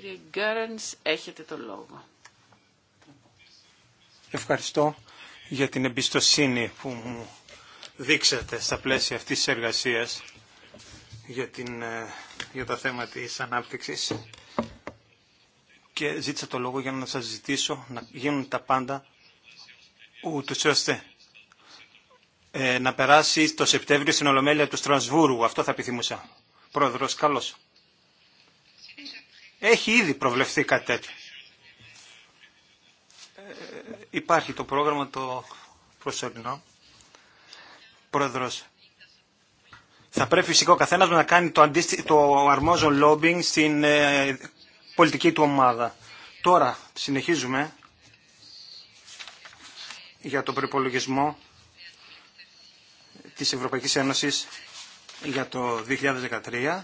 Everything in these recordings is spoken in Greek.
Κύριε έχετε το λόγο. Ευχαριστώ για την εμπιστοσύνη που μου δείξατε στα πλαίσια αυτής της εργασίας για, την, ε, θέμα της ανάπτυξης και ζήτησα το λόγο για να σας ζητήσω να γίνουν τα πάντα ούτως ώστε ε, να περάσει το Σεπτέμβριο στην Ολομέλεια του Στρασβούργου. Αυτό θα επιθυμούσα. Πρόεδρος, καλώς. Έχει ήδη προβλεφθεί κάτι τέτοιο. Ε, υπάρχει το πρόγραμμα το προσωρινό. Πρόεδρος, θα πρέπει φυσικά ο καθένας να κάνει το, το αρμόζον λόμπινγκ στην ε, πολιτική του ομάδα. Τώρα συνεχίζουμε για το προπολογισμό της Ευρωπαϊκής Ένωσης για το 2013,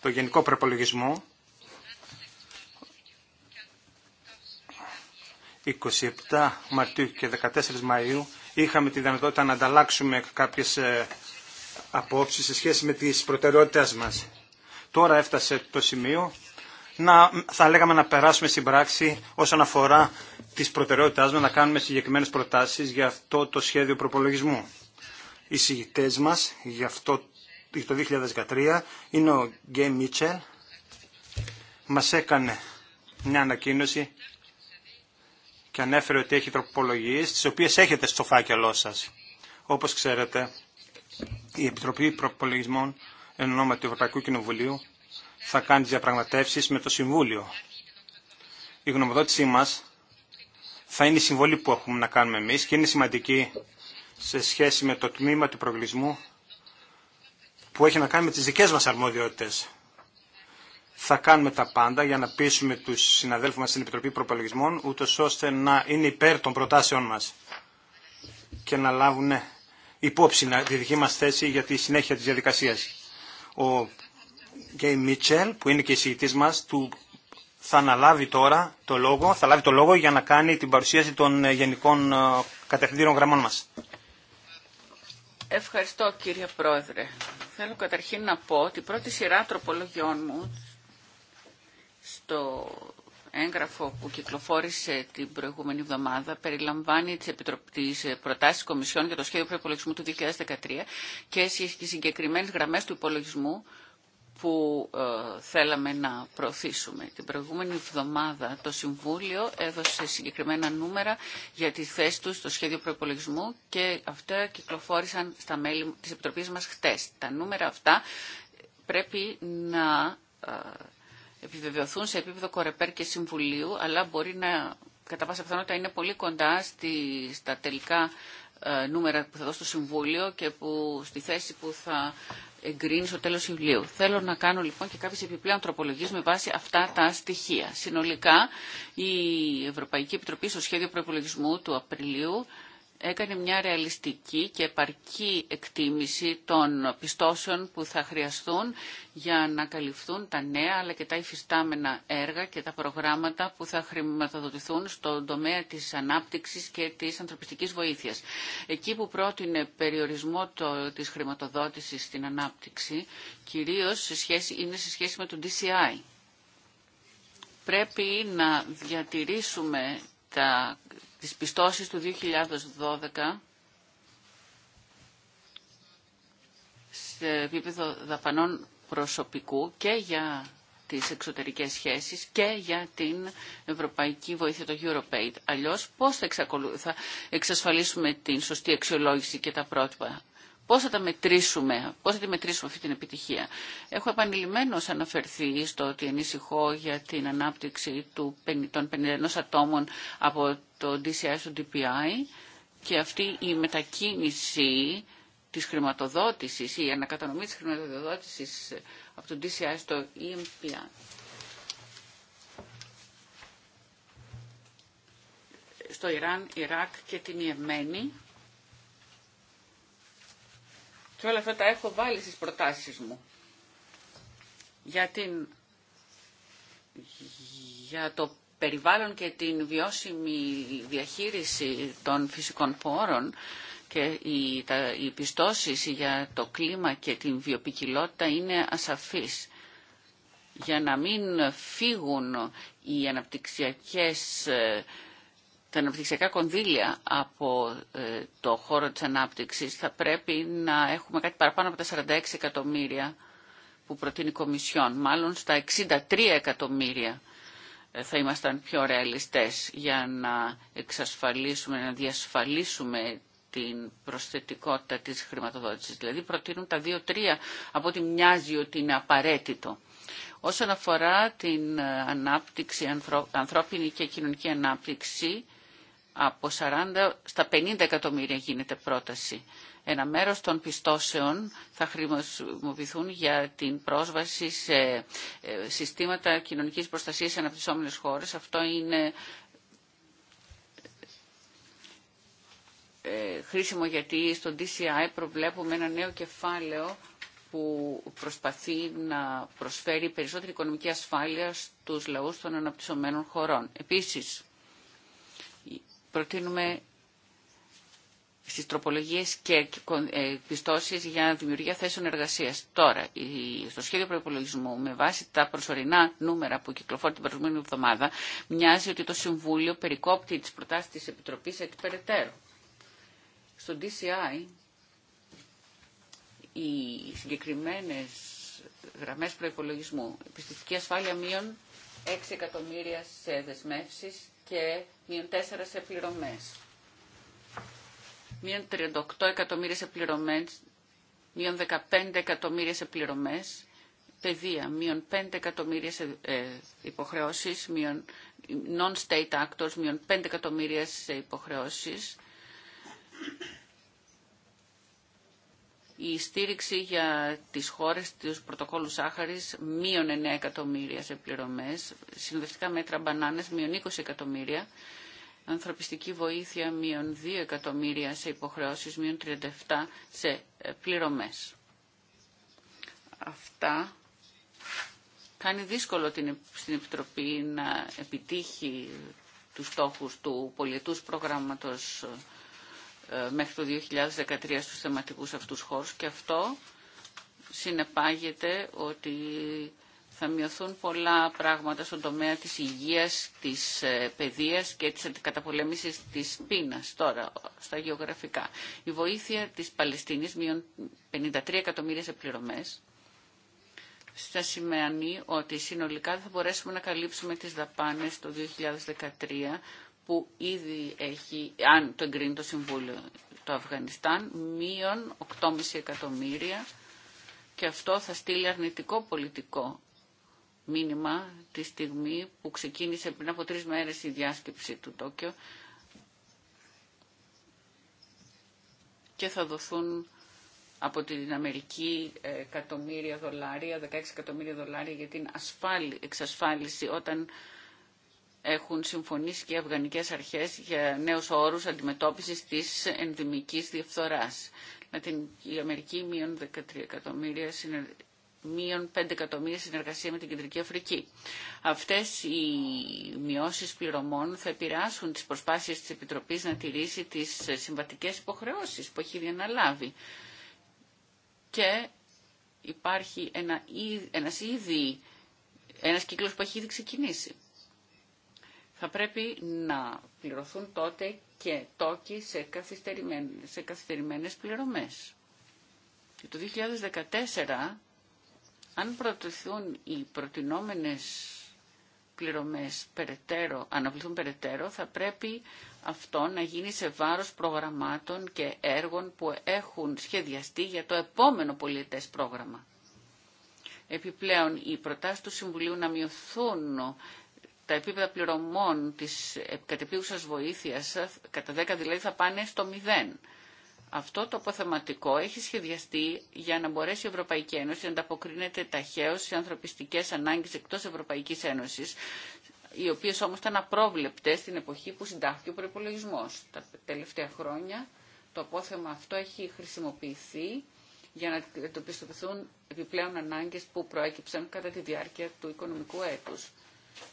το γενικό προπολογισμό. 27 Μαρτίου και 14 Μαΐου είχαμε τη δυνατότητα να ανταλλάξουμε κάποιες ε, απόψεις σε σχέση με τις προτεραιότητες μας. Τώρα έφτασε το σημείο να, θα λέγαμε να περάσουμε στην πράξη όσον αφορά τις προτεραιότητες μας, να κάνουμε συγκεκριμένες προτάσεις για αυτό το σχέδιο προπολογισμού. Οι συγητές μας για αυτό το 2013 είναι ο Γκέι Μίτσελ. Μας έκανε μια ανακοίνωση και ανέφερε ότι έχει τροπολογίες, τις οποίες έχετε στο φάκελό σας. Όπως ξέρετε, η Επιτροπή Προπολογισμών εν ονόμα του Ευρωπαϊκού Κοινοβουλίου θα κάνει διαπραγματεύσεις με το Συμβούλιο. Η γνωμοδότησή μας θα είναι η συμβολή που έχουμε να κάνουμε εμείς και είναι σημαντική σε σχέση με το τμήμα του προβλησμού που έχει να κάνει με τις δικές μας αρμοδιότητες θα κάνουμε τα πάντα για να πείσουμε τους συναδέλφους μας στην Επιτροπή Προπολογισμών, ούτω ώστε να είναι υπέρ των προτάσεών μας και να λάβουν ναι, υπόψη τη δική μας θέση για τη συνέχεια της διαδικασίας. Ο Γκέι Μίτσελ, που είναι και εισηγητής μας, του θα αναλάβει τώρα το λόγο, θα λάβει το λόγο για να κάνει την παρουσίαση των ε, γενικών ε, κατευθυντήρων γραμμών μας. Ευχαριστώ κύριε Πρόεδρε. Θέλω καταρχήν να πω ότι η πρώτη σειρά τροπολογιών μου το έγγραφο που κυκλοφόρησε την προηγούμενη εβδομάδα περιλαμβάνει τις, τις προτάσεις Κομισιόν για το σχέδιο προϋπολογισμού του 2013 και τις συγκεκριμένες γραμμές του υπολογισμού που ε, θέλαμε να προωθήσουμε. Την προηγούμενη εβδομάδα το Συμβούλιο έδωσε συγκεκριμένα νούμερα για τη θέση του στο σχέδιο προϋπολογισμού και αυτά κυκλοφόρησαν στα μέλη της Επιτροπής μας χτες. Τα νούμερα αυτά πρέπει να ε, επιβεβαιωθούν σε επίπεδο Κορεπέρ και Συμβουλίου, αλλά μπορεί να κατά πάσα πιθανότητα είναι πολύ κοντά στη, στα τελικά ε, νούμερα που θα δώσει το Συμβούλιο και που, στη θέση που θα εγκρίνει στο τέλος Ιουλίου. Θέλω να κάνω λοιπόν και κάποιες επιπλέον τροπολογίες με βάση αυτά τα στοιχεία. Συνολικά η Ευρωπαϊκή Επιτροπή στο σχέδιο προπολογισμού του Απριλίου έκανε μια ρεαλιστική και επαρκή εκτίμηση των πιστώσεων που θα χρειαστούν για να καλυφθούν τα νέα αλλά και τα υφιστάμενα έργα και τα προγράμματα που θα χρηματοδοτηθούν στον τομέα της ανάπτυξης και της ανθρωπιστικής βοήθειας. Εκεί που πρότεινε περιορισμό το, της χρηματοδότησης στην ανάπτυξη, κυρίως σε είναι σε σχέση με τον DCI. Πρέπει να διατηρήσουμε τα τις πιστώσεις του 2012 σε επίπεδο δαπανών προσωπικού και για τις εξωτερικές σχέσεις και για την ευρωπαϊκή βοήθεια, το EuroPaid. Αλλιώς πώς θα, θα εξασφαλίσουμε την σωστή αξιολόγηση και τα πρότυπα. Πώς θα τα μετρήσουμε, πώς θα τη μετρήσουμε αυτή την επιτυχία. Έχω επανειλημμένως αναφερθεί στο ότι ενησυχώ για την ανάπτυξη του, των 51 ατόμων από το DCI στο DPI και αυτή η μετακίνηση της χρηματοδότησης, η ανακατανομή της χρηματοδότησης από το DCI στο EMPI. Στο Ιράν, Ιράκ και την Ιεμένη και όλα αυτά τα έχω βάλει στις προτάσεις μου. Για, την... για το περιβάλλον και την βιώσιμη διαχείριση των φυσικών πόρων και οι, τα, οι για το κλίμα και την βιοπικιλότητα είναι ασαφείς. Για να μην φύγουν οι αναπτυξιακές ε, τα αναπτυξιακά κονδύλια από ε, το χώρο της ανάπτυξης θα πρέπει να έχουμε κάτι παραπάνω από τα 46 εκατομμύρια που προτείνει η Κομισιόν. Μάλλον στα 63 εκατομμύρια ε, θα ήμασταν πιο ρεαλιστές για να εξασφαλίσουμε, να διασφαλίσουμε την προσθετικότητα της χρηματοδότησης. Δηλαδή προτείνουν τα 2-3 από ό,τι μοιάζει ότι είναι απαραίτητο. Όσον αφορά την ε, ανάπτυξη, ανθρώπινη και κοινωνική ανάπτυξη, από 40 στα 50 εκατομμύρια γίνεται πρόταση. Ένα μέρος των πιστώσεων θα χρησιμοποιηθούν για την πρόσβαση σε ε, συστήματα κοινωνικής προστασίας σε αναπτυσσόμενες χώρες. Αυτό είναι ε, χρήσιμο γιατί στο DCI προβλέπουμε ένα νέο κεφάλαιο που προσπαθεί να προσφέρει περισσότερη οικονομική ασφάλεια στους λαούς των αναπτυσσομένων χωρών. Επίσης, προτείνουμε στις τροπολογίες και ε, πιστώσεις για δημιουργία θέσεων εργασίας. Τώρα, στο σχέδιο προπολογισμού, με βάση τα προσωρινά νούμερα που κυκλοφόρησε την προηγούμενη εβδομάδα, μοιάζει ότι το Συμβούλιο περικόπτει τις προτάσεις της Επιτροπής εκ περαιτέρω. Στο DCI, οι συγκεκριμένες γραμμές προϋπολογισμού, επιστημική ασφάλεια μείων 6 εκατομμύρια σε δεσμεύσεις και μείον 4 σε πληρωμέ. μείον 38 εκατομμύρια σε πληρωμέ. μείον 15 εκατομμύρια σε πληρωμέ. παιδεία, μείον 5 εκατομμύρια σε ε, υποχρεώσεις, μείον non-state actors, μείον 5 εκατομμύρια σε υποχρεώσεις, η στήριξη για τις χώρες του πρωτοκόλου σάχαρης μείων 9 εκατομμύρια σε πληρωμές, Συνδευτικά μέτρα μπανάνες μείων 20 εκατομμύρια, ανθρωπιστική βοήθεια μείων 2 εκατομμύρια σε υποχρεώσεις, μείων 37 σε ε, πληρωμές. Αυτά κάνει δύσκολο την, στην Επιτροπή να επιτύχει τους στόχους του πολιτούς προγράμματος ε, ε, μέχρι το 2013 στους θεματικούς αυτούς χώρους και αυτό συνεπάγεται ότι θα μειωθούν πολλά πράγματα στον τομέα της υγείας, της ε, παιδείας και της αντικαταπολέμησης της πείνας τώρα στα γεωγραφικά. Η βοήθεια της Παλαιστίνης μειών 53 εκατομμύρια σε πληρωμές θα σημαίνει ότι συνολικά θα μπορέσουμε να καλύψουμε τις δαπάνες το 2013 που ήδη έχει, αν το εγκρίνει το Συμβούλιο το Αφγανιστάν, μείον 8,5 εκατομμύρια και αυτό θα στείλει αρνητικό πολιτικό μήνυμα τη στιγμή που ξεκίνησε πριν από τρεις μέρες η διάσκεψη του Τόκιο και θα δοθούν από την Αμερική εκατομμύρια δολάρια, 16 εκατομμύρια δολάρια για την ασφάλι, εξασφάλιση όταν έχουν συμφωνήσει και οι αφγανικές αρχές για νέους όρους αντιμετώπισης της ενδημικής Με την Αμερική μείον 13 εκατομμύρια 5 εκατομμύρια συνεργασία με την Κεντρική Αφρική. Αυτές οι μειώσεις πληρωμών θα επηρεάσουν τις προσπάσεις της Επιτροπής να τηρήσει τις συμβατικές υποχρεώσεις που έχει διαναλάβει. Και υπάρχει ένα, ένας, ήδη, ένας κύκλος που έχει ήδη ξεκινήσει θα πρέπει να πληρωθούν τότε και τόκοι σε καθυστερημένες, σε πληρωμές. Και το 2014, αν προτεθούν οι προτινόμενες πληρωμές περαιτέρω, αναβληθούν περαιτέρω, θα πρέπει αυτό να γίνει σε βάρος προγραμμάτων και έργων που έχουν σχεδιαστεί για το επόμενο πολιτές πρόγραμμα. Επιπλέον, οι προτάσεις του Συμβουλίου να μειωθούν τα επίπεδα πληρωμών της κατεπίγουσας βοήθειας κατά 10 δηλαδή θα πάνε στο 0. Αυτό το αποθεματικό έχει σχεδιαστεί για να μπορέσει η Ευρωπαϊκή Ένωση να ανταποκρίνεται ταχαίως σε ανθρωπιστικές ανάγκες εκτός Ευρωπαϊκής Ένωσης, οι οποίες όμως ήταν απρόβλεπτες στην εποχή που συντάχθηκε ο προπολογισμό. Τα τελευταία χρόνια το απόθεμα αυτό έχει χρησιμοποιηθεί για να αντιμετωπιστοποιηθούν επιπλέον ανάγκες που προέκυψαν κατά τη διάρκεια του οικονομικού έτους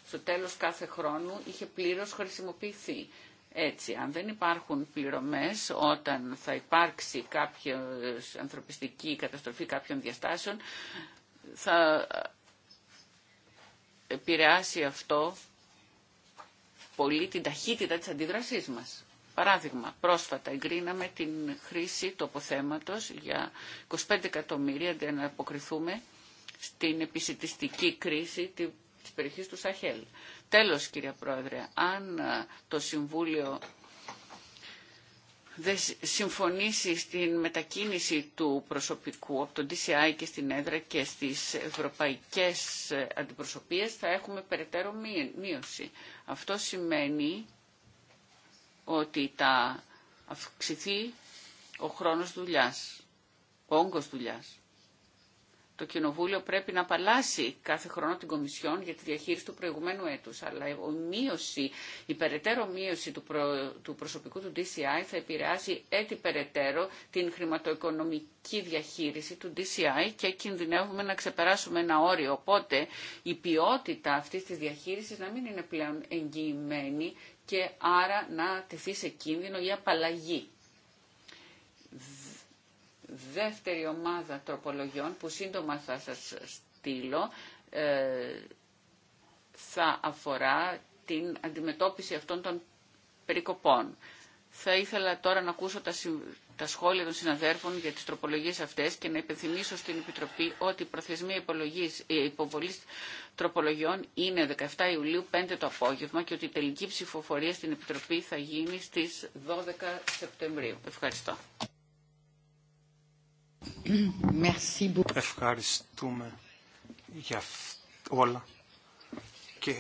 στο τέλος κάθε χρόνου είχε πλήρως χρησιμοποιηθεί. Έτσι, αν δεν υπάρχουν πληρωμές όταν θα υπάρξει κάποια ανθρωπιστική καταστροφή κάποιων διαστάσεων, θα επηρεάσει αυτό πολύ την ταχύτητα της αντίδρασής μας. Παράδειγμα, πρόσφατα εγκρίναμε την χρήση του για 25 εκατομμύρια για να αποκριθούμε στην επισητιστική κρίση της περιοχής του Σαχέλ. Τέλος, κυρία Πρόεδρε, αν ε, το Συμβούλιο δεν συμφωνήσει στην μετακίνηση του προσωπικού από τον DCI και στην έδρα και στις ευρωπαϊκές ε, αντιπροσωπείες θα έχουμε περαιτέρω μείωση. Αυτό σημαίνει ότι θα αυξηθεί ο χρόνος δουλειάς, ο όγκος δουλειάς. Το Κοινοβούλιο πρέπει να απαλλάσσει κάθε χρόνο την Κομισιόν για τη διαχείριση του προηγουμένου έτους. Αλλά η, μείωση, η περαιτέρω μείωση του, του προσωπικού του DCI θα επηρεάσει έτσι περαιτέρω την χρηματοοικονομική διαχείριση του DCI και κινδυνεύουμε να ξεπεράσουμε ένα όριο. Οπότε η ποιότητα αυτής της διαχείρισης να μην είναι πλέον εγγυημένη και άρα να τεθεί σε κίνδυνο η απαλλαγή δεύτερη ομάδα τροπολογιών που σύντομα θα σας στείλω ε, θα αφορά την αντιμετώπιση αυτών των περικοπών. Θα ήθελα τώρα να ακούσω τα, σχόλια των συναδέρφων για τις τροπολογίες αυτές και να υπενθυμίσω στην Επιτροπή ότι η προθεσμία υπολογής, υποβολής τροπολογιών είναι 17 Ιουλίου 5 το απόγευμα και ότι η τελική ψηφοφορία στην Επιτροπή θα γίνει στις 12 Σεπτεμβρίου. Ευχαριστώ. Ευχαριστούμε για όλα και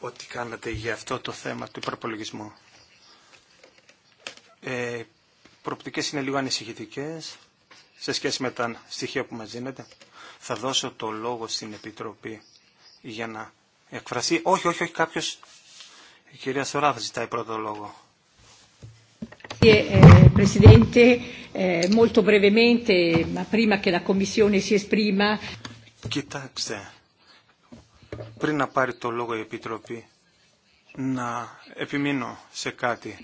ό,τι κάνατε για αυτό το θέμα του προπολογισμού. Ε, προοπτικές είναι λίγο ανησυχητικές σε σχέση με τα στοιχεία που μας δίνετε. Θα δώσω το λόγο στην Επιτροπή για να εκφραστεί. Όχι, όχι, όχι, κάποιος. Η κυρία θα ζητάει πρώτο λόγο. Κοιτάξτε, πριν να πάρει το λόγο η Επιτροπή, να επιμείνω σε κάτι.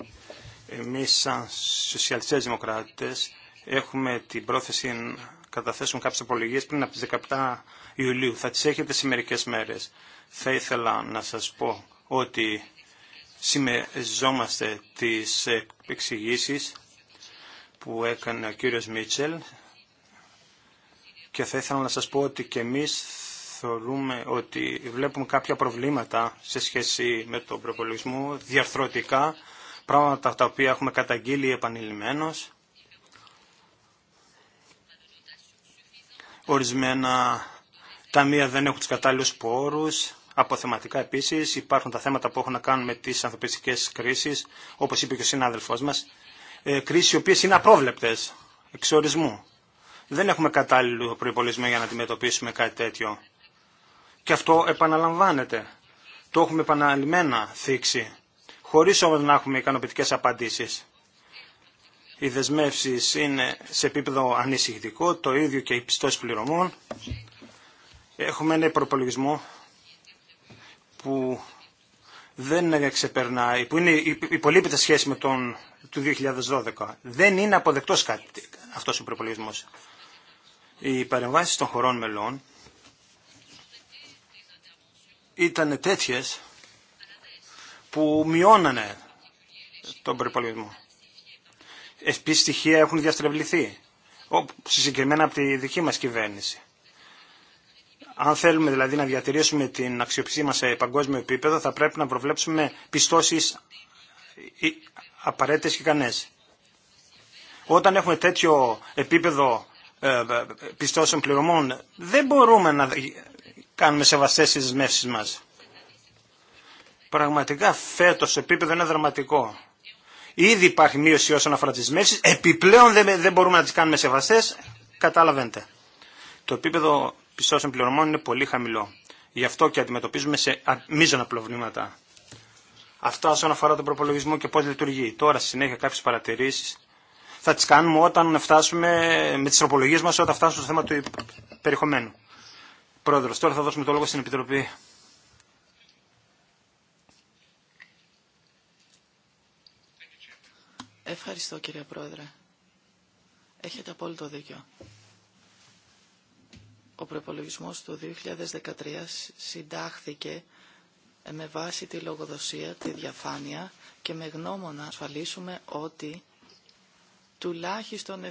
Εμείς σαν σοσιαλιστές δημοκράτες έχουμε την πρόθεση να καταθέσουμε κάποιες απολογίες πριν από τις 17 Ιουλίου. Θα τις έχετε σε μερικές μέρες. Θα ήθελα να σας πω ότι συμμεριζόμαστε τις εξηγήσει που έκανε ο κύριος Μίτσελ και θα ήθελα να σας πω ότι και εμείς θεωρούμε ότι βλέπουμε κάποια προβλήματα σε σχέση με τον προπολογισμό διαρθρωτικά, πράγματα τα οποία έχουμε καταγγείλει επανειλημμένως. Ορισμένα ταμεία δεν έχουν τους κατάλληλους πόρους, Αποθεματικά επίση υπάρχουν τα θέματα που έχουν να κάνουν με τι ανθρωπιστικέ κρίσει, όπω είπε και ο συνάδελφό μα, ε, κρίσεις οι οποίε είναι απρόβλεπτες, ορισμού. Δεν έχουμε κατάλληλο προπολογισμό για να αντιμετωπίσουμε κάτι τέτοιο. Και αυτό επαναλαμβάνεται. Το έχουμε επαναλημμένα θίξει, χωρί όμω να έχουμε ικανοποιητικέ απαντήσει. Οι δεσμεύσει είναι σε επίπεδο ανησυχητικό, το ίδιο και οι πιστώσει πληρωμών. Έχουμε ένα προπολογισμό που δεν ξεπερνάει, που είναι υπολείπεται σχέση με τον του 2012. Δεν είναι αποδεκτός κάτι, αυτός ο προπολογισμό. Οι παρεμβάσεις των χωρών μελών ήταν τέτοιες που μειώνανε τον προπολογισμό. Επίσης στοιχεία έχουν διαστρεβληθεί, συγκεκριμένα από τη δική μας κυβέρνηση. Αν θέλουμε δηλαδή να διατηρήσουμε την αξιοπιστία μας σε παγκόσμιο επίπεδο, θα πρέπει να προβλέψουμε πιστώσεις ε, απαραίτητες και κανές. Όταν έχουμε τέτοιο επίπεδο ε, πιστώσεων πληρωμών, δεν μπορούμε να κάνουμε σεβαστές τις δεσμεύσεις μας. Πραγματικά φέτος το επίπεδο είναι δραματικό. Ήδη υπάρχει μείωση όσον αφορά τις δεσμεύσεις, επιπλέον δεν μπορούμε να τις κάνουμε σεβαστές, καταλαβαίνετε. Το επίπεδο πιστώσεων πληρωμών είναι πολύ χαμηλό. Γι' αυτό και αντιμετωπίζουμε σε μείζωνα προβλήματα. Αυτά όσον αφορά τον προπολογισμό και πώ λειτουργεί. Τώρα, στη συνέχεια, κάποιε παρατηρήσει θα τι κάνουμε όταν φτάσουμε με τι τροπολογίε μα, όταν φτάσουμε στο θέμα του περιεχομένου. Πρόεδρο, τώρα θα δώσουμε το λόγο στην Επιτροπή. Ευχαριστώ κύριε Πρόεδρε. Έχετε απόλυτο δίκιο. Ο προπολογισμός του 2013 συντάχθηκε με βάση τη λογοδοσία, τη διαφάνεια και με γνώμονα να ασφαλίσουμε ότι τουλάχιστον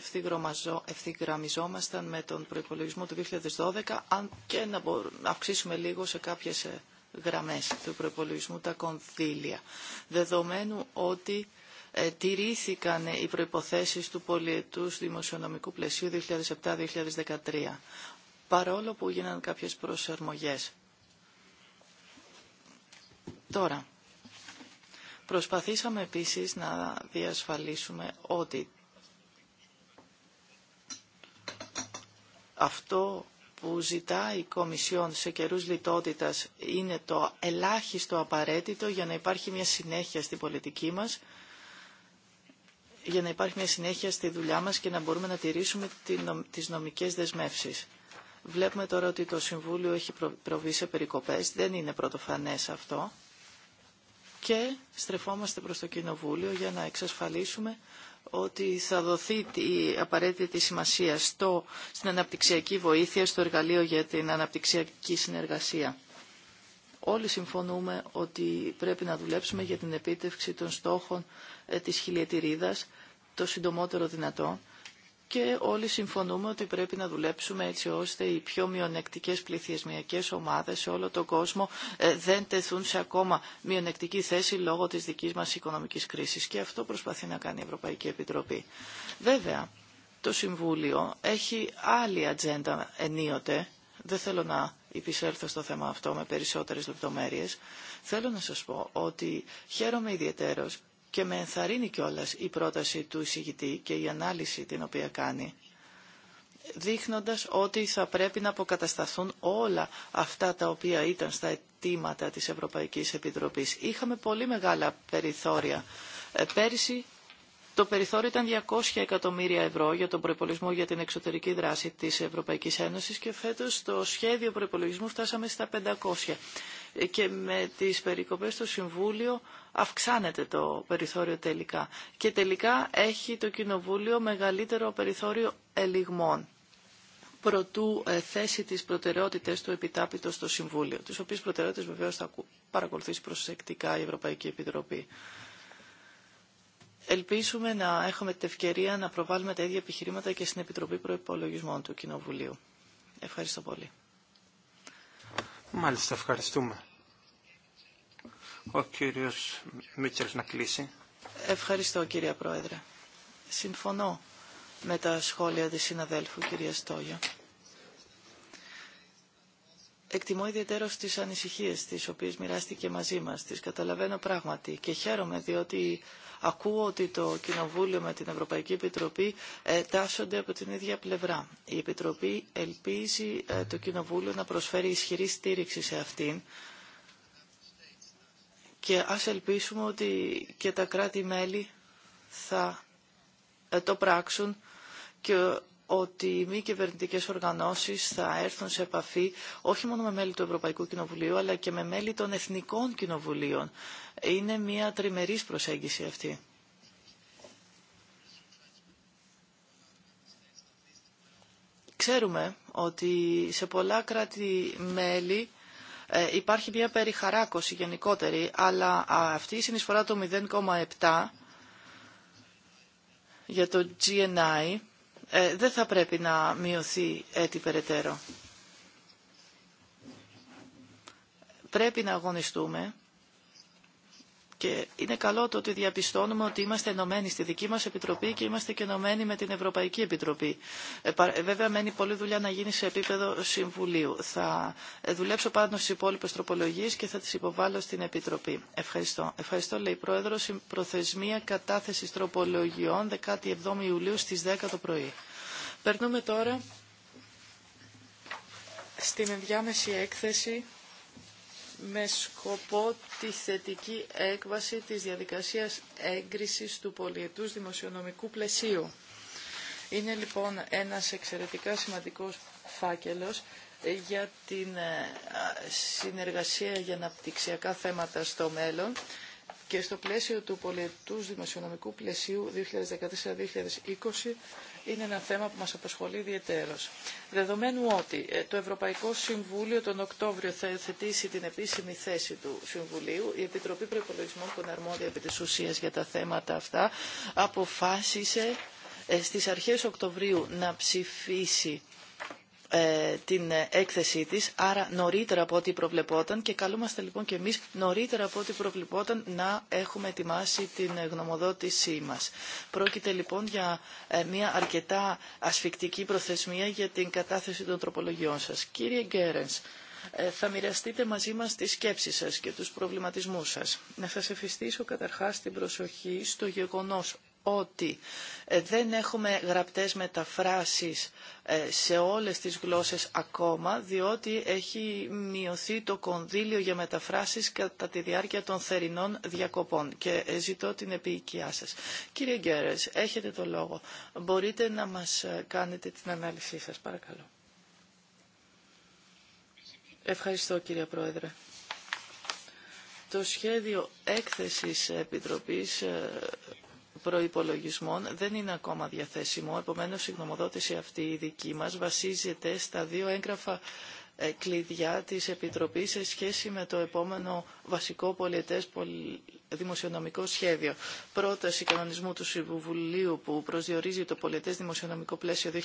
ευθυγραμμιζόμασταν με τον προϋπολογισμό του 2012, αν και να, αυξήσουμε λίγο σε κάποιες ε, γραμμές του προϋπολογισμού τα κονδύλια. Δεδομένου ότι ε, τηρήθηκαν οι προϋποθέσεις του πολιετούς δημοσιονομικού πλαισίου 2007-2013 παρόλο που γίνανε κάποιες προσαρμογές. Τώρα, προσπαθήσαμε επίσης να διασφαλίσουμε ότι αυτό που ζητάει η Κομισιόν σε καιρούς λιτότητας είναι το ελάχιστο απαραίτητο για να υπάρχει μια συνέχεια στην πολιτική μας, για να υπάρχει μια συνέχεια στη δουλειά μας και να μπορούμε να τηρήσουμε τις νομικές δεσμεύσεις. Βλέπουμε τώρα ότι το Συμβούλιο έχει προβεί σε περικοπές. Δεν είναι πρωτοφανές αυτό. Και στρεφόμαστε προς το Κοινοβούλιο για να εξασφαλίσουμε ότι θα δοθεί η απαραίτητη σημασία στο, στην αναπτυξιακή βοήθεια, στο εργαλείο για την αναπτυξιακή συνεργασία. Όλοι συμφωνούμε ότι πρέπει να δουλέψουμε για την επίτευξη των στόχων ε, της χιλιετηρίδας το συντομότερο δυνατό και όλοι συμφωνούμε ότι πρέπει να δουλέψουμε έτσι ώστε οι πιο μειονεκτικές πληθυσμιακές ομάδες σε όλο τον κόσμο ε, δεν τεθούν σε ακόμα μειονεκτική θέση λόγω της δικής μας οικονομικής κρίσης. Και αυτό προσπαθεί να κάνει η Ευρωπαϊκή Επιτροπή. Βέβαια, το Συμβούλιο έχει άλλη ατζέντα ενίοτε. Δεν θέλω να υπησέλθω στο θέμα αυτό με περισσότερες λεπτομέρειες. Θέλω να σας πω ότι χαίρομαι ιδιαίτερος και με ενθαρρύνει κιόλας η πρόταση του εισηγητή και η ανάλυση την οποία κάνει δείχνοντας ότι θα πρέπει να αποκατασταθούν όλα αυτά τα οποία ήταν στα αιτήματα της Ευρωπαϊκής Επιτροπής. Είχαμε πολύ μεγάλα περιθώρια. Ε, πέρυσι το περιθώριο ήταν 200 εκατομμύρια ευρώ για τον προπολογισμό για την εξωτερική δράση της Ευρωπαϊκής Ένωσης και φέτος το σχέδιο προπολογισμού φτάσαμε στα 500 και με τις περικοπές στο Συμβούλιο αυξάνεται το περιθώριο τελικά. Και τελικά έχει το Κοινοβούλιο μεγαλύτερο περιθώριο ελιγμών προτού ε, θέσει τις προτεραιότητες του επιτάπητο στο Συμβούλιο, τις οποίες προτεραιότητες βεβαίως θα παρακολουθήσει προσεκτικά η Ευρωπαϊκή Επιτροπή. Ελπίσουμε να έχουμε την ευκαιρία να προβάλλουμε τα ίδια επιχειρήματα και στην Επιτροπή Προϋπολογισμών του Κοινοβουλίου. Ευχαριστώ πολύ. Μάλιστα, ευχαριστούμε. Ο κύριος Μίτσελ να κλείσει. Ευχαριστώ κύριε Πρόεδρε. Συμφωνώ με τα σχόλια της συναδέλφου κυρία Στόγια εκτιμώ ιδιαίτερο τι ανησυχίες τις οποίες μοιράστηκε μαζί μας. Τις καταλαβαίνω πράγματι και χαίρομαι διότι ακούω ότι το Κοινοβούλιο με την Ευρωπαϊκή Επιτροπή ε, τάσσονται από την ίδια πλευρά. Η Επιτροπή ελπίζει ε, το Κοινοβούλιο να προσφέρει ισχυρή στήριξη σε αυτήν και ας ελπίσουμε ότι και τα κράτη-μέλη θα ε, το πράξουν και ότι οι μη κυβερνητικέ οργανώσει θα έρθουν σε επαφή όχι μόνο με μέλη του Ευρωπαϊκού Κοινοβουλίου, αλλά και με μέλη των Εθνικών Κοινοβουλίων. Είναι μια τριμερή προσέγγιση αυτή. Ξέρουμε ότι σε πολλά κράτη-μέλη ε, υπάρχει μια περιχαράκωση γενικότερη, αλλά αυτή η συνεισφορά το 0,7 για το GNI ε, δεν θα πρέπει να μειωθεί έτσι περαιτέρω. Πρέπει να αγωνιστούμε και είναι καλό το ότι διαπιστώνουμε ότι είμαστε ενωμένοι στη δική μας Επιτροπή και είμαστε και ενωμένοι με την Ευρωπαϊκή Επιτροπή. Ε, ε, βέβαια, μένει πολλή δουλειά να γίνει σε επίπεδο Συμβουλίου. Θα ε, δουλέψω πάνω στις υπόλοιπε τροπολογίες και θα τις υποβάλω στην Επιτροπή. Ευχαριστώ. Ευχαριστώ, λέει Πρόεδρος. Η προθεσμία κατάθεσης τροπολογιών 17 Ιουλίου στις 10 το πρωί. Περνούμε τώρα στην ενδιάμεση έκθεση με σκοπό τη θετική έκβαση της διαδικασίας έγκρισης του πολιετούς δημοσιονομικού πλαισίου. Είναι λοιπόν ένας εξαιρετικά σημαντικός φάκελος ε, για την ε, συνεργασία για αναπτυξιακά θέματα στο μέλλον και στο πλαίσιο του πολιετούς δημοσιονομικού πλαισίου 2014-2020 είναι ένα θέμα που μας απασχολεί ιδιαιτέρως. Δεδομένου ότι ε, το Ευρωπαϊκό Συμβούλιο τον Οκτώβριο θα εθετήσει την επίσημη θέση του Συμβουλίου, η Επιτροπή Προπολογισμών που είναι αρμόδια επί της ουσίας για τα θέματα αυτά, αποφάσισε ε, στις αρχές Οκτωβρίου να ψηφίσει ε, την έκθεσή της, άρα νωρίτερα από ό,τι προβλεπόταν και καλούμαστε λοιπόν και εμείς νωρίτερα από ό,τι προβλεπόταν να έχουμε ετοιμάσει την γνωμοδότησή μας. Πρόκειται λοιπόν για ε, μια αρκετά ασφικτική προθεσμία για την κατάθεση των τροπολογιών σας. Κύριε Γκέρενς, ε, θα μοιραστείτε μαζί μας τις σκέψεις σας και τους προβληματισμούς σας. Να σας εφιστήσω καταρχάς την προσοχή στο γεγονός ότι ε, δεν έχουμε γραπτές μεταφράσεις ε, σε όλες τις γλώσσες ακόμα, διότι έχει μειωθεί το κονδύλιο για μεταφράσεις κατά τη διάρκεια των θερινών διακοπών και ε, ζητώ την επίοικιά σας. Κύριε Γκέρες, έχετε το λόγο. Μπορείτε να μας κάνετε την ανάλυση σας, παρακαλώ. Ευχαριστώ κύριε Πρόεδρε. Το σχέδιο έκθεσης Επιτροπής προϋπολογισμών δεν είναι ακόμα διαθέσιμο. Επομένως, η γνωμοδότηση αυτή η δική μας βασίζεται στα δύο έγγραφα ε, κλειδιά της Επιτροπής σε σχέση με το επόμενο βασικό πολιετές δημοσιονομικό σχέδιο. Πρόταση κανονισμού του Συμβουλίου που προσδιορίζει το πολιετές δημοσιονομικό πλαίσιο 2014-2020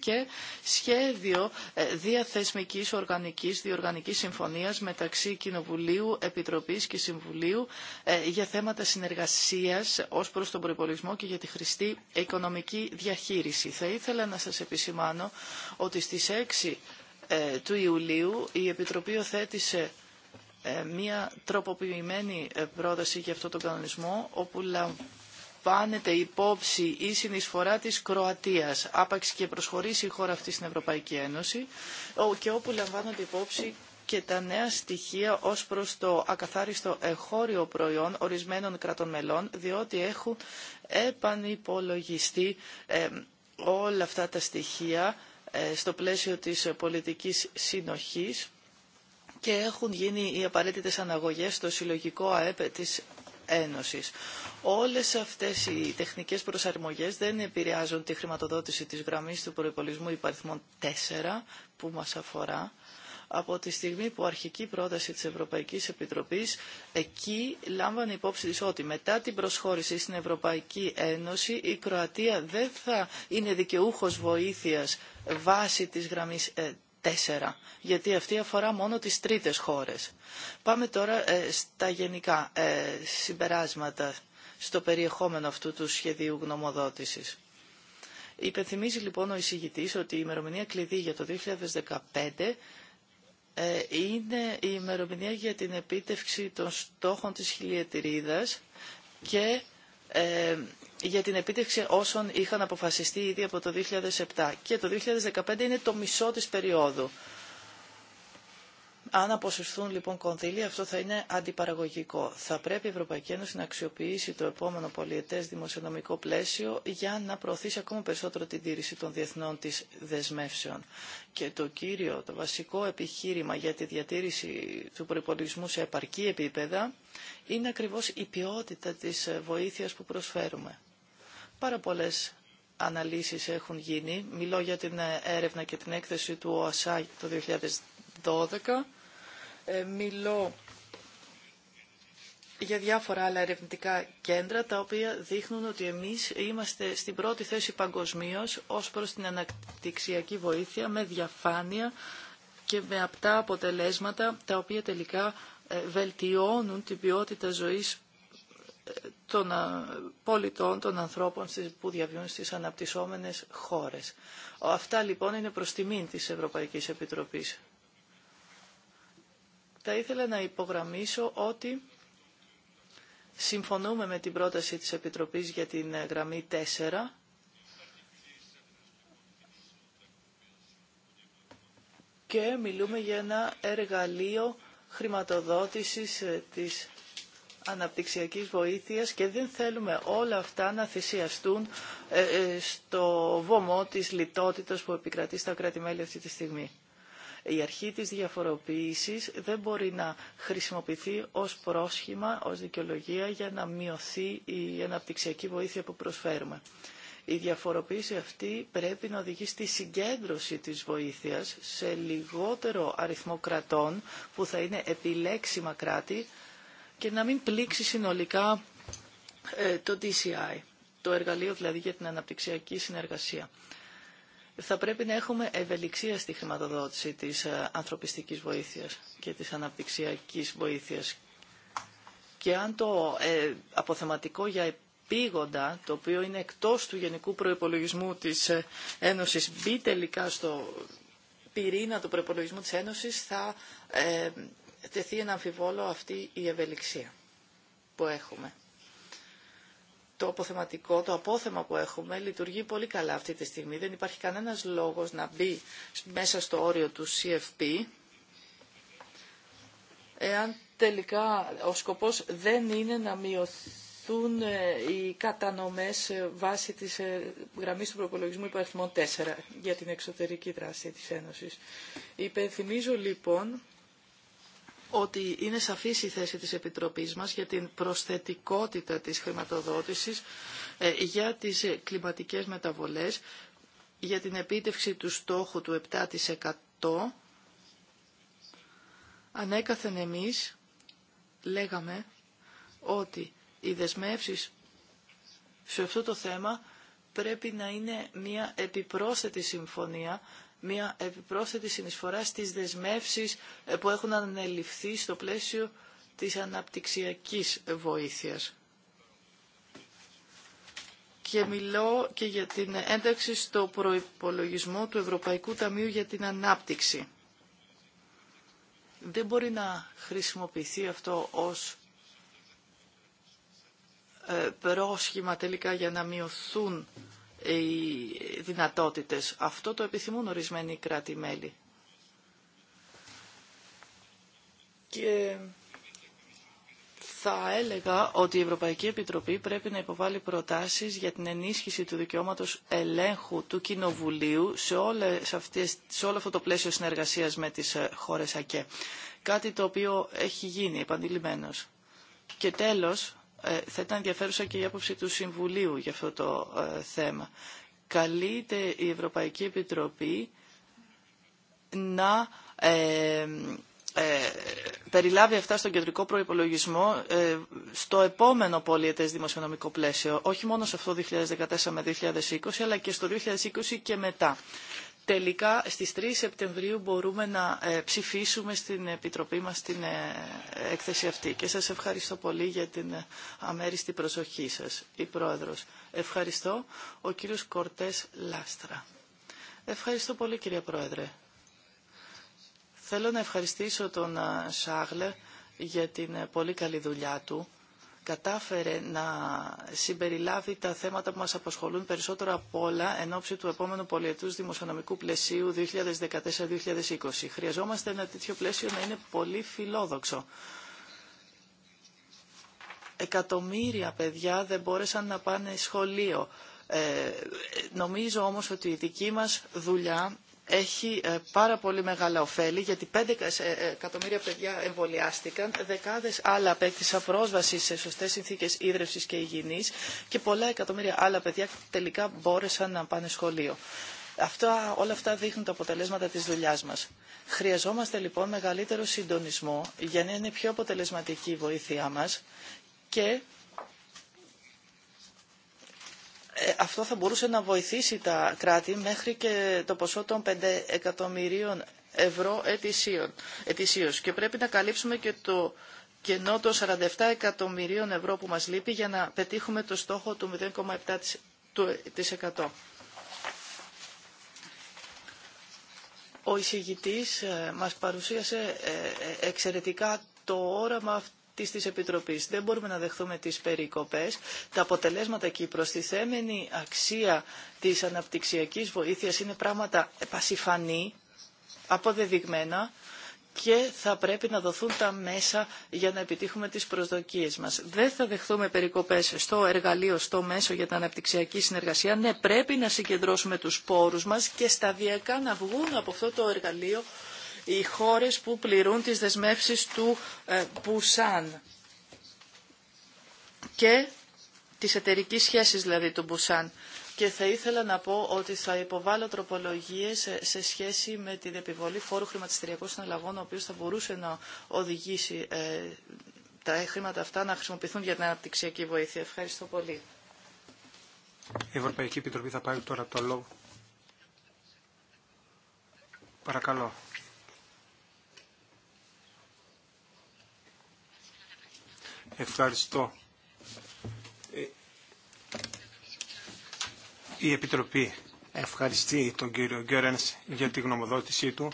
και σχέδιο ε, διαθεσμικής οργανικής διοργανικής συμφωνίας μεταξύ Κοινοβουλίου, Επιτροπής και Συμβουλίου ε, για θέματα συνεργασίας ως προς τον προπολογισμό και για τη χρηστή οικονομική διαχείριση. Θα ήθελα να σας επισημάνω ότι στις 6 ε, του Ιουλίου η Επιτροπή οθέτησε ε, μία τροποποιημένη ε, πρόταση για αυτό τον κανονισμό όπου λαμβάνεται υπόψη η συνεισφορά της Κροατίας άπαξ και προσχωρήσει η χώρα αυτή στην Ευρωπαϊκή Ένωση και όπου λαμβάνονται υπόψη και τα νέα στοιχεία ως προς το ακαθάριστο εχώριο προϊόν ορισμένων κρατών μελών διότι έχουν επανυπολογιστεί ε, όλα αυτά τα στοιχεία στο πλαίσιο της πολιτικής συνοχής και έχουν γίνει οι απαραίτητες αναγωγές στο συλλογικό ΑΕΠ της Ένωσης. Όλες αυτές οι τεχνικές προσαρμογές δεν επηρεάζουν τη χρηματοδότηση της γραμμής του προϋπολισμού υπαριθμών 4 που μας αφορά από τη στιγμή που αρχική πρόταση της Ευρωπαϊκής Επιτροπής εκεί λάμβανε υπόψη της ότι μετά την προσχώρηση στην Ευρωπαϊκή Ένωση η Κροατία δεν θα είναι δικαιούχος βοήθειας βάσει της γραμμής ε, γιατί αυτή αφορά μόνο τις τρίτες χώρες. Πάμε τώρα ε, στα γενικά ε, συμπεράσματα στο περιεχόμενο αυτού του σχεδίου γνωμοδότησης. Υπενθυμίζει λοιπόν ο εισηγητής ότι η ημερομηνία κλειδί για το 2015 ε, είναι η ημερομηνία για την επίτευξη των στόχων της χιλιετηρίδας και για την επίτευξη όσων είχαν αποφασιστεί ήδη από το 2007 και το 2015 είναι το μισό της περίοδου. Αν αποσυρθούν λοιπόν κονδύλια, αυτό θα είναι αντιπαραγωγικό. Θα πρέπει η Ευρωπαϊκή Ένωση να αξιοποιήσει το επόμενο πολιετές δημοσιονομικό πλαίσιο για να προωθήσει ακόμα περισσότερο την τήρηση των διεθνών της δεσμεύσεων. Και το κύριο, το βασικό επιχείρημα για τη διατήρηση του προπολογισμού σε επαρκή επίπεδα είναι ακριβώς η ποιότητα της βοήθειας που προσφέρουμε. Πάρα πολλέ αναλύσεις έχουν γίνει. Μιλώ για την ε, έρευνα και την έκθεση του ΟΑΣΑ το 2012. Ε, μιλώ για διάφορα άλλα ερευνητικά κέντρα, τα οποία δείχνουν ότι εμείς είμαστε στην πρώτη θέση παγκοσμίω ως προς την αναπτυξιακή βοήθεια με διαφάνεια και με απτά αποτελέσματα, τα οποία τελικά ε, βελτιώνουν την ποιότητα ζωής των ε, πολιτών, των ανθρώπων που διαβιούν στις αναπτυσσόμενες χώρες. Αυτά λοιπόν είναι προς τιμήν της Ευρωπαϊκής Επιτροπής. Θα ήθελα να υπογραμμίσω ότι συμφωνούμε με την πρόταση της Επιτροπής για την ε, γραμμή 4, και μιλούμε για ένα εργαλείο χρηματοδότησης ε, της αναπτυξιακής βοήθειας και δεν θέλουμε όλα αυτά να θυσιαστούν ε, ε, στο βωμό της λιτότητας που επικρατεί στα κράτη-μέλη αυτή τη στιγμή. Η αρχή της διαφοροποίησης δεν μπορεί να χρησιμοποιηθεί ως πρόσχημα, ως δικαιολογία για να μειωθεί η αναπτυξιακή βοήθεια που προσφέρουμε. Η διαφοροποίηση αυτή πρέπει να οδηγεί στη συγκέντρωση της βοήθειας σε λιγότερο αριθμό κρατών που θα είναι επιλέξιμα κράτη και να μην πλήξει συνολικά ε, το DCI, το εργαλείο δηλαδή για την αναπτυξιακή συνεργασία. Θα πρέπει να έχουμε ευελιξία στη χρηματοδότηση της ε, ανθρωπιστικής βοήθειας και της αναπτυξιακής βοήθειας. Και αν το ε, αποθεματικό για επίγοντα, το οποίο είναι εκτός του γενικού προϋπολογισμού της Ένωσης, μπει τελικά στο πυρήνα του προϋπολογισμού της Ένωσης, θα τεθεί ένα αμφιβόλο αυτή η ευελιξία που έχουμε. Το αποθεματικό, το απόθεμα που έχουμε λειτουργεί πολύ καλά αυτή τη στιγμή. Δεν υπάρχει κανένας λόγος να μπει μέσα στο όριο του CFP εάν τελικά ο σκοπός δεν είναι να μειωθούν ε, οι κατανομές ε, βάσει της ε, γραμμής του προπολογισμού υπαριθμών 4 για την εξωτερική δράση της Ένωσης. Υπενθυμίζω λοιπόν ότι είναι σαφής η θέση της Επιτροπής μας για την προσθετικότητα της χρηματοδότησης ε, για τις ε, κλιματικές μεταβολές, για την επίτευξη του στόχου του 7% ανέκαθεν εμείς λέγαμε ότι οι δεσμεύσεις σε αυτό το θέμα πρέπει να είναι μια επιπρόσθετη συμφωνία μια επιπρόσθετη συνεισφορά στις δεσμεύσεις ε, που έχουν ανεληφθεί στο πλαίσιο της αναπτυξιακής βοήθειας. Και μιλώ και για την ένταξη στο προϋπολογισμό του Ευρωπαϊκού Ταμείου για την Ανάπτυξη. Δεν μπορεί να χρησιμοποιηθεί αυτό ως ε, πρόσχημα τελικά για να μειωθούν οι δυνατότητες. Αυτό το επιθυμούν ορισμένοι κράτη-μέλη. Και θα έλεγα ότι η Ευρωπαϊκή Επιτροπή πρέπει να υποβάλει προτάσεις για την ενίσχυση του δικαιώματος ελέγχου του Κοινοβουλίου σε, όλες αυτές, σε όλο αυτό το πλαίσιο συνεργασίας με τις ε, χώρες ΑΚΕ. Κάτι το οποίο έχει γίνει επανειλημμένος. Και τέλος, ε, θα ήταν ενδιαφέρουσα και η άποψη του Συμβουλίου για αυτό το ε, θέμα. Καλείται η Ευρωπαϊκή Επιτροπή να ε, περιλάβει αυτά στον κεντρικό προϋπολογισμό στο επόμενο πολιετές δημοσιονομικό πλαίσιο, όχι μόνο σε αυτό 2014 με 2020, αλλά και στο 2020 και μετά τελικά στις 3 Σεπτεμβρίου μπορούμε να ε, ψηφίσουμε στην Επιτροπή μας την ε, έκθεση αυτή. Και σας ευχαριστώ πολύ για την ε, αμέριστη προσοχή σας, η Πρόεδρος. Ευχαριστώ, ο κύριος Κορτές Λάστρα. Ευχαριστώ πολύ κύριε Πρόεδρε. Θέλω να ευχαριστήσω τον Σάγλε για την πολύ καλή δουλειά του κατάφερε να συμπεριλάβει τα θέματα που μας απασχολούν περισσότερο από όλα εν ώψη του επόμενου πολιετούς δημοσιονομικού πλαισίου 2014-2020. Χρειαζόμαστε ένα τέτοιο πλαίσιο να είναι πολύ φιλόδοξο. Εκατομμύρια παιδιά δεν μπόρεσαν να πάνε σχολείο. Ε, νομίζω όμως ότι η δική μας δουλειά έχει ε, πάρα πολύ μεγάλα ωφέλη γιατί 5 ε, εκατομμύρια παιδιά εμβολιάστηκαν, δεκάδες άλλα απέκτησαν πρόσβαση σε σωστές συνθήκες ίδρυυσης και υγιεινής και πολλά εκατομμύρια άλλα παιδιά τελικά μπόρεσαν να πάνε σχολείο. Αυτά, όλα αυτά δείχνουν τα αποτελέσματα της δουλειάς μας. Χρειαζόμαστε λοιπόν μεγαλύτερο συντονισμό για να είναι πιο αποτελεσματική η βοήθειά μας και ε, αυτό θα μπορούσε να βοηθήσει τα κράτη μέχρι και το ποσό των 5 εκατομμυρίων ευρώ ετησίως. Και πρέπει να καλύψουμε και το κενό των 47 εκατομμυρίων ευρώ που μας λείπει για να πετύχουμε το στόχο του 0,7%. Ο εισηγητής ε, μας παρουσίασε ε, εξαιρετικά το όραμα της Επιτροπής. Δεν μπορούμε να δεχθούμε τις περικοπές. Τα αποτελέσματα και η προστιθέμενη αξία της αναπτυξιακής βοήθειας είναι πράγματα πασιφανή, αποδεδειγμένα και θα πρέπει να δοθούν τα μέσα για να επιτύχουμε τις προσδοκίες μας. Δεν θα δεχθούμε περικοπές στο εργαλείο, στο μέσο για την αναπτυξιακή συνεργασία. Ναι, πρέπει να συγκεντρώσουμε τους πόρους μας και σταδιακά να βγουν από αυτό το εργαλείο οι χώρες που πληρούν τις δεσμεύσεις του Μπουσάν ε, και τις εταιρικές σχέσεις, δηλαδή του Πουσάν. Και θα ήθελα να πω ότι θα υποβάλω τροπολογίε σε σχέση με την επιβολή φόρου χρηματιστηριακών συναλλαγών, ο οποίο θα μπορούσε να οδηγήσει ε, τα χρήματα αυτά να χρησιμοποιηθούν για την αναπτυξιακή βοήθεια. Ευχαριστώ πολύ. Η Ευρωπαϊκή Επιτροπή θα πάρει τώρα το λόγο. Παρακαλώ. Ευχαριστώ. Ε, η Επιτροπή ευχαριστεί τον κύριο Γκέρενς για τη γνωμοδότησή του.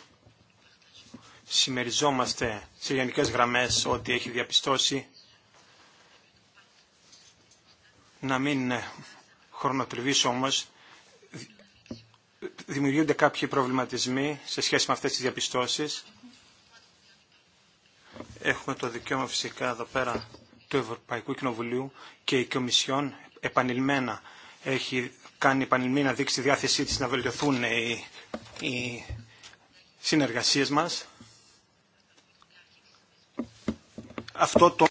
Συμμεριζόμαστε σε γενικές γραμμές ότι έχει διαπιστώσει να μην χρονοτριβήσω όμως δημιουργούνται κάποιοι προβληματισμοί σε σχέση με αυτές τις διαπιστώσεις. Έχουμε το δικαίωμα φυσικά εδώ πέρα του Ευρωπαϊκού Κοινοβουλίου και η Κομισιόν επανειλημμένα έχει κάνει επανειλημμένα δείξει τη διάθεσή της να βελτιωθούν οι, οι συνεργασίες μας. Αυτό το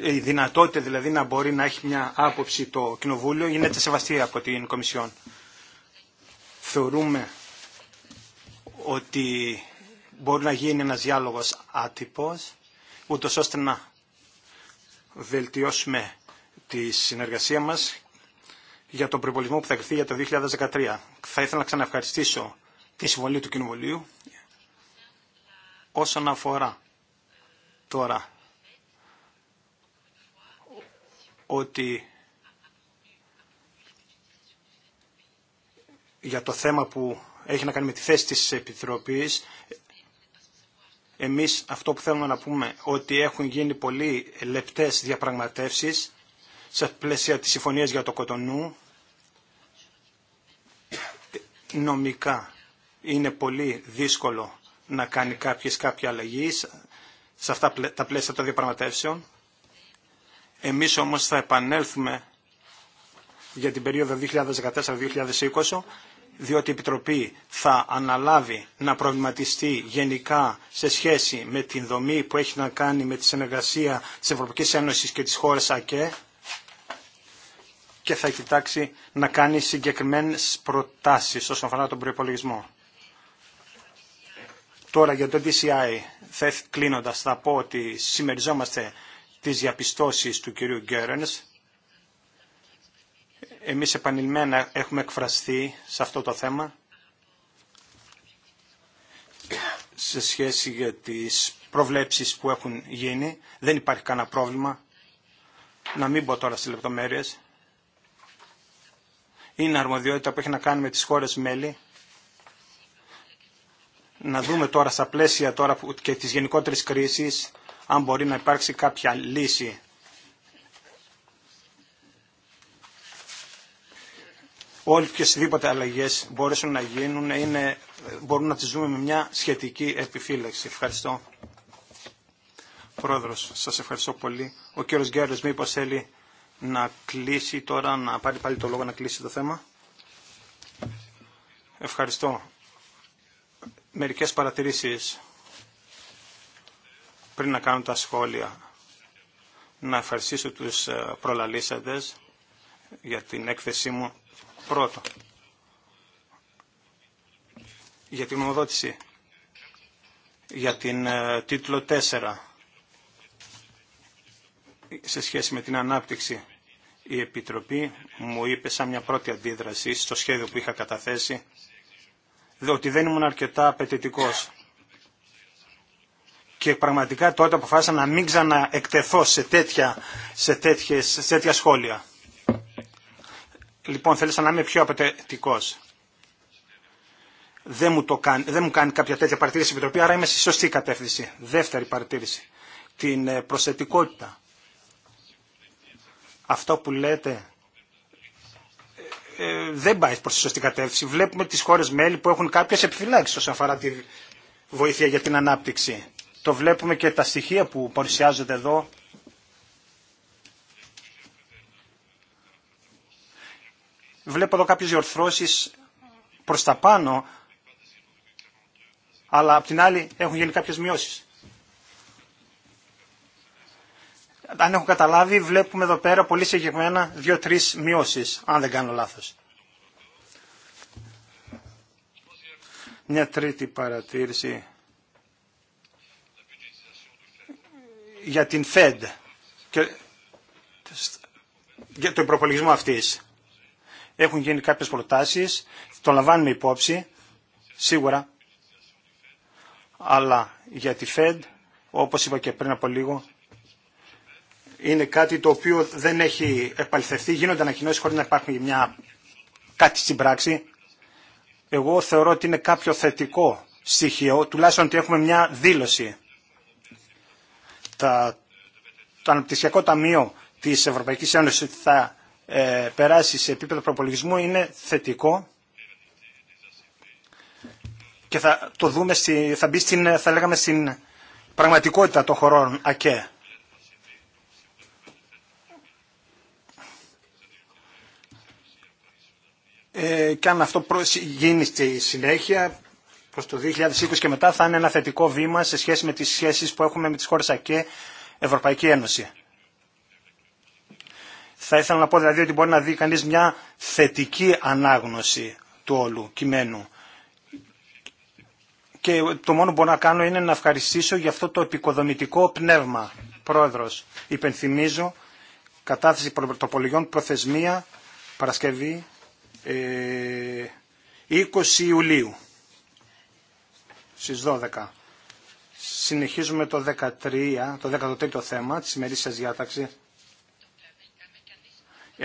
η δυνατότητα δηλαδή να μπορεί να έχει μια άποψη το Κοινοβούλιο γίνεται σεβαστή από την Κομισιόν. Θεωρούμε ότι μπορεί να γίνει ένας διάλογος άτυπος ούτω ώστε να βελτιώσουμε τη συνεργασία μας για τον προπολογισμό που θα κρυφθεί για το 2013. Θα ήθελα να ξαναευχαριστήσω τη συμβολή του Κοινοβουλίου όσον αφορά τώρα ότι για το θέμα που έχει να κάνει με τη θέση της Επιτροπής εμείς αυτό που θέλουμε να πούμε ότι έχουν γίνει πολύ λεπτές διαπραγματεύσεις σε πλαίσια της συμφωνίας για το Κοτονού νομικά είναι πολύ δύσκολο να κάνει κάποιες κάποια αλλαγή σε αυτά τα πλαίσια των διαπραγματεύσεων. Εμείς όμως θα επανέλθουμε για την περίοδο 2014-2020 διότι η Επιτροπή θα αναλάβει να προβληματιστεί γενικά σε σχέση με την δομή που έχει να κάνει με τη συνεργασία της Ευρωπαϊκής Ένωσης και της χώρας ΑΚΕ και θα κοιτάξει να κάνει συγκεκριμένες προτάσεις όσον αφορά τον προϋπολογισμό. Τώρα για το DCI, κλείνοντα κλείνοντας, θα πω ότι συμμεριζόμαστε τις διαπιστώσεις του κυρίου Γκέρενς εμείς επανειλημμένα έχουμε εκφραστεί σε αυτό το θέμα σε σχέση για τις προβλέψεις που έχουν γίνει. Δεν υπάρχει κανένα πρόβλημα. Να μην πω τώρα στις λεπτομέρειες. Είναι αρμοδιότητα που έχει να κάνει με τις χώρες μέλη. Να δούμε τώρα στα πλαίσια τώρα και της γενικότερης κρίσης αν μπορεί να υπάρξει κάποια λύση όλοι και οποιασδήποτε αλλαγέ μπορέσουν να γίνουν είναι, μπορούν να τις δούμε με μια σχετική επιφύλαξη. Ευχαριστώ. Πρόεδρος, σας ευχαριστώ πολύ. Ο κύριος Γκέρος μήπως θέλει να κλείσει τώρα, να πάρει πάλι το λόγο να κλείσει το θέμα. Ευχαριστώ. Μερικές παρατηρήσεις πριν να κάνω τα σχόλια. Να ευχαριστήσω τους ε, προλαλήσαντες για την έκθεσή μου Πρώτο. Για την ομοδότηση, Για την ε, τίτλο 4. Σε σχέση με την ανάπτυξη. Η Επιτροπή μου είπε σαν μια πρώτη αντίδραση στο σχέδιο που είχα καταθέσει ότι δεν ήμουν αρκετά απαιτητικό. Και πραγματικά τότε αποφάσισα να μην ξαναεκτεθώ σε τέτοια, σε τέτοιες, σε τέτοια σχόλια. Λοιπόν, θέλησα να είμαι πιο απαιτητικός. Δεν μου, το κάνει, δεν μου κάνει κάποια τέτοια παρατήρηση η Επιτροπή, άρα είμαι στη σωστή κατεύθυνση. Δεύτερη παρατήρηση. Την ε, προσθετικότητα. Αυτό που λέτε ε, ε, δεν πάει προς τη σωστή κατεύθυνση. Βλέπουμε τις χώρες μέλη που έχουν κάποιες επιφυλάξεις όσον αφορά τη βοήθεια για την ανάπτυξη. Το βλέπουμε και τα στοιχεία που παρουσιάζονται εδώ Βλέπω εδώ κάποιες διορθώσεις προς τα πάνω, αλλά απ' την άλλη έχουν γίνει κάποιες μειώσεις. Αν έχω καταλάβει, βλέπουμε εδώ πέρα πολύ συγκεκριμένα δύο-τρεις μειώσεις, αν δεν κάνω λάθος. Μια τρίτη παρατήρηση για την ΦΕΔ και τον προπολογισμό αυτής. Έχουν γίνει κάποιες προτάσεις, το λαμβάνουμε υπόψη, σίγουρα, αλλά για τη Fed, όπως είπα και πριν από λίγο, είναι κάτι το οποίο δεν έχει επαληθευτεί, γίνονται ανακοινώσει χωρίς να υπάρχει μια κάτι στην πράξη. Εγώ θεωρώ ότι είναι κάποιο θετικό στοιχείο, τουλάχιστον ότι έχουμε μια δήλωση. Τα, το Αναπτυσιακό Ταμείο της Ευρωπαϊκής Ένωσης θα ε, περάσει σε επίπεδο προπολογισμού είναι θετικό και θα το δούμε, στη, θα μπει στην, θα λέγαμε στην πραγματικότητα των χωρών ΑΚΕ. Ε, και αν αυτό γίνει στη συνέχεια, προς το 2020 και μετά θα είναι ένα θετικό βήμα σε σχέση με τις σχέσεις που έχουμε με τις χώρες ΑΚΕ Ευρωπαϊκή Ένωση. Θα ήθελα να πω δηλαδή ότι μπορεί να δει κανεί μια θετική ανάγνωση του όλου κειμένου. Και το μόνο που μπορώ να κάνω είναι να ευχαριστήσω για αυτό το επικοδομητικό πνεύμα. Πρόεδρος, υπενθυμίζω, κατάθεση πρωτοπολιών προθεσμία, Παρασκευή, 20 ε, Ιουλίου, στις 12. Συνεχίζουμε το 13, το 13ο θέμα της ημερήσιας διάταξης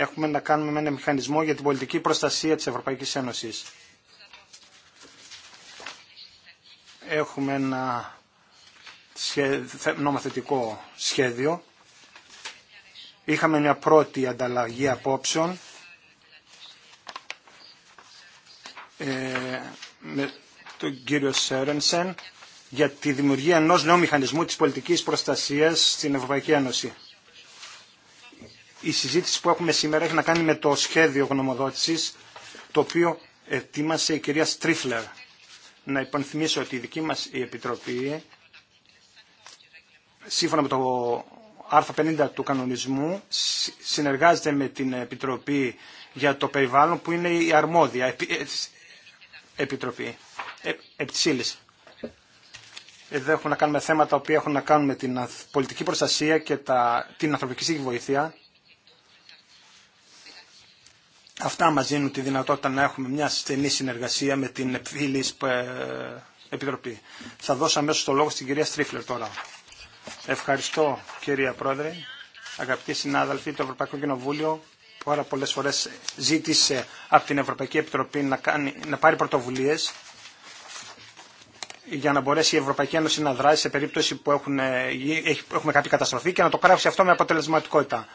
έχουμε να κάνουμε με ένα μηχανισμό για την πολιτική προστασία της Ευρωπαϊκής Ένωσης. Έχουμε ένα νομοθετικό σχέδιο. Είχαμε μια πρώτη ανταλλαγή απόψεων ε, με τον κύριο Σέρενσεν για τη δημιουργία ενός νέου μηχανισμού της πολιτικής προστασίας στην Ευρωπαϊκή Ένωση η συζήτηση που έχουμε σήμερα έχει να κάνει με το σχέδιο γνωμοδότησης το οποίο ετοίμασε η κυρία Στρίφλερ. Να υπενθυμίσω ότι η δική μας η Επιτροπή σύμφωνα με το άρθρο 50 του κανονισμού συνεργάζεται με την Επιτροπή για το Περιβάλλον που είναι η αρμόδια ε, Επιτροπή ε, Εδώ έχουμε να κάνουμε θέματα που έχουν να κάνουν με την πολιτική προστασία και τα, την ανθρωπική βοήθεια Αυτά μας δίνουν τη δυνατότητα να έχουμε μια στενή συνεργασία με την φίλη ε, Επιτροπή. Θα δώσω αμέσως το λόγο στην κυρία Στρίφλερ τώρα. Ευχαριστώ κυρία Πρόεδρε, αγαπητοί συνάδελφοι, το Ευρωπαϊκό Κοινοβούλιο πάρα πολλές φορές ζήτησε από την Ευρωπαϊκή Επιτροπή να, κάνει, να πάρει πρωτοβουλίες για να μπορέσει η Ευρωπαϊκή Ένωση να δράσει σε περίπτωση που έχουν, ε, έχουμε κάποια καταστροφή και να το κράξει αυτό με αποτελεσματικότητα.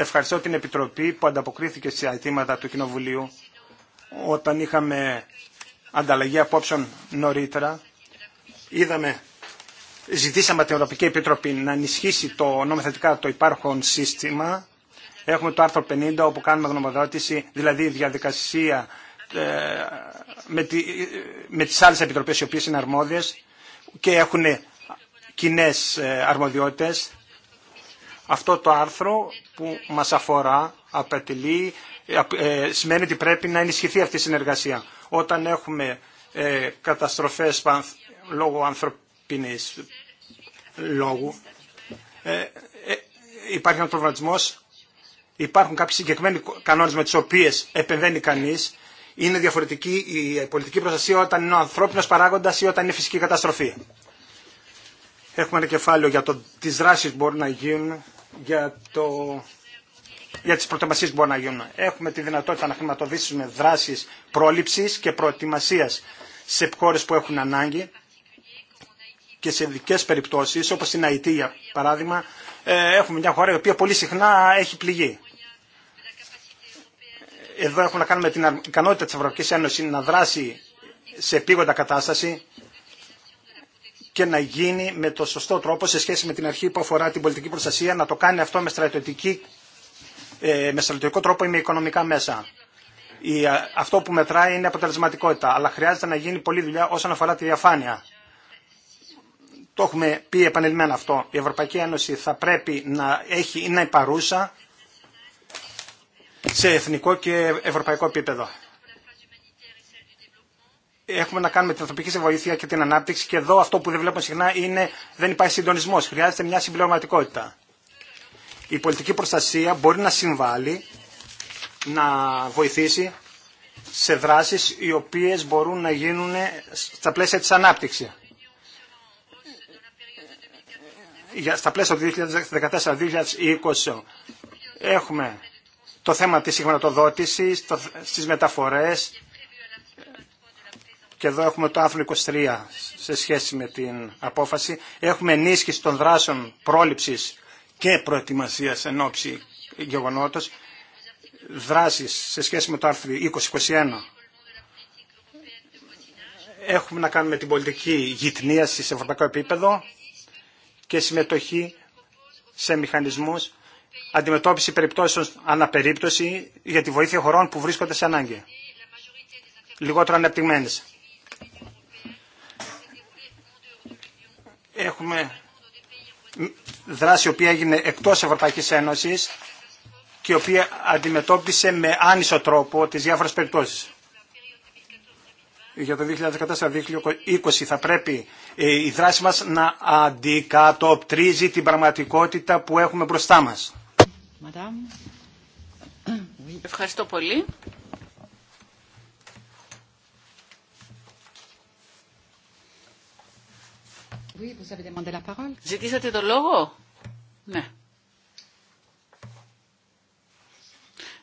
Ευχαριστώ την Επιτροπή που ανταποκρίθηκε στις αιτήματα του Κοινοβουλίου όταν είχαμε ανταλλαγή απόψεων νωρίτερα. Είδαμε, ζητήσαμε την Ευρωπαϊκή Επιτροπή να ενισχύσει το νομοθετικά το υπάρχον σύστημα. Έχουμε το άρθρο 50 όπου κάνουμε γνωμοδότηση, δηλαδή διαδικασία ε, με, τη, με τις άλλες επιτροπές οι οποίες είναι αρμόδιες και έχουν κοινέ ε, αρμοδιότητες αυτό το άρθρο που μας αφορά απαιτεί, ε, σημαίνει ότι πρέπει να ενισχυθεί αυτή η συνεργασία. Όταν έχουμε ε, καταστροφές λόγω ανθρωπίνης λόγου, ε, υπάρχει ένα προβληματισμό. υπάρχουν κάποιοι συγκεκριμένοι κανόνες με τις οποίες επεμβαίνει κανείς, είναι διαφορετική η πολιτική προστασία όταν είναι ο ανθρώπινος παράγοντας ή όταν είναι φυσική καταστροφή. Έχουμε ένα κεφάλαιο για το, τις δράσεις που μπορούν να γίνουν για, το, για τις προετοιμασίες που μπορούν να γίνουν. Έχουμε τη δυνατότητα να χρηματοδοτήσουμε δράσεις πρόληψης και προετοιμασίας σε χώρες που έχουν ανάγκη και σε ειδικέ περιπτώσεις, όπως στην Αιτία για παράδειγμα, ε, έχουμε μια χώρα η οποία πολύ συχνά έχει πληγεί. Εδώ έχουμε να κάνουμε την ικανότητα της Ευρωπαϊκής Ένωσης να δράσει σε επίγοντα κατάσταση και να γίνει με το σωστό τρόπο σε σχέση με την αρχή που αφορά την πολιτική προστασία, να το κάνει αυτό με, στρατιωτική, ε, με στρατιωτικό τρόπο ή με οικονομικά μέσα. Η, ε, αυτό που μετράει είναι αποτελεσματικότητα, αλλά χρειάζεται να γίνει πολλή δουλειά όσον αφορά τη διαφάνεια. Το έχουμε πει επανελειμμένα αυτό. Η Ευρωπαϊκή Ένωση θα πρέπει να έχει ή να υπαρούσα σε εθνικό και ευρωπαϊκό επίπεδο έχουμε να κάνουμε την ανθρωπική βοήθεια και την ανάπτυξη και εδώ αυτό που δεν βλέπουμε συχνά είναι δεν υπάρχει συντονισμός, χρειάζεται μια συμπληρωματικότητα. Η πολιτική προστασία μπορεί να συμβάλλει, να βοηθήσει σε δράσεις οι οποίες μπορούν να γίνουν στα πλαίσια της ανάπτυξης. Στα πλαίσια του 2014-2020 έχουμε το θέμα της συγχρονατοδότησης, στις μεταφορές, και εδώ έχουμε το άρθρο 23 σε σχέση με την απόφαση, έχουμε ενίσχυση των δράσεων πρόληψης και προετοιμασίας εν ώψη γεγονότος, δράσεις σε σχέση με το άρθρο 2021. Έχουμε να κάνουμε την πολιτική γυτνίαση σε ευρωπαϊκό επίπεδο και συμμετοχή σε μηχανισμούς αντιμετώπιση περιπτώσεων αναπερίπτωση για τη βοήθεια χωρών που βρίσκονται σε ανάγκη. Λιγότερο ανεπτυγμένες. έχουμε δράση η οποία έγινε εκτός Ευρωπαϊκής Ένωσης και η οποία αντιμετώπισε με άνισο τρόπο τις διάφορες περιπτώσεις. Για το 2014-2020 θα πρέπει ε, η δράση μας να αντικατοπτρίζει την πραγματικότητα που έχουμε μπροστά μας. Ευχαριστώ πολύ. Ζητήσατε το λόγο. Ναι.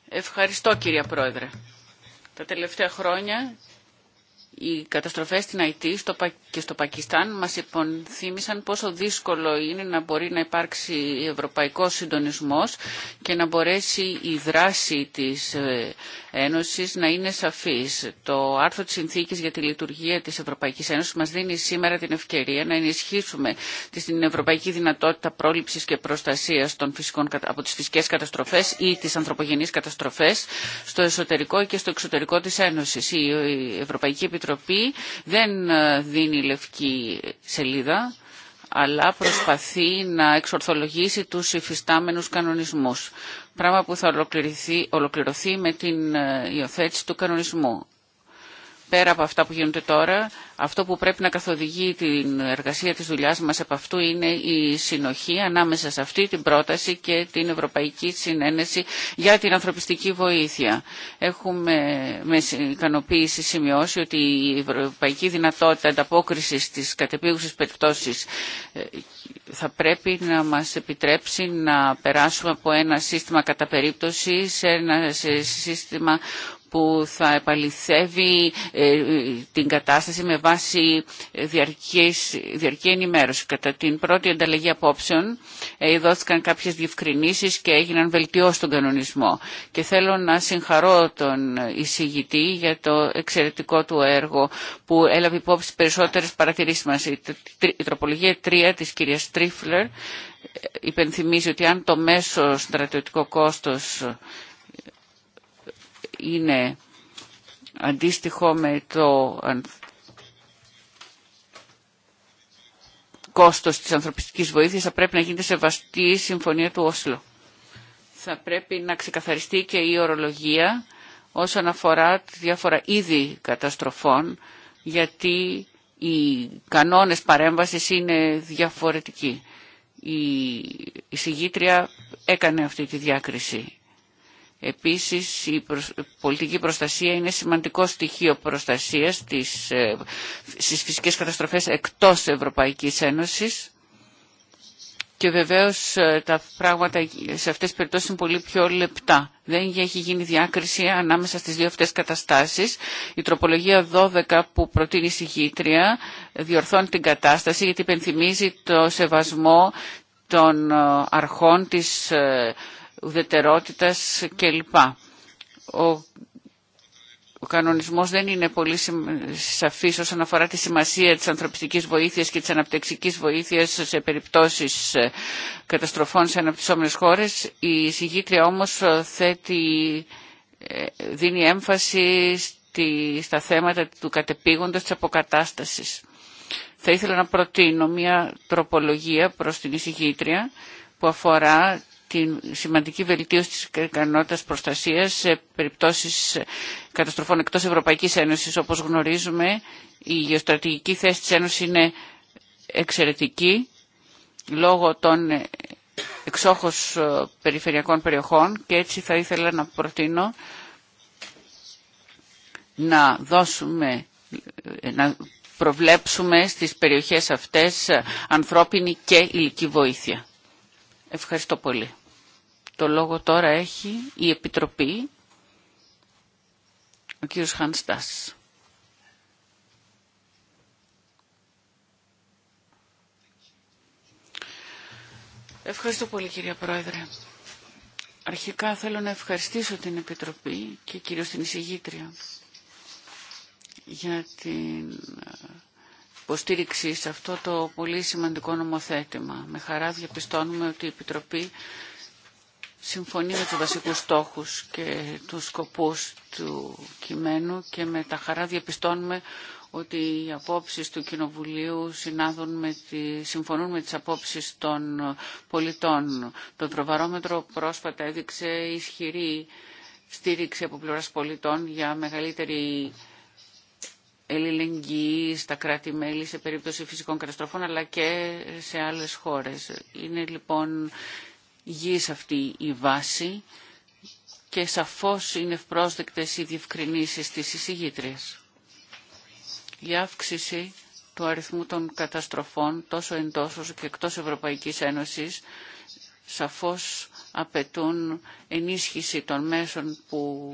Ευχαριστώ κύριε Πρόεδρε. Τα τελευταία χρόνια οι καταστροφές στην Αϊτή και στο Πακιστάν μας υποθύμησαν πόσο δύσκολο είναι να μπορεί να υπάρξει ευρωπαϊκός συντονισμός και να μπορέσει η δράση της ε, Ένωσης να είναι σαφής. Το άρθρο της Συνθήκης για τη Λειτουργία της Ευρωπαϊκής Ένωσης μας δίνει σήμερα την ευκαιρία να ενισχύσουμε την ευρωπαϊκή δυνατότητα πρόληψης και προστασίας των φυσικών, από τις φυσικές καταστροφές ή τις ανθρωπογενείς καταστροφές στο εσωτερικό και στο εξωτερικό της Ένωσης. Η Ευρωπαϊκή δεν ε, δίνει λευκή σελίδα, αλλά προσπαθεί να εξορθολογήσει τους υφιστάμενους κανονισμούς. Πράγμα που θα ολοκληρωθεί με την ε, υιοθέτηση του κανονισμού πέρα από αυτά που γίνονται τώρα, αυτό που πρέπει να καθοδηγεί την εργασία της δουλειάς μας από αυτού είναι η συνοχή ανάμεσα σε αυτή την πρόταση και την Ευρωπαϊκή Συνένεση για την ανθρωπιστική βοήθεια. Έχουμε με ικανοποίηση σημειώσει ότι η ευρωπαϊκή δυνατότητα ανταπόκρισης στις κατεπίγουσες περιπτώσεις ε, θα πρέπει να μας επιτρέψει να περάσουμε από ένα σύστημα κατά περίπτωση σε ένα σύστημα που θα επαληθεύει ε, την κατάσταση με βάση ε, διαρκής, διαρκή ενημέρωση. Κατά την πρώτη ανταλλαγή απόψεων ε, δόθηκαν κάποιες διευκρινήσεις και έγιναν βελτιώσεις στον κανονισμό. Και θέλω να συγχαρώ τον εισηγητή για το εξαιρετικό του έργο που έλαβε υπόψη περισσότερες παρατηρήσεις μας. Η τροπολογία 3 της κυρίας Τρίφλερ υπενθυμίζει ότι αν το μέσο στρατιωτικό κόστος είναι αντίστοιχο με το κόστος της ανθρωπιστικής βοήθειας θα πρέπει να γίνεται σεβαστή η συμφωνία του Όσλο. Θα πρέπει να ξεκαθαριστεί και η ορολογία όσον αφορά τη διάφορα είδη καταστροφών, γιατί οι κανόνες παρέμβασης είναι διαφορετικοί. Η συγγήτρια έκανε αυτή τη διάκριση. Επίσης η πολιτική προστασία είναι σημαντικό στοιχείο προστασίας της, ε, στις φυσικές καταστροφές εκτός Ευρωπαϊκής Ένωσης και βεβαίως ε, τα πράγματα σε αυτές τις περιπτώσεις είναι πολύ πιο λεπτά. Δεν έχει γίνει διάκριση ανάμεσα στις δύο αυτές καταστάσεις. Η τροπολογία 12 που προτείνει η συγχύτρια διορθώνει την κατάσταση γιατί υπενθυμίζει το σεβασμό των ε, αρχών της ουδετερότητας κλπ. Ο, ο κανονισμός δεν είναι πολύ σαφής όσον αφορά τη σημασία της ανθρωπιστικής βοήθειας και της αναπτυξικής βοήθειας σε περιπτώσεις ε, καταστροφών σε αναπτυσσόμενες χώρες. Η συγκύκλια όμως θέτει, ε, δίνει έμφαση στη, στα θέματα του κατεπήγοντος της αποκατάστασης. Θα ήθελα να προτείνω μια τροπολογία προς την εισηγήτρια που αφορά την σημαντική βελτίωση της ικανότητας προστασίας σε περιπτώσεις καταστροφών εκτός Ευρωπαϊκής Ένωσης. Όπως γνωρίζουμε, η γεωστρατηγική θέση της Ένωσης είναι εξαιρετική λόγω των εξόχως ε, περιφερειακών περιοχών και έτσι θα ήθελα να προτείνω να δώσουμε ε, να προβλέψουμε στις περιοχές αυτές ε, ανθρώπινη και υλική βοήθεια. Ευχαριστώ πολύ. Το λόγο τώρα έχει η Επιτροπή, ο κύριος Χανστάς. Ευχαριστώ πολύ κυρία Πρόεδρε. Αρχικά θέλω να ευχαριστήσω την Επιτροπή και κυρίως την εισηγήτρια για την ε, υποστήριξη σε αυτό το πολύ σημαντικό νομοθέτημα. Με χαρά διαπιστώνουμε ότι η Επιτροπή συμφωνεί με τους βασικούς στόχους και τους σκοπούς του κειμένου και με τα χαρά διαπιστώνουμε ότι οι απόψεις του Κοινοβουλίου συνάδουν με τη, συμφωνούν με τις απόψεις των πολιτών. Το τροβαρόμετρο πρόσφατα έδειξε ισχυρή στήριξη από πλευράς πολιτών για μεγαλύτερη ελληνική στα κράτη-μέλη σε περίπτωση φυσικών καταστροφών αλλά και σε άλλες χώρες. Λοιπόν, υγιής αυτή η βάση και σαφώς είναι ευπρόσδεκτες οι διευκρινήσεις της εισηγήτριας. Η αύξηση του αριθμού των καταστροφών τόσο εντός όσο και εκτός Ευρωπαϊκής Ένωσης σαφώς απαιτούν ενίσχυση των μέσων που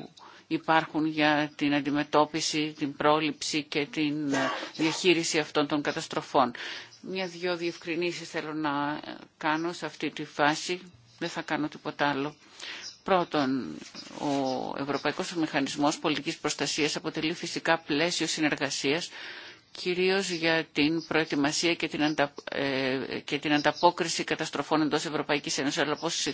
υπάρχουν για την αντιμετώπιση, την πρόληψη και την διαχείριση αυτών των καταστροφών. Μια-δυο διευκρινήσεις θέλω να κάνω σε αυτή τη φάση δεν θα κάνω τίποτα άλλο. Πρώτον, ο Ευρωπαϊκός Μηχανισμός Πολιτικής Προστασίας αποτελεί φυσικά πλαίσιο συνεργασίας κυρίως για την προετοιμασία ε, και την, ανταπόκριση καταστροφών εντός Ευρωπαϊκής Ένωσης, αλλά όπως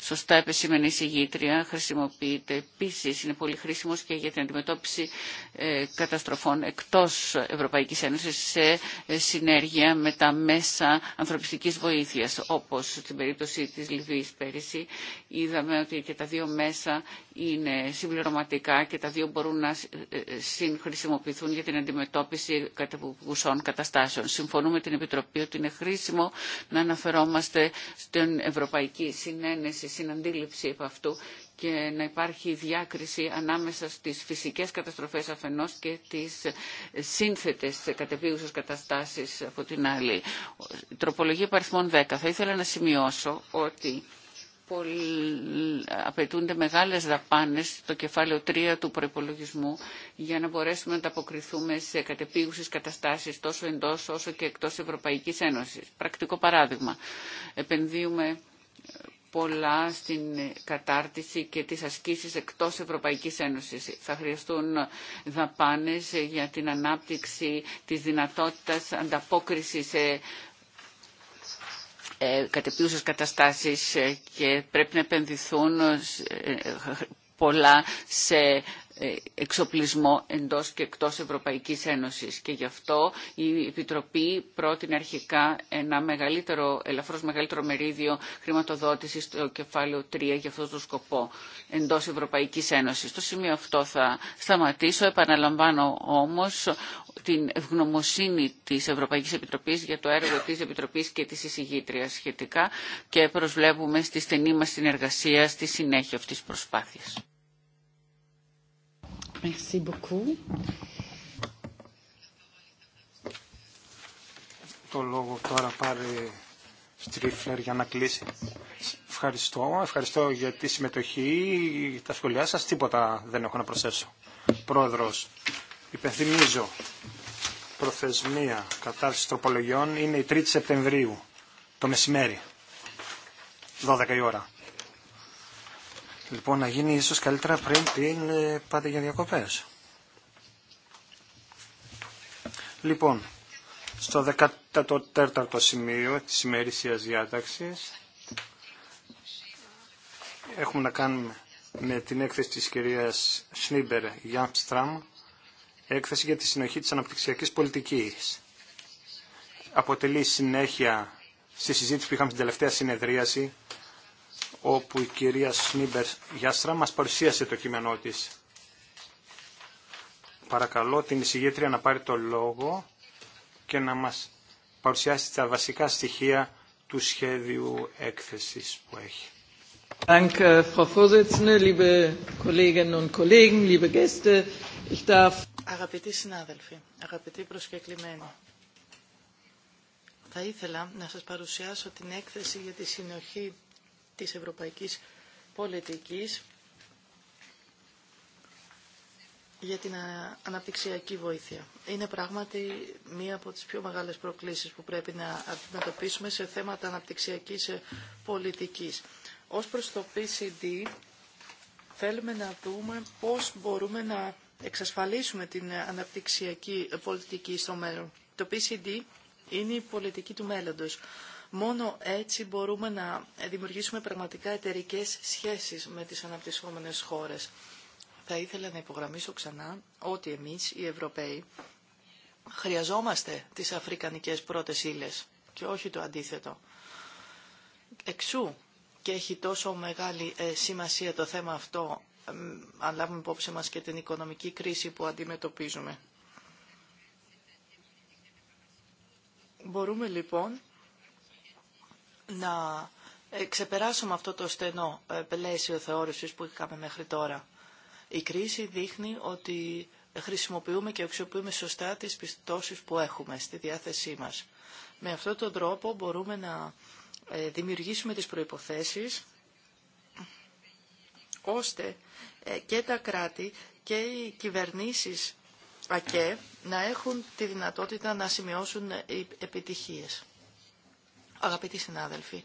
σωστά επεσήμενε η συγγήτρια, χρησιμοποιείται επίσης, είναι πολύ χρήσιμος και για την αντιμετώπιση ε, καταστροφών εκτός Ευρωπαϊκής Ένωσης σε ε, συνέργεια με τα μέσα ανθρωπιστικής βοήθειας, όπως στην περίπτωση της Λιβύης πέρυσι. Είδαμε ότι και τα δύο μέσα είναι συμπληρωματικά και τα δύο μπορούν να ε, ε, συγχρησιμοποιηθούν για την αντιμετώπιση κατεβούσων καταστάσεων. Συμφωνούμε την Επιτροπή ότι είναι χρήσιμο να αναφερόμαστε στην ευρωπαϊκή συνένεση, συναντήληψη επ' αυτού και να υπάρχει διάκριση ανάμεσα στις φυσικές καταστροφές αφενός και τις ε, σύνθετες κατεβίουσες καταστάσεις από την άλλη. Τροπολογία παριθμών 10. Θα ήθελα να σημειώσω ότι απαιτούνται μεγάλες δαπάνες στο κεφάλαιο 3 του προϋπολογισμού για να μπορέσουμε να αποκριθούμε σε κατεπίγουσες καταστάσεις τόσο εντός όσο και εκτός Ευρωπαϊκής Ένωσης. Πρακτικό παράδειγμα, επενδύουμε ε, πολλά στην κατάρτιση και τις ασκήσεις εκτός Ευρωπαϊκής Ένωσης. Θα χρειαστούν ε, δαπάνες για την ανάπτυξη της δυνατότητας ανταπόκρισης ε, κατεπίουσες καταστάσεις ε, και πρέπει να επενδυθούν ε, πολλά σε εξοπλισμό εντός και εκτός Ευρωπαϊκής Ένωσης. Και γι' αυτό η Επιτροπή πρότεινε αρχικά ένα μεγαλύτερο, ελαφρώς μεγαλύτερο μερίδιο χρηματοδότησης στο κεφάλαιο 3 για αυτόν τον σκοπό εντός Ευρωπαϊκής Ένωσης. Στο σημείο αυτό θα σταματήσω. Επαναλαμβάνω όμως την ευγνωμοσύνη της Ευρωπαϊκής Επιτροπής για το έργο της Επιτροπής και της εισηγήτριας σχετικά και προσβλέπουμε στη στενή μας συνεργασία στη συνέχεια αυτής της προσπάθειας. Merci Το λόγο τώρα πάρει Στρίφλερ για να κλείσει. Ευχαριστώ, ευχαριστώ για τη συμμετοχή, τα σχολιά σας. Τίποτα δεν έχω να προσθέσω. Πρόεδρος, Υπενθυμίζω, προθεσμία κατάρτισης τροπολογιών είναι η 3η Σεπτεμβρίου, το μεσημέρι, 12 η ώρα. Λοιπόν, να γίνει ίσως καλύτερα πριν την ε, πάτε για διακοπές. Λοιπόν, στο 14ο σημείο της ημερήσιας διάταξης έχουμε να κάνουμε με την έκθεση της κυρίας Σνίμπερ Γιάνστραμ έκθεση για τη συνοχή της αναπτυξιακής πολιτικής. Αποτελεί συνέχεια στη συζήτηση που είχαμε στην τελευταία συνεδρίαση, όπου η κυρία Σνίμπερ Γιάστρα μας παρουσίασε το κείμενό της. Παρακαλώ την εισηγήτρια να πάρει το λόγο και να μας παρουσιάσει τα βασικά στοιχεία του σχέδιου έκθεσης που έχει. Danke, Frau Vorsitzende, liebe Kolleginnen und Kollegen, liebe Gäste. Ich darf Αγαπητοί συνάδελφοι, αγαπητοί προσκεκλημένοι, θα ήθελα να σας παρουσιάσω την έκθεση για τη συνοχή της ευρωπαϊκής πολιτικής για την αναπτυξιακή βοήθεια. Είναι πράγματι μία από τις πιο μεγάλες προκλήσεις που πρέπει να αντιμετωπίσουμε σε θέματα αναπτυξιακής ε, πολιτικής. Ως προς το PCD θέλουμε να δούμε πώς μπορούμε να εξασφαλίσουμε την αναπτυξιακή πολιτική στο μέλλον. Το PCD είναι η πολιτική του μέλλοντος. Μόνο έτσι μπορούμε να δημιουργήσουμε πραγματικά εταιρικέ σχέσεις με τις αναπτυσσόμενες χώρες. Θα ήθελα να υπογραμμίσω ξανά ότι εμείς οι Ευρωπαίοι χρειαζόμαστε τις αφρικανικές πρώτες ύλες και όχι το αντίθετο. Εξού και έχει τόσο μεγάλη ε, σημασία το θέμα αυτό αν λάβουμε υπόψη μας και την οικονομική κρίση που αντιμετωπίζουμε. Μπορούμε λοιπόν να ε, ξεπεράσουμε αυτό το στενό ε, πλαίσιο θεώρησης που είχαμε μέχρι τώρα. Η κρίση δείχνει ότι χρησιμοποιούμε και αξιοποιούμε σωστά τις πιστώσεις που έχουμε στη διάθεσή μας. Με αυτόν τον τρόπο μπορούμε να ε, δημιουργήσουμε τις προϋποθέσεις ώστε ε, και τα κράτη και οι κυβερνήσεις ΑΚΕ να έχουν τη δυνατότητα να σημειώσουν ε, επιτυχίες. Αγαπητοί συνάδελφοι,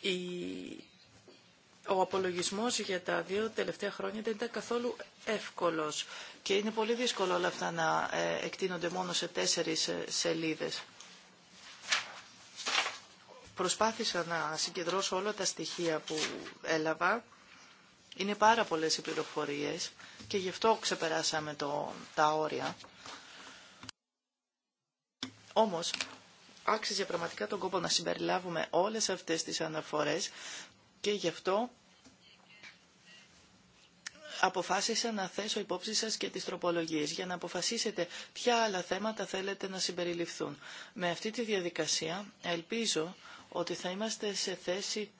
η... Ο απολογισμός για τα δύο τελευταία χρόνια δεν ήταν καθόλου εύκολος και είναι πολύ δύσκολο όλα αυτά να ε, εκτείνονται μόνο σε τέσσερις σελίδες. Προσπάθησα να συγκεντρώσω όλα τα στοιχεία που έλαβα. Είναι πάρα πολλές οι πληροφορίες και γι' αυτό ξεπεράσαμε το, τα όρια. Όμως, άξιζε πραγματικά τον κόπο να συμπεριλάβουμε όλες αυτές τις αναφορές και γι' αυτό αποφάσισα να θέσω υπόψη σας και τις τροπολογίες για να αποφασίσετε ποια άλλα θέματα θέλετε να συμπεριληφθούν. Με αυτή τη διαδικασία ελπίζω ότι θα είμαστε σε θέση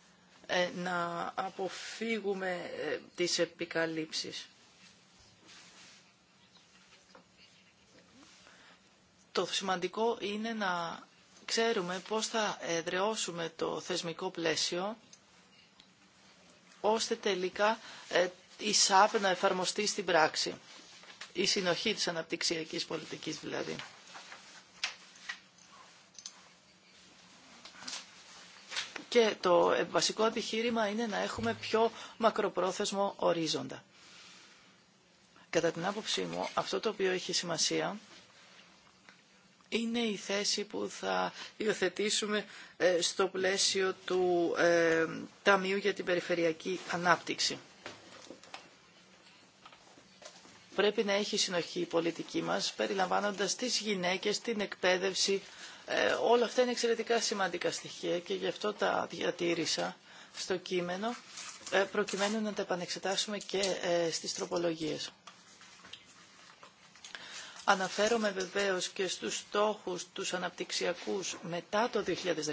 ε, να αποφύγουμε ε, τις επικαλύψεις. Το σημαντικό είναι να ξέρουμε πώς θα εδραιώσουμε το θεσμικό πλαίσιο ώστε τελικά ε, η ΣΑΠ να εφαρμοστεί στην πράξη. Η συνοχή της αναπτυξιακής πολιτικής δηλαδή. Και το βασικό επιχείρημα είναι να έχουμε πιο μακροπρόθεσμο ορίζοντα. Κατά την άποψή μου, αυτό το οποίο έχει σημασία είναι η θέση που θα υιοθετήσουμε ε, στο πλαίσιο του ε, Ταμείου για την Περιφερειακή Ανάπτυξη. Πρέπει να έχει συνοχή η πολιτική μας, περιλαμβάνοντας τις γυναίκες, την εκπαίδευση, ε, όλα αυτά είναι εξαιρετικά σημαντικά στοιχεία και γι' αυτό τα διατήρησα στο κείμενο ε, προκειμένου να τα επανεξετάσουμε και ε, στις τροπολογίες. Αναφέρομαι βεβαίως και στους στόχους τους αναπτυξιακούς μετά το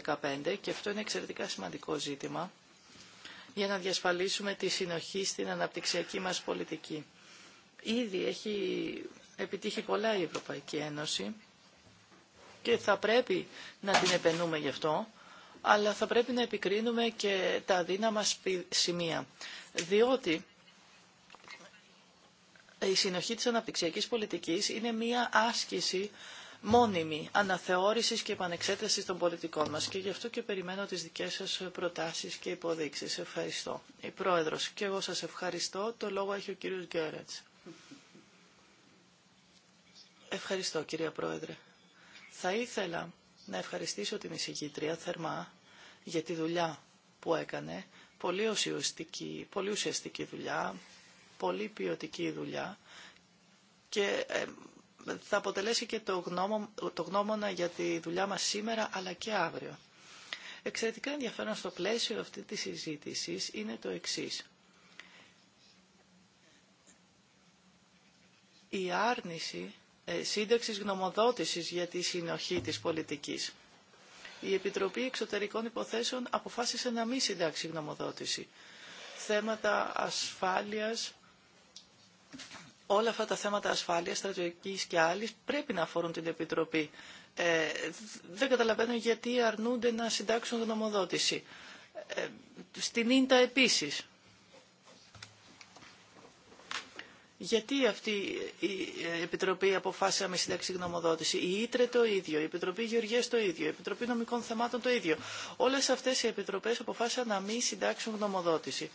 2015 και αυτό είναι εξαιρετικά σημαντικό ζήτημα για να διασφαλίσουμε τη συνοχή στην αναπτυξιακή μας πολιτική. Ήδη έχει επιτύχει πολλά η Ευρωπαϊκή Ένωση και θα πρέπει να την επενούμε γι' αυτό, αλλά θα πρέπει να επικρίνουμε και τα αδύναμα σημεία. Διότι η συνοχή της αναπτυξιακής πολιτικής είναι μία άσκηση μόνιμη αναθεώρησης και επανεξέτασης των πολιτικών μας και γι' αυτό και περιμένω τις δικές σας προτάσεις και υποδείξεις. Ευχαριστώ. Η Πρόεδρος και εγώ σας ευχαριστώ. Το λόγο έχει ο κύριος Γκέρετς. Ευχαριστώ κυρία Πρόεδρε. Θα ήθελα να ευχαριστήσω την εισηγήτρια θερμά για τη δουλειά που έκανε. Πολύ ουσιαστική, πολύ ουσιαστική δουλειά, πολύ ποιοτική δουλειά και θα αποτελέσει και το, το γνώμονα για τη δουλειά μας σήμερα αλλά και αύριο. Εξαιρετικά ενδιαφέρον στο πλαίσιο αυτή της συζήτησης είναι το εξής. Η άρνηση ε, Σύνταξη γνωμοδότησης για τη συνοχή της πολιτικής. Η Επιτροπή Εξωτερικών Υποθέσεων αποφάσισε να μην συντάξει γνωμοδότηση. Θέματα ασφάλειας, όλα αυτά τα θέματα ασφάλειας, στρατιωτικής και άλλης πρέπει να αφορούν την Επιτροπή. Ε, δεν καταλαβαίνω γιατί αρνούνται να συντάξουν γνωμοδότηση. Ε, στην Ίντα επίσης Γιατί αυτή η ε, Επιτροπή αποφάσισε με συντάξει γνωμοδότηση. Η Ήτρε το ίδιο, η Επιτροπή Γεωργία το ίδιο, η Επιτροπή Νομικών Θεμάτων το ίδιο. Όλε αυτέ οι επιτροπέ αποφάσισαν να μην συντάξουν γνωμοδότηση.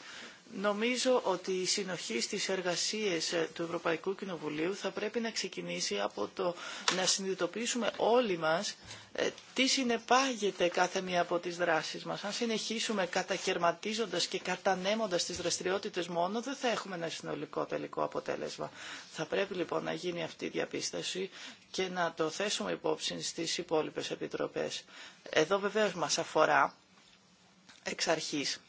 Νομίζω ότι η συνοχή στις εργασίες ε, του Ευρωπαϊκού Κοινοβουλίου θα πρέπει να ξεκινήσει από το να συνειδητοποιήσουμε όλοι μας ε, τι συνεπάγεται κάθε μία από τις δράσεις μας. Αν συνεχίσουμε κατακαιρματίζοντας και κατανέμοντας τις δραστηριότητες μόνο, δεν θα έχουμε ένα συνολικό τελικό αποτέλεσμα. Θα πρέπει λοιπόν να γίνει αυτή η διαπίσταση και να το θέσουμε υπόψη στις υπόλοιπες επιτροπές. Εδώ βεβαίως μας αφορά εξ αρχής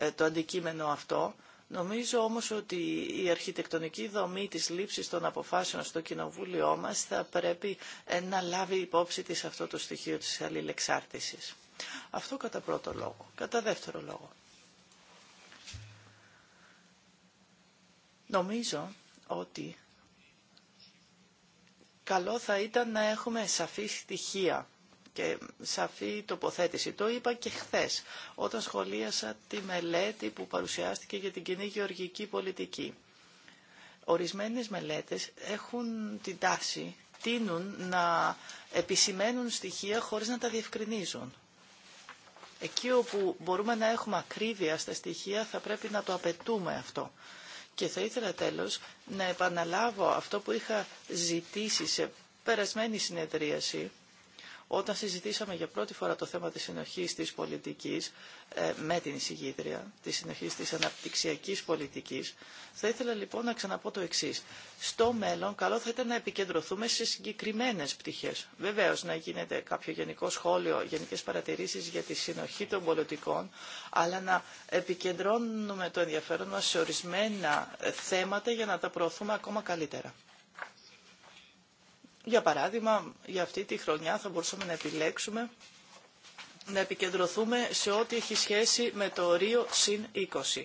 ε, το αντικείμενο αυτό. Νομίζω όμως ότι η αρχιτεκτονική δομή της λήψης των αποφάσεων στο κοινοβούλιο μας θα πρέπει ε, να λάβει υπόψη της αυτό το στοιχείο της αλληλεξάρτησης. Αυτό κατά πρώτο λόγο. Κατά δεύτερο λόγο. Νομίζω ότι καλό θα ήταν να έχουμε σαφή στοιχεία και σαφή τοποθέτηση. Το είπα και χθες όταν σχολίασα τη μελέτη που παρουσιάστηκε για την κοινή γεωργική πολιτική. Ορισμένες μελέτες έχουν την τάση, τίνουν να επισημαίνουν στοιχεία χωρίς να τα διευκρινίζουν. Εκεί όπου μπορούμε να έχουμε ακρίβεια στα στοιχεία θα πρέπει να το απαιτούμε αυτό. Και θα ήθελα τέλος να επαναλάβω αυτό που είχα ζητήσει σε περασμένη συνεδρίαση όταν συζητήσαμε για πρώτη φορά το θέμα της συνοχής της πολιτικής ε, με την εισηγήτρια, της συνοχής της αναπτυξιακής πολιτικής, θα ήθελα λοιπόν να ξαναπώ το εξή: Στο μέλλον καλό θα ήταν να επικεντρωθούμε σε συγκεκριμένες πτυχές. Βεβαίως να γίνεται κάποιο γενικό σχόλιο, γενικές παρατηρήσεις για τη συνοχή των πολιτικών, αλλά να επικεντρώνουμε το ενδιαφέρον μας σε ορισμένα ε, θέματα για να τα προωθούμε ακόμα καλύτερα. Για παράδειγμα, για αυτή τη χρονιά θα μπορούσαμε να επιλέξουμε να επικεντρωθούμε σε ό,τι έχει σχέση με το ορίο συν 20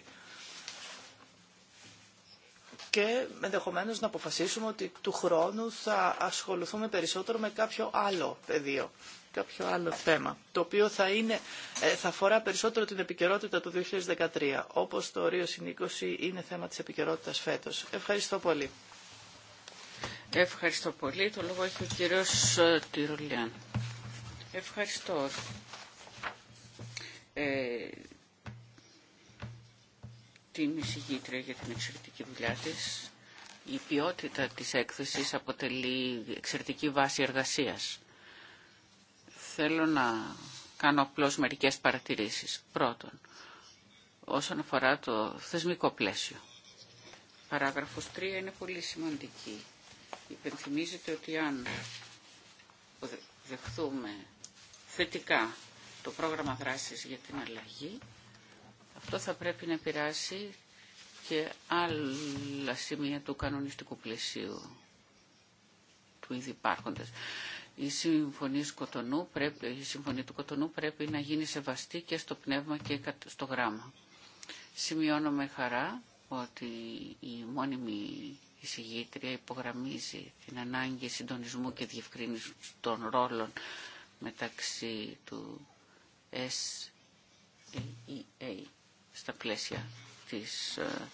και ενδεχομένως να αποφασίσουμε ότι του χρόνου θα ασχοληθούμε περισσότερο με κάποιο άλλο πεδίο, κάποιο άλλο θέμα, το οποίο θα, είναι, ε, θα αφορά περισσότερο την επικαιρότητα του 2013, όπως το ορίο 20 είναι θέμα της επικαιρότητα φέτος. Ευχαριστώ πολύ. Ευχαριστώ πολύ. Το λόγο έχει ο κύριος ε, Τυρολιάν. Ευχαριστώ. Ε, την εισηγήτρια για την εξαιρετική δουλειά της. Η ποιότητα της έκθεσης αποτελεί εξαιρετική βάση εργασίας. Θέλω να κάνω απλώς μερικές παρατηρήσεις. Πρώτον, όσον αφορά το θεσμικό πλαίσιο. Παράγραφος 3 είναι πολύ σημαντική υπενθυμίζεται ότι αν δεχθούμε θετικά το πρόγραμμα δράσης για την αλλαγή, αυτό θα πρέπει να επηρεάσει και άλλα σημεία του κανονιστικού πλαισίου του ήδη υπάρχοντας. Η συμφωνία, πρέπει, η συμφωνία του Κοτονού πρέπει να γίνει σεβαστή και στο πνεύμα και στο γράμμα. Σημειώνω με χαρά ότι η μόνιμη η συγγήτρια υπογραμμίζει την ανάγκη συντονισμού και διευκρίνηση των ρόλων μεταξύ του SEA e στα πλαίσια της ε,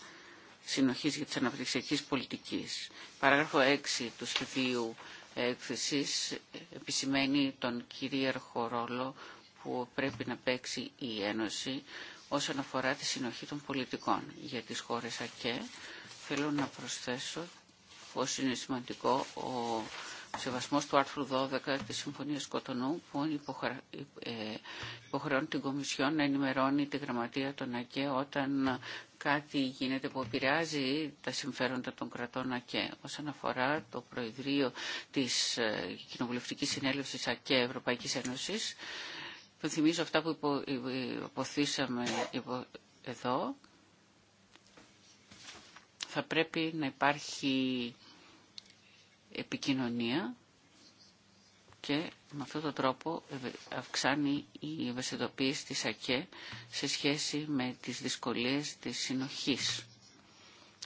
συνοχής για τις αναπτυξιακές πολιτικής. Παράγραφο 6 του σχεδίου έκθεσης επισημαίνει τον κυρίαρχο ρόλο που πρέπει να παίξει η Ένωση όσον αφορά τη συνοχή των πολιτικών για τις χώρες ΑΚΕ. Θέλω να προσθέσω πως είναι σημαντικό ο σεβασμός του άρθρου 12 της Συμφωνίας Κοτονού που ε, υποχρεώνει την Κομισιόν να ενημερώνει τη Γραμματεία των ΑΚΕ όταν κάτι γίνεται που επηρεάζει τα συμφέροντα των κρατών ΑΚΕ. Όσον αφορά το Προεδρείο της ε, Κοινοβουλευτικής Συνέλευσης ΑΚΕ Ευρωπαϊκής Ένωσης, Θυμίζω αυτά που υπο, υποθήσαμε εδώ. Θα πρέπει να υπάρχει επικοινωνία και με αυτόν τον τρόπο αυξάνει η ευαισθητοποίηση της ΑΚΕ σε σχέση με τις δυσκολίες της συνοχής.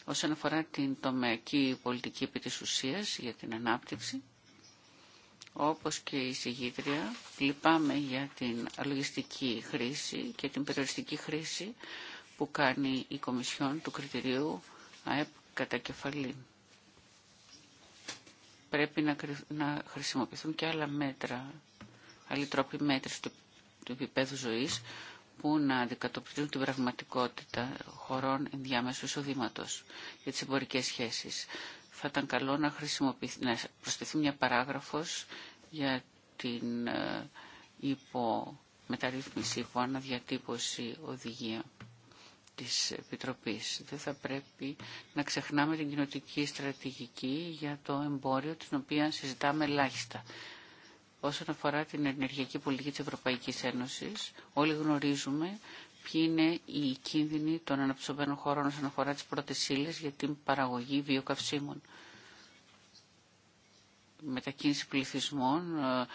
Όσον αφορά την τομεακή πολιτική επί της ουσίας για την ανάπτυξη, όπως και η συγγήτρια, λυπάμαι για την αλογιστική χρήση και την περιοριστική χρήση που κάνει η Κομισιόν του κριτηρίου ΑΕΠ κατά κεφαλή. Πρέπει να χρησιμοποιηθούν και άλλα μέτρα, άλλοι τρόποι μέτρηση του, του επίπεδου ζωής που να αντικατοπτρίζουν την πραγματικότητα χωρών ενδιάμεσου εισοδήματο για τι εμπορικέ σχέσει θα ήταν καλό να, να προσθεθεί μια παράγραφος για την ε, υπομεταρρύθμιση, αναδιατύπωση οδηγία της Επιτροπής. Δεν θα πρέπει να ξεχνάμε την κοινοτική στρατηγική για το εμπόριο, την οποία συζητάμε ελάχιστα. Όσον αφορά την ενεργειακή πολιτική της Ευρωπαϊκής Ένωσης, όλοι γνωρίζουμε ποιοι είναι οι κίνδυνοι των αναπτυσσομένων χωρών όσον αφορά τις πρώτες για την παραγωγή βιοκαυσίμων. Μετακίνηση πληθυσμών, ε,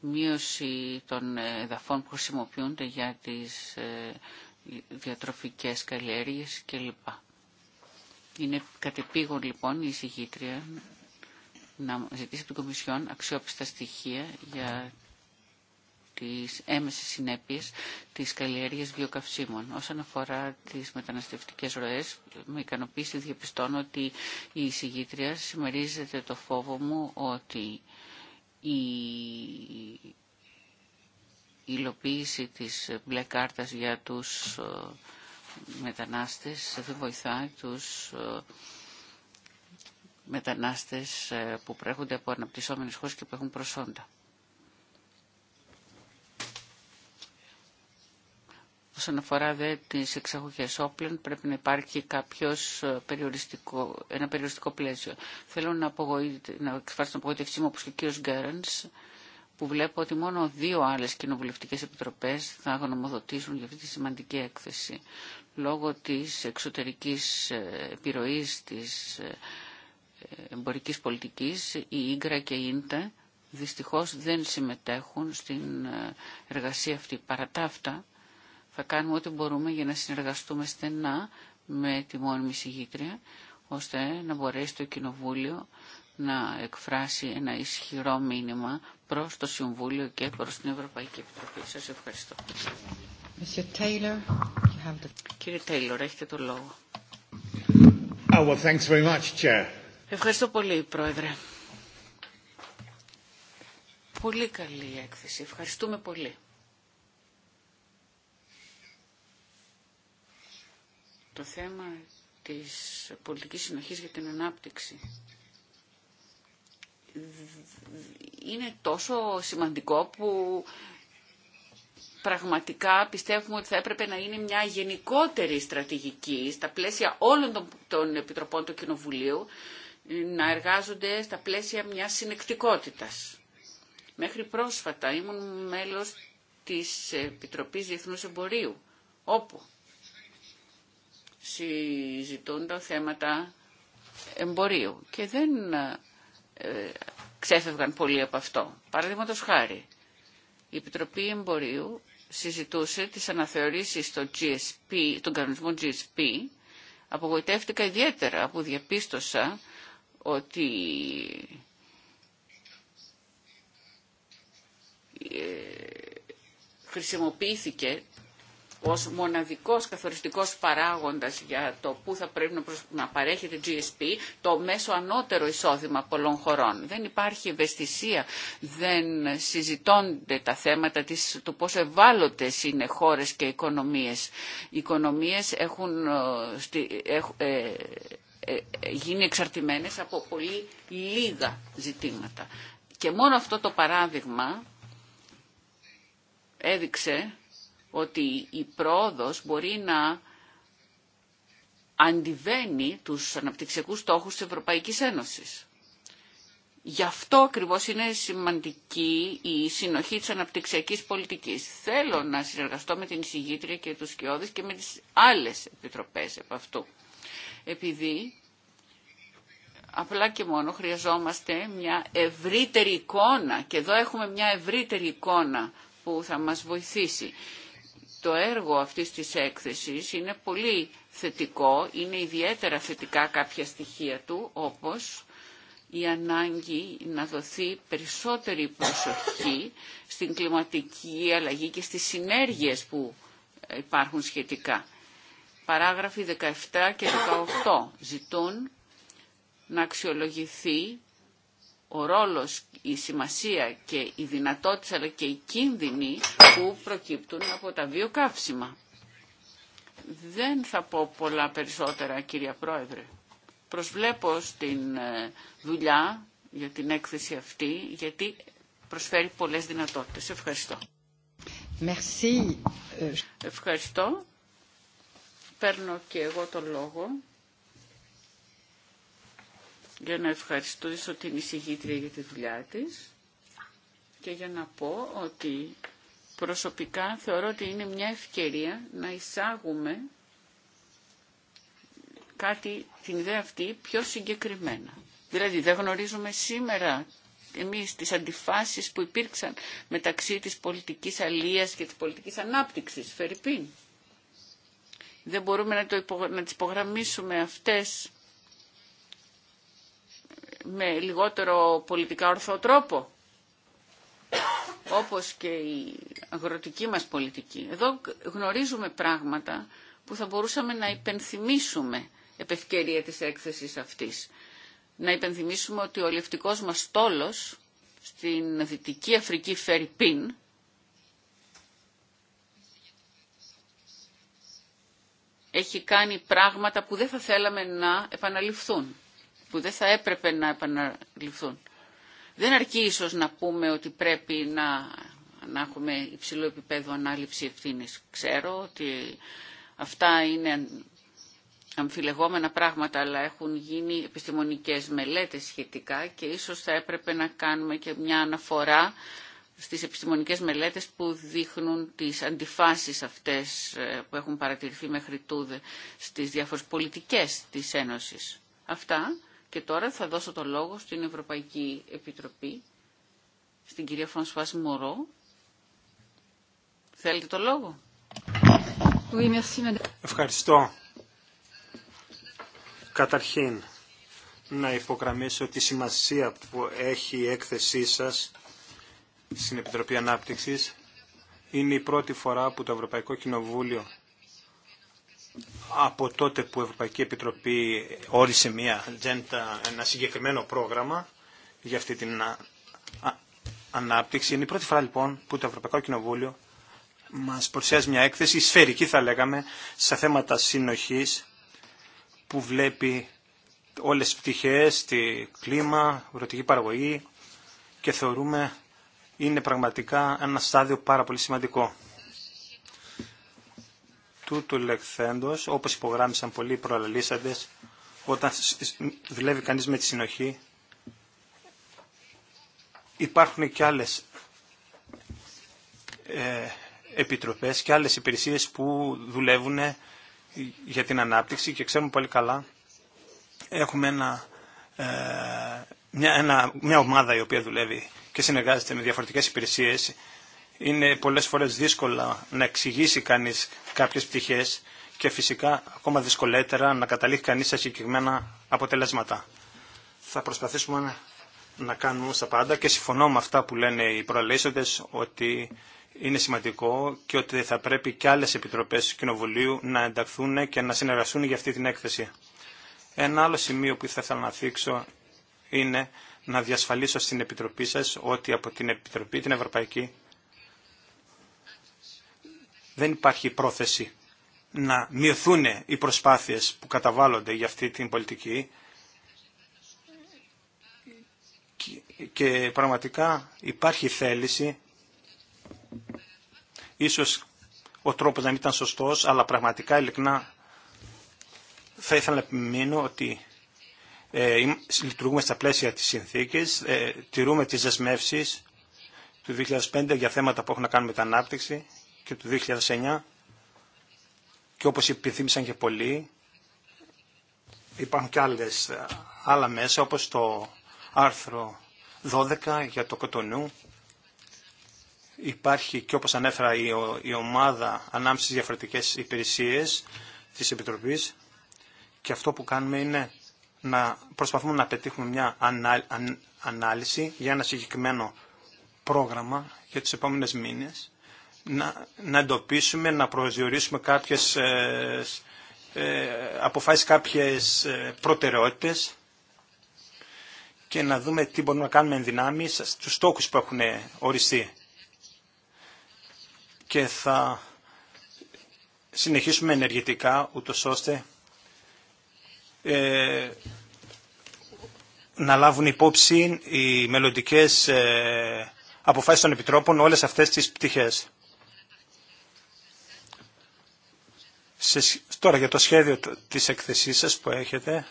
μείωση των εδαφών που χρησιμοποιούνται για τις ε, διατροφικές καλλιέργειες κλπ. Είναι κατεπήγον λοιπόν η εισηγήτρια να ζητήσει από την Κομισιόν αξιόπιστα στοιχεία για τις έμεσες συνέπειες της καλλιέργειας βιοκαυσίμων. Όσον αφορά τις μεταναστευτικές ροές, με ικανοποίηση διαπιστώνω ότι η εισηγήτρια συμμερίζεται το φόβο μου ότι η υλοποίηση της μπλε κάρτας για τους ε, μετανάστες δεν βοηθάει τους ε, μετανάστες ε, που προέρχονται από αναπτυσσόμενες χώρες και που έχουν προσόντα. Όσον αφορά δε τις εξαγωγές όπλων, πρέπει να υπάρχει κάποιος ε, περιοριστικό, ένα περιοριστικό πλαίσιο. Θέλω να, απογοήτε, να εκφράσω την απογοήτευσή μου όπως και ο κύριος Γκέρενς, που βλέπω ότι μόνο δύο άλλες κοινοβουλευτικές επιτροπές θα γνωμοδοτήσουν για αυτή τη σημαντική έκθεση. Λόγω της εξωτερικής ε, επιρροής της ε, εμπορικής πολιτικής, η Ήγκρα και η Ίντε δυστυχώς δεν συμμετέχουν στην εργασία αυτή. Παρά τα θα κάνουμε ό,τι μπορούμε για να συνεργαστούμε στενά με τη μόνιμη συγγήτρια, ώστε να μπορέσει το Κοινοβούλιο να εκφράσει ένα ισχυρό μήνυμα προς το Συμβούλιο και προς την Ευρωπαϊκή Επιτροπή. Σας ευχαριστώ. Taylor, the... Κύριε Τέιλορ, έχετε το λόγο. Oh, well, thanks very much, Chair. Ευχαριστώ πολύ, Πρόεδρε. Πολύ καλή έκθεση. Ευχαριστούμε πολύ. το θέμα της πολιτικής συνοχής για την ανάπτυξη είναι τόσο σημαντικό που πραγματικά πιστεύουμε ότι θα έπρεπε να είναι μια γενικότερη στρατηγική στα πλαίσια όλων των, των επιτροπών του Κοινοβουλίου να εργάζονται στα πλαίσια μια συνεκτικότητας. Μέχρι πρόσφατα ήμουν μέλος της Επιτροπής Διεθνούς Εμπορίου, όπου συζητούν τα θέματα εμπορίου και δεν ε, ξέφευγαν πολύ από αυτό. Παραδείγματο χάρη, η Επιτροπή Εμπορίου συζητούσε τις αναθεωρήσεις των GSP, τον GSP. Απογοητεύτηκα ιδιαίτερα που διαπίστωσα ότι ε, χρησιμοποιήθηκε ως μοναδικός καθοριστικός παράγοντας για το που θα πρέπει να το GSP το μέσο ανώτερο εισόδημα πολλών χωρών. Δεν υπάρχει ευαισθησία, δεν συζητώνται τα θέματα της, το πόσο ευάλωτες είναι χώρες και οικονομίες. Οι οικονομίες έχουν, ε, ε, ε, γίνει εξαρτημένες από πολύ λίγα ζητήματα. Και μόνο αυτό το παράδειγμα έδειξε ότι η πρόοδος μπορεί να αντιβαίνει τους αναπτυξιακούς στόχους της Ευρωπαϊκής Ένωσης. Γι' αυτό ακριβώς είναι σημαντική η συνοχή της αναπτυξιακής πολιτικής. Θέλω να συνεργαστώ με την εισηγήτρια και τους σκιώδες και με τις άλλες επιτροπές επ' αυτού. Επειδή απλά και μόνο χρειαζόμαστε μια ευρύτερη εικόνα και εδώ έχουμε μια ευρύτερη εικόνα που θα μας βοηθήσει το έργο αυτής της έκθεσης είναι πολύ θετικό, είναι ιδιαίτερα θετικά κάποια στοιχεία του, όπως η ανάγκη να δοθεί περισσότερη προσοχή στην κλιματική αλλαγή και στις συνέργειες που ε, υπάρχουν σχετικά. Παράγραφοι 17 και 18 ζητούν να αξιολογηθεί ο ρόλος, η σημασία και η δυνατότητα αλλά και οι κίνδυνοι που προκύπτουν από τα βιοκαύσιμα. Δεν θα πω πολλά περισσότερα κυρία Πρόεδρε. Προσβλέπω στην ε, δουλειά για την έκθεση αυτή γιατί προσφέρει πολλές δυνατότητες. Ευχαριστώ. Merci. Ε, Ευχαριστώ. Παίρνω και εγώ τον λόγο για να ευχαριστήσω την εισηγήτρια για τη δουλειά της και για να πω ότι προσωπικά θεωρώ ότι είναι μια ευκαιρία να εισάγουμε κάτι, την ιδέα αυτή πιο συγκεκριμένα. Δηλαδή δεν γνωρίζουμε σήμερα εμείς τις αντιφάσεις που υπήρξαν μεταξύ της πολιτικής αλίας και της πολιτικής ανάπτυξης, Φερρυπίν. Δεν μπορούμε να, το να τις υπογραμμίσουμε αυτές με λιγότερο πολιτικά ορθό τρόπο όπως και η αγροτική μας πολιτική. Εδώ γνωρίζουμε πράγματα που θα μπορούσαμε να υπενθυμίσουμε επ' ευκαιρία της έκθεσης αυτής. Να υπενθυμίσουμε ότι ο λευτικός μας στόλος στην Δυτική Αφρική Φερρυπίν έχει κάνει πράγματα που δεν θα θέλαμε να επαναληφθούν που δεν θα έπρεπε να επαναληφθούν. Δεν αρκεί ίσως να πούμε ότι πρέπει να, να έχουμε υψηλό επίπεδο ανάληψη ευθύνη. Ξέρω ότι αυτά είναι αμφιλεγόμενα πράγματα, αλλά έχουν γίνει επιστημονικές μελέτες σχετικά και ίσως θα έπρεπε να κάνουμε και μια αναφορά στις επιστημονικές μελέτες που δείχνουν τις αντιφάσεις αυτές ε, που έχουν παρατηρηθεί μέχρι τούδε στις διάφορες της Ένωσης. Αυτά και τώρα θα δώσω το λόγο στην Ευρωπαϊκή Επιτροπή, στην κυρία Φρανσουάς Μωρό. Θέλετε το λόγο. Ευχαριστώ. Καταρχήν, να υπογραμμίσω τη σημασία που έχει η έκθεσή σας στην Επιτροπή Ανάπτυξης. Είναι η πρώτη φορά που το Ευρωπαϊκό Κοινοβούλιο από τότε που η Ευρωπαϊκή Επιτροπή όρισε μια ατζέντα, ένα συγκεκριμένο πρόγραμμα για αυτή την ανάπτυξη. Είναι η πρώτη φορά λοιπόν που το Ευρωπαϊκό Κοινοβούλιο μας παρουσιάζει μια έκθεση σφαιρική θα λέγαμε σε θέματα συνοχής που βλέπει όλες τις πτυχές, τη κλίμα, ευρωτική παραγωγή και θεωρούμε είναι πραγματικά ένα στάδιο πάρα πολύ σημαντικό του λεχθέντος, όπως υπογράμμισαν πολλοί προαλαλήσαντες, όταν δουλεύει κανείς με τη συνοχή, υπάρχουν και άλλες ε, επιτροπές και άλλες υπηρεσίες που δουλεύουν για την ανάπτυξη και ξέρουμε πολύ καλά έχουμε ένα, ε, μια, ένα, μια ομάδα η οποία δουλεύει και συνεργάζεται με διαφορετικές υπηρεσίες είναι πολλές φορές δύσκολα να εξηγήσει κανείς κάποιες πτυχές και φυσικά ακόμα δυσκολέτερα να καταλήγει κανείς σε συγκεκριμένα αποτελέσματα. Θα προσπαθήσουμε να κάνουμε στα πάντα και συμφωνώ με αυτά που λένε οι προαλήσοντες ότι είναι σημαντικό και ότι θα πρέπει και άλλες επιτροπές του Κοινοβουλίου να ενταχθούν και να συνεργαστούν για αυτή την έκθεση. Ένα άλλο σημείο που θα ήθελα να θίξω είναι να διασφαλίσω στην Επιτροπή σας ότι από την Επιτροπή την Ευρωπαϊκή δεν υπάρχει πρόθεση να μειωθούν οι προσπάθειες που καταβάλλονται για αυτή την πολιτική και πραγματικά υπάρχει θέληση ίσως ο τρόπος να μην ήταν σωστός αλλά πραγματικά ειλικνά θα ήθελα να επιμείνω ότι ε, λειτουργούμε στα πλαίσια της συνθήκης, ε, τηρούμε τις δεσμεύσεις του 2005 για θέματα που έχουν να κάνουν με την ανάπτυξη και του 2009 και όπως επιθύμησαν και πολλοί υπάρχουν και άλλες, ε, άλλα μέσα όπως το άρθρο 12 για το Κοτονού υπάρχει και όπως ανέφερα η, ομάδα ανάμεσα στις διαφορετικές υπηρεσίες της Επιτροπής και αυτό που κάνουμε είναι να προσπαθούμε να πετύχουμε μια ανάλυση για ένα συγκεκριμένο πρόγραμμα για τις επόμενες μήνες να, να εντοπίσουμε, να προσδιορίσουμε κάποιες ε, ε αποφάσεις, κάποιες ε, προτεραιότητες και να δούμε τι μπορούμε να κάνουμε εν δυνάμει στους στόχους που έχουν οριστεί. Και θα συνεχίσουμε ενεργητικά ούτως ώστε ε, να λάβουν υπόψη οι μελλοντικές ε, αποφάσεις των επιτρόπων όλες αυτές τις πτυχές. Σε, τώρα για το σχέδιο της εκθεσής σας που έχετε,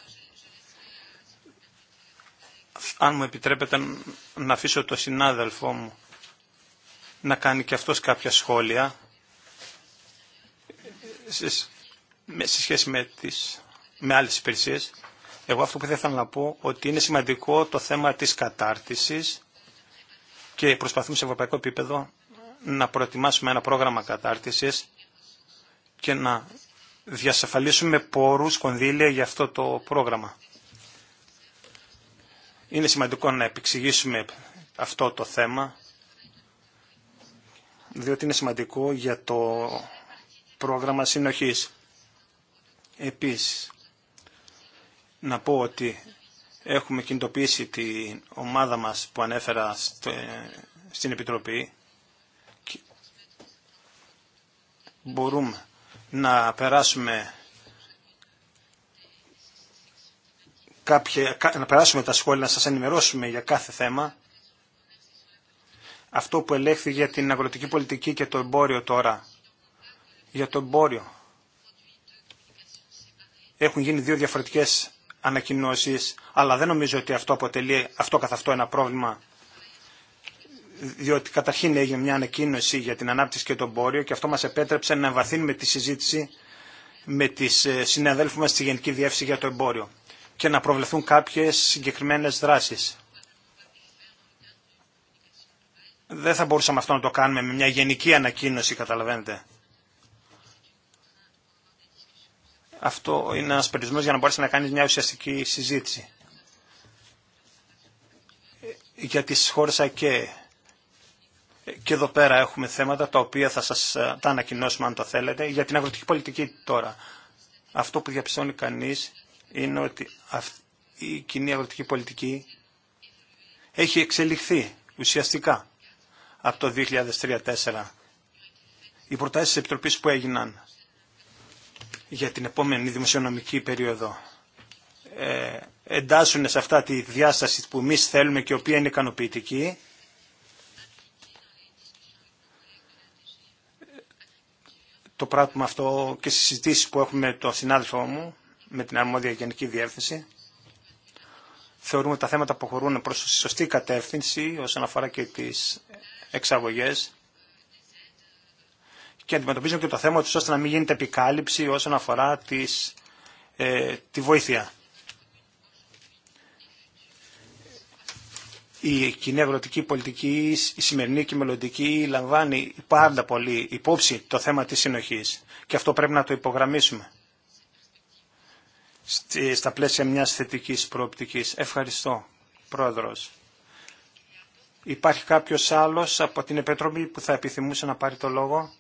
αν μου επιτρέπετε να αφήσω το συνάδελφό μου να κάνει και αυτός κάποια σχόλια σε, σχέση με, τις, με άλλες υπηρεσίες. Εγώ αυτό που θα ήθελα να πω ότι είναι σημαντικό το θέμα της κατάρτισης και προσπαθούμε σε ευρωπαϊκό επίπεδο να προετοιμάσουμε ένα πρόγραμμα κατάρτισης και να διασφαλίσουμε πόρους, κονδύλια για αυτό το πρόγραμμα. Είναι σημαντικό να επεξηγήσουμε αυτό το θέμα, διότι είναι σημαντικό για το πρόγραμμα συνοχής. Επίσης, να πω ότι έχουμε κινητοποιήσει την ομάδα μας που ανέφερα στην Επιτροπή. Μπορούμε να περάσουμε κάποια, να περάσουμε τα σχόλια, να σας ενημερώσουμε για κάθε θέμα. Αυτό που ελέγχθη για την αγροτική πολιτική και το εμπόριο τώρα. Για το εμπόριο. Έχουν γίνει δύο διαφορετικές ανακοινώσεις, αλλά δεν νομίζω ότι αυτό αποτελεί αυτό καθ' αυτό ένα πρόβλημα διότι καταρχήν έγινε μια ανακοίνωση για την ανάπτυξη και το εμπόριο και αυτό μας επέτρεψε να βαθύνουμε τη συζήτηση με τις ε, συναδέλφους μας στη Γενική Διεύθυνση για το Εμπόριο και να προβλεφθούν κάποιες συγκεκριμένες δράσεις. Δεν θα μπορούσαμε αυτό να το κάνουμε με μια γενική ανακοίνωση, καταλαβαίνετε. Αυτό είναι ένας περιορισμός για να μπορέσει να κάνει μια ουσιαστική συζήτηση. Για τις χώρες ΑΚΕ, και εδώ πέρα έχουμε θέματα τα οποία θα σας ε, τα ανακοινώσουμε αν το θέλετε. Για την αγροτική πολιτική τώρα. Αυτό που διαπιστώνει κανείς είναι ότι η κοινή αγροτική πολιτική έχει εξελιχθεί ουσιαστικά από το 2003-2004. Οι προτάσεις της Επιτροπής που έγιναν για την επόμενη δημοσιονομική περίοδο ε, εντάσσουν σε αυτά τη διάσταση που εμεί θέλουμε και η οποία είναι ικανοποιητική το πράγμα αυτό και στις συζητήσεις που έχουμε με τον συνάδελφό μου, με την αρμόδια γενική διεύθυνση. Θεωρούμε τα θέματα που χωρούν προς τη σωστή κατεύθυνση όσον αφορά και τις εξαγωγές και αντιμετωπίζουμε και το θέμα του ώστε να μην γίνεται επικάλυψη όσον αφορά τις, ε, τη βοήθεια. η κοινή αγροτική πολιτική, η σημερινή και η μελλοντική, λαμβάνει πάντα πολύ υπόψη το θέμα της συνοχής. Και αυτό πρέπει να το υπογραμμίσουμε στα πλαίσια μιας θετικής προοπτικής. Ευχαριστώ, Πρόεδρος. Υπάρχει κάποιος άλλος από την Επέτροπη που θα επιθυμούσε να πάρει το λόγο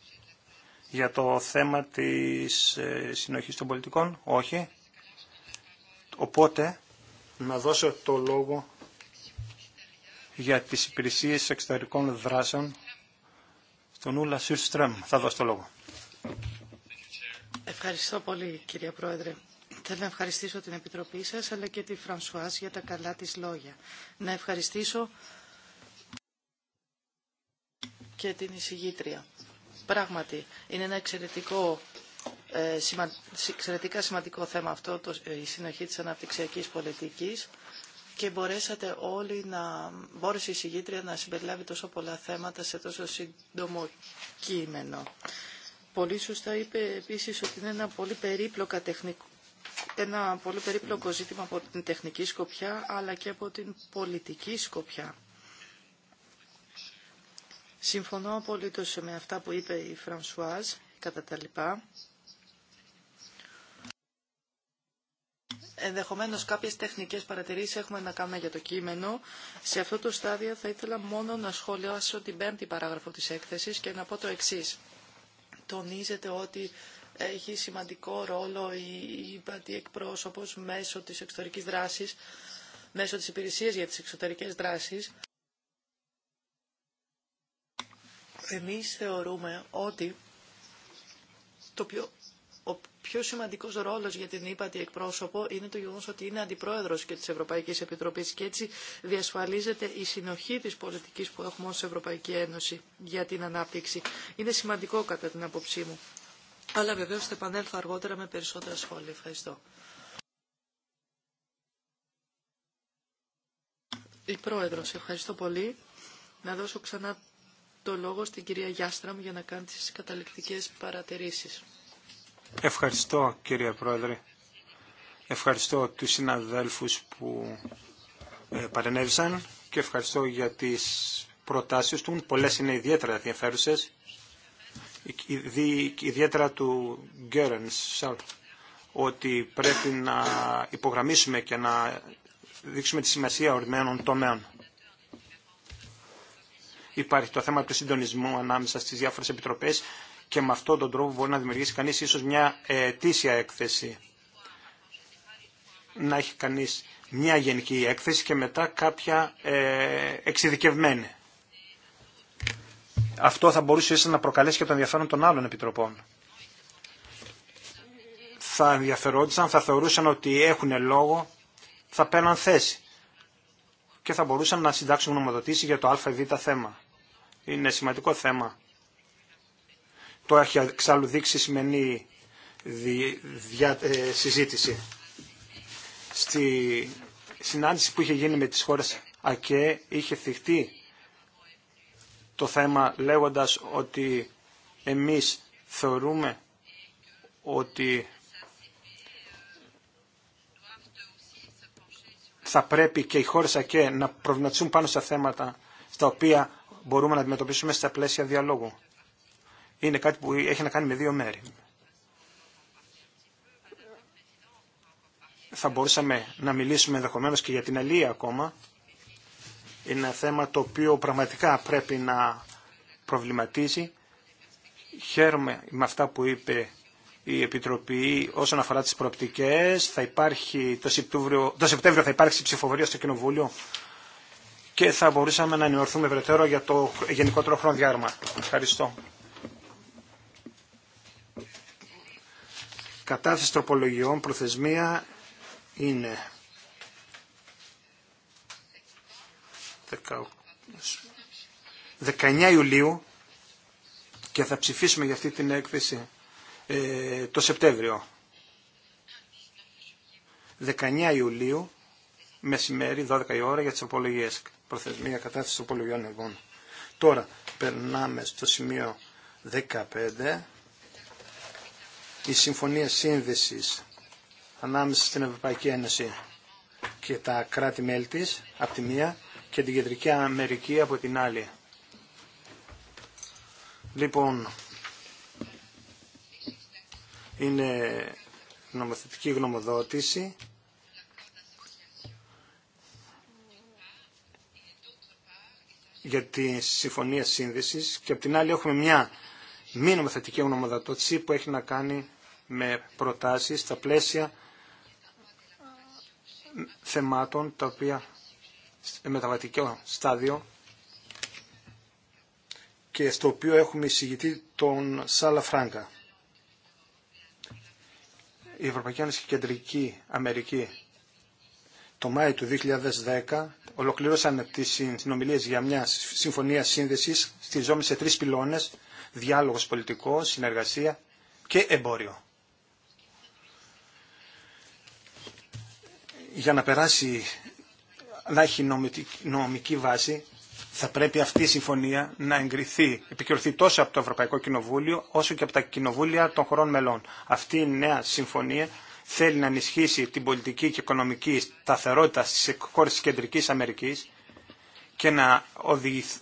για το θέμα της ε, συνοχής των πολιτικών. Όχι. Οπότε, να δώσω το λόγο για τις υπηρεσίες εξωτερικών δράσεων στον Ούλα Σιρστρέμ. Θα δώσω το λόγο. Ευχαριστώ πολύ κύριε Πρόεδρε. Θέλω να ευχαριστήσω την Επιτροπή σας αλλά και τη Φρανσουάς για τα καλά της λόγια. Να ευχαριστήσω και την εισηγήτρια. Πράγματι, είναι ένα εξαιρετικό ε, εξαιρετικά σημαντικό θέμα αυτό, το, ε, η συνοχή της αναπτυξιακής πολιτικής και μπορέσατε όλοι να, μπόρεσε η συγγήτρια να συμπεριλάβει τόσο πολλά θέματα σε τόσο σύντομο κείμενο. Πολύ σωστά είπε επίσης ότι είναι ένα πολύ περίπλοκα τεχνικό ένα πολύ περίπλοκο ζήτημα από την τεχνική σκοπιά αλλά και από την πολιτική σκοπιά. Συμφωνώ απολύτως με αυτά που είπε η Φρανσουάζ κατά τα λοιπά. Ενδεχομένως κάποιες τεχνικές παρατηρήσεις έχουμε να κάνουμε για το κείμενο. Σε αυτό το στάδιο θα ήθελα μόνο να σχολιάσω την πέμπτη παράγραφο της έκθεσης και να πω το εξής. Τονίζεται ότι έχει σημαντικό ρόλο η υπατή εκπρόσωπος μέσω της εξωτερικής δράσης, μέσω της υπηρεσίας για τις εξωτερικές δράσεις. Εμείς θεωρούμε ότι το πιο ο πιο σημαντικός ρόλος για την ύπατη εκπρόσωπο είναι το γεγονός ότι είναι αντιπρόεδρος και της Ευρωπαϊκής Επιτροπής και έτσι διασφαλίζεται η συνοχή της πολιτικής που έχουμε ως Ευρωπαϊκή Ένωση για την ανάπτυξη. Είναι σημαντικό κατά την άποψή μου. Αλλά βεβαίως θα επανέλθω αργότερα με περισσότερα σχόλια. Ευχαριστώ. Η Πρόεδρος, ευχαριστώ πολύ. Να δώσω ξανά το λόγο στην κυρία Γιάστραμ για να κάνει τις καταληκτικές παρατηρήσεις. Ευχαριστώ κύριε Πρόεδρε. Ευχαριστώ τους συναδέλφους που ε, παρενέβησαν και ευχαριστώ για τις προτάσεις του. Πολλές είναι ιδιαίτερα ενδιαφέρουσες, ιδιαίτερα του Γκέρεν ότι πρέπει να υπογραμμίσουμε και να δείξουμε τη σημασία ορισμένων τομέων. Υπάρχει το θέμα του συντονισμού ανάμεσα στις διάφορες επιτροπές και με αυτόν τον τρόπο μπορεί να δημιουργήσει κανείς ίσως μια αιτήσια έκθεση. Να έχει κανείς μια γενική έκθεση και μετά κάποια ε, εξειδικευμένη. Αυτό θα μπορούσε ίσως να προκαλέσει και το ενδιαφέρον των άλλων επιτροπών. Θα ενδιαφερόντουσαν, θα θεωρούσαν ότι έχουν λόγο, θα παίρναν θέση και θα μπορούσαν να συντάξουν νομοδοτήσει για το ΑΒ θέμα. Είναι σημαντικό θέμα το έχει εξάλλου δείξει η ε, συζήτηση. Στη συνάντηση που είχε γίνει με τις χώρες ΑΚΕ είχε θυχτεί το θέμα λέγοντας ότι εμείς θεωρούμε ότι θα πρέπει και οι χώρες ΑΚΕ να προβληματιστούν πάνω στα θέματα στα οποία μπορούμε να αντιμετωπίσουμε στα πλαίσια διαλόγου είναι κάτι που έχει να κάνει με δύο μέρη. Θα μπορούσαμε να μιλήσουμε ενδεχομένω και για την αλληλεία ακόμα. Είναι ένα θέμα το οποίο πραγματικά πρέπει να προβληματίζει. Χαίρομαι με αυτά που είπε η Επιτροπή όσον αφορά τις προοπτικές. Θα υπάρχει το, το Σεπτέμβριο θα υπάρξει ψηφοφορία στο Κοινοβούλιο και θα μπορούσαμε να ενημερωθούμε ευρετέρω για το γενικότερο διάρμα. Ευχαριστώ. Κατάθεση τροπολογιών προθεσμία είναι 19 Ιουλίου και θα ψηφίσουμε για αυτή την έκθεση ε, το Σεπτέμβριο. 19 Ιουλίου, μεσημέρι, 12 η ώρα για τις απολογίες. Προθεσμία κατάθεση τροπολογιών εγγών. Λοιπόν. Τώρα περνάμε στο σημείο 15 η Συμφωνία Σύνδεσης ανάμεσα στην Ευρωπαϊκή Ένωση και τα κράτη-μέλη της από τη μία και την Κεντρική Αμερική από την άλλη. Λοιπόν, είναι νομοθετική γνωμοδότηση για τη συμφωνία σύνδεσης και από την άλλη έχουμε μια μη νομοθετική γνωμοδότηση που έχει να κάνει με προτάσεις στα πλαίσια θεμάτων τα οποία σε μεταβατικό στάδιο και στο οποίο έχουμε εισηγητή τον Σάλα Φράγκα. Η Ευρωπαϊκή Ένωση και η Κεντρική Αμερική το Μάιο του 2010 ολοκλήρωσαν τις συνομιλίες για μια συμφωνία σύνδεσης στηριζόμενη σε τρεις πυλώνες, διάλογος πολιτικό, συνεργασία και εμπόριο. για να περάσει να έχει νομική βάση θα πρέπει αυτή η συμφωνία να εγκριθεί, επικυρωθεί τόσο από το Ευρωπαϊκό Κοινοβούλιο όσο και από τα κοινοβούλια των χωρών μελών. Αυτή η νέα συμφωνία θέλει να ενισχύσει την πολιτική και οικονομική σταθερότητα στις χώρες της Κεντρικής Αμερικής και να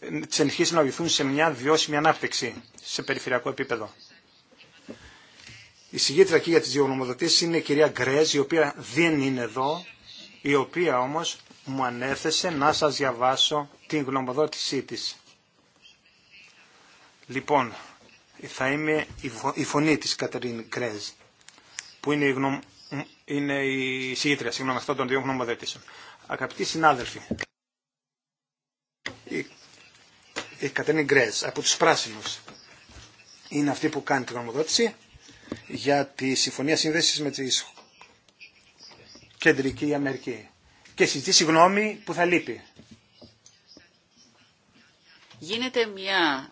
τι ενισχύσει να οδηγηθούν σε μια βιώσιμη ανάπτυξη σε περιφερειακό επίπεδο. Η συγγήτρια εκεί για τις διονομοδοτήσεις είναι η κυρία Γκρέζ, η οποία δεν είναι εδώ, η οποία όμως μου ανέθεσε να σας διαβάσω την γνωμοδότησή της. Λοιπόν, θα είμαι η φωνή της Κατερίν Κρέζ, που είναι η, γνω... η συγγνώμη, αυτών των δύο γνωμοδότησεων. Αγαπητοί συνάδελφοι, η, η Κατερίν Κρέζ από τους Πράσινους είναι αυτή που κάνει την γνωμοδότηση για τη Συμφωνία Σύνδεσης με τις Κεντρική Αμερική. Και συζητήσει γνώμη που θα λείπει. Γίνεται μια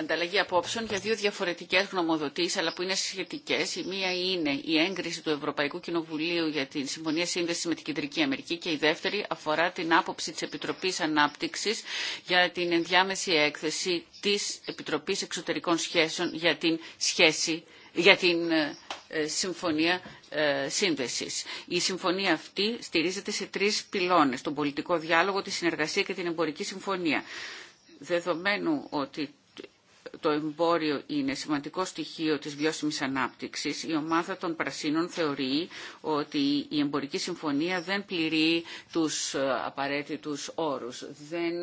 ανταλλαγή απόψεων για δύο διαφορετικές γνωμοδοτήσεις, αλλά που είναι σχετικές. Η μία είναι η έγκριση του Ευρωπαϊκού Κοινοβουλίου για την Συμφωνία Σύνδεσης με την Κεντρική Αμερική και η δεύτερη αφορά την άποψη της Επιτροπής Ανάπτυξης για την ενδιάμεση έκθεση της Επιτροπής Εξωτερικών Σχέσεων για την σχέση για την ε, ε, Συμφωνία ε, Σύνδεσης. Η συμφωνία αυτή στηρίζεται σε τρεις πυλώνες, τον πολιτικό διάλογο, τη συνεργασία και την εμπορική συμφωνία. Δεδομένου ότι το εμπόριο είναι σημαντικό στοιχείο της βιώσιμης ανάπτυξης, η ομάδα των Πρασίνων θεωρεί ότι η εμπορική συμφωνία δεν πληρεί τους απαραίτητους όρους. Δεν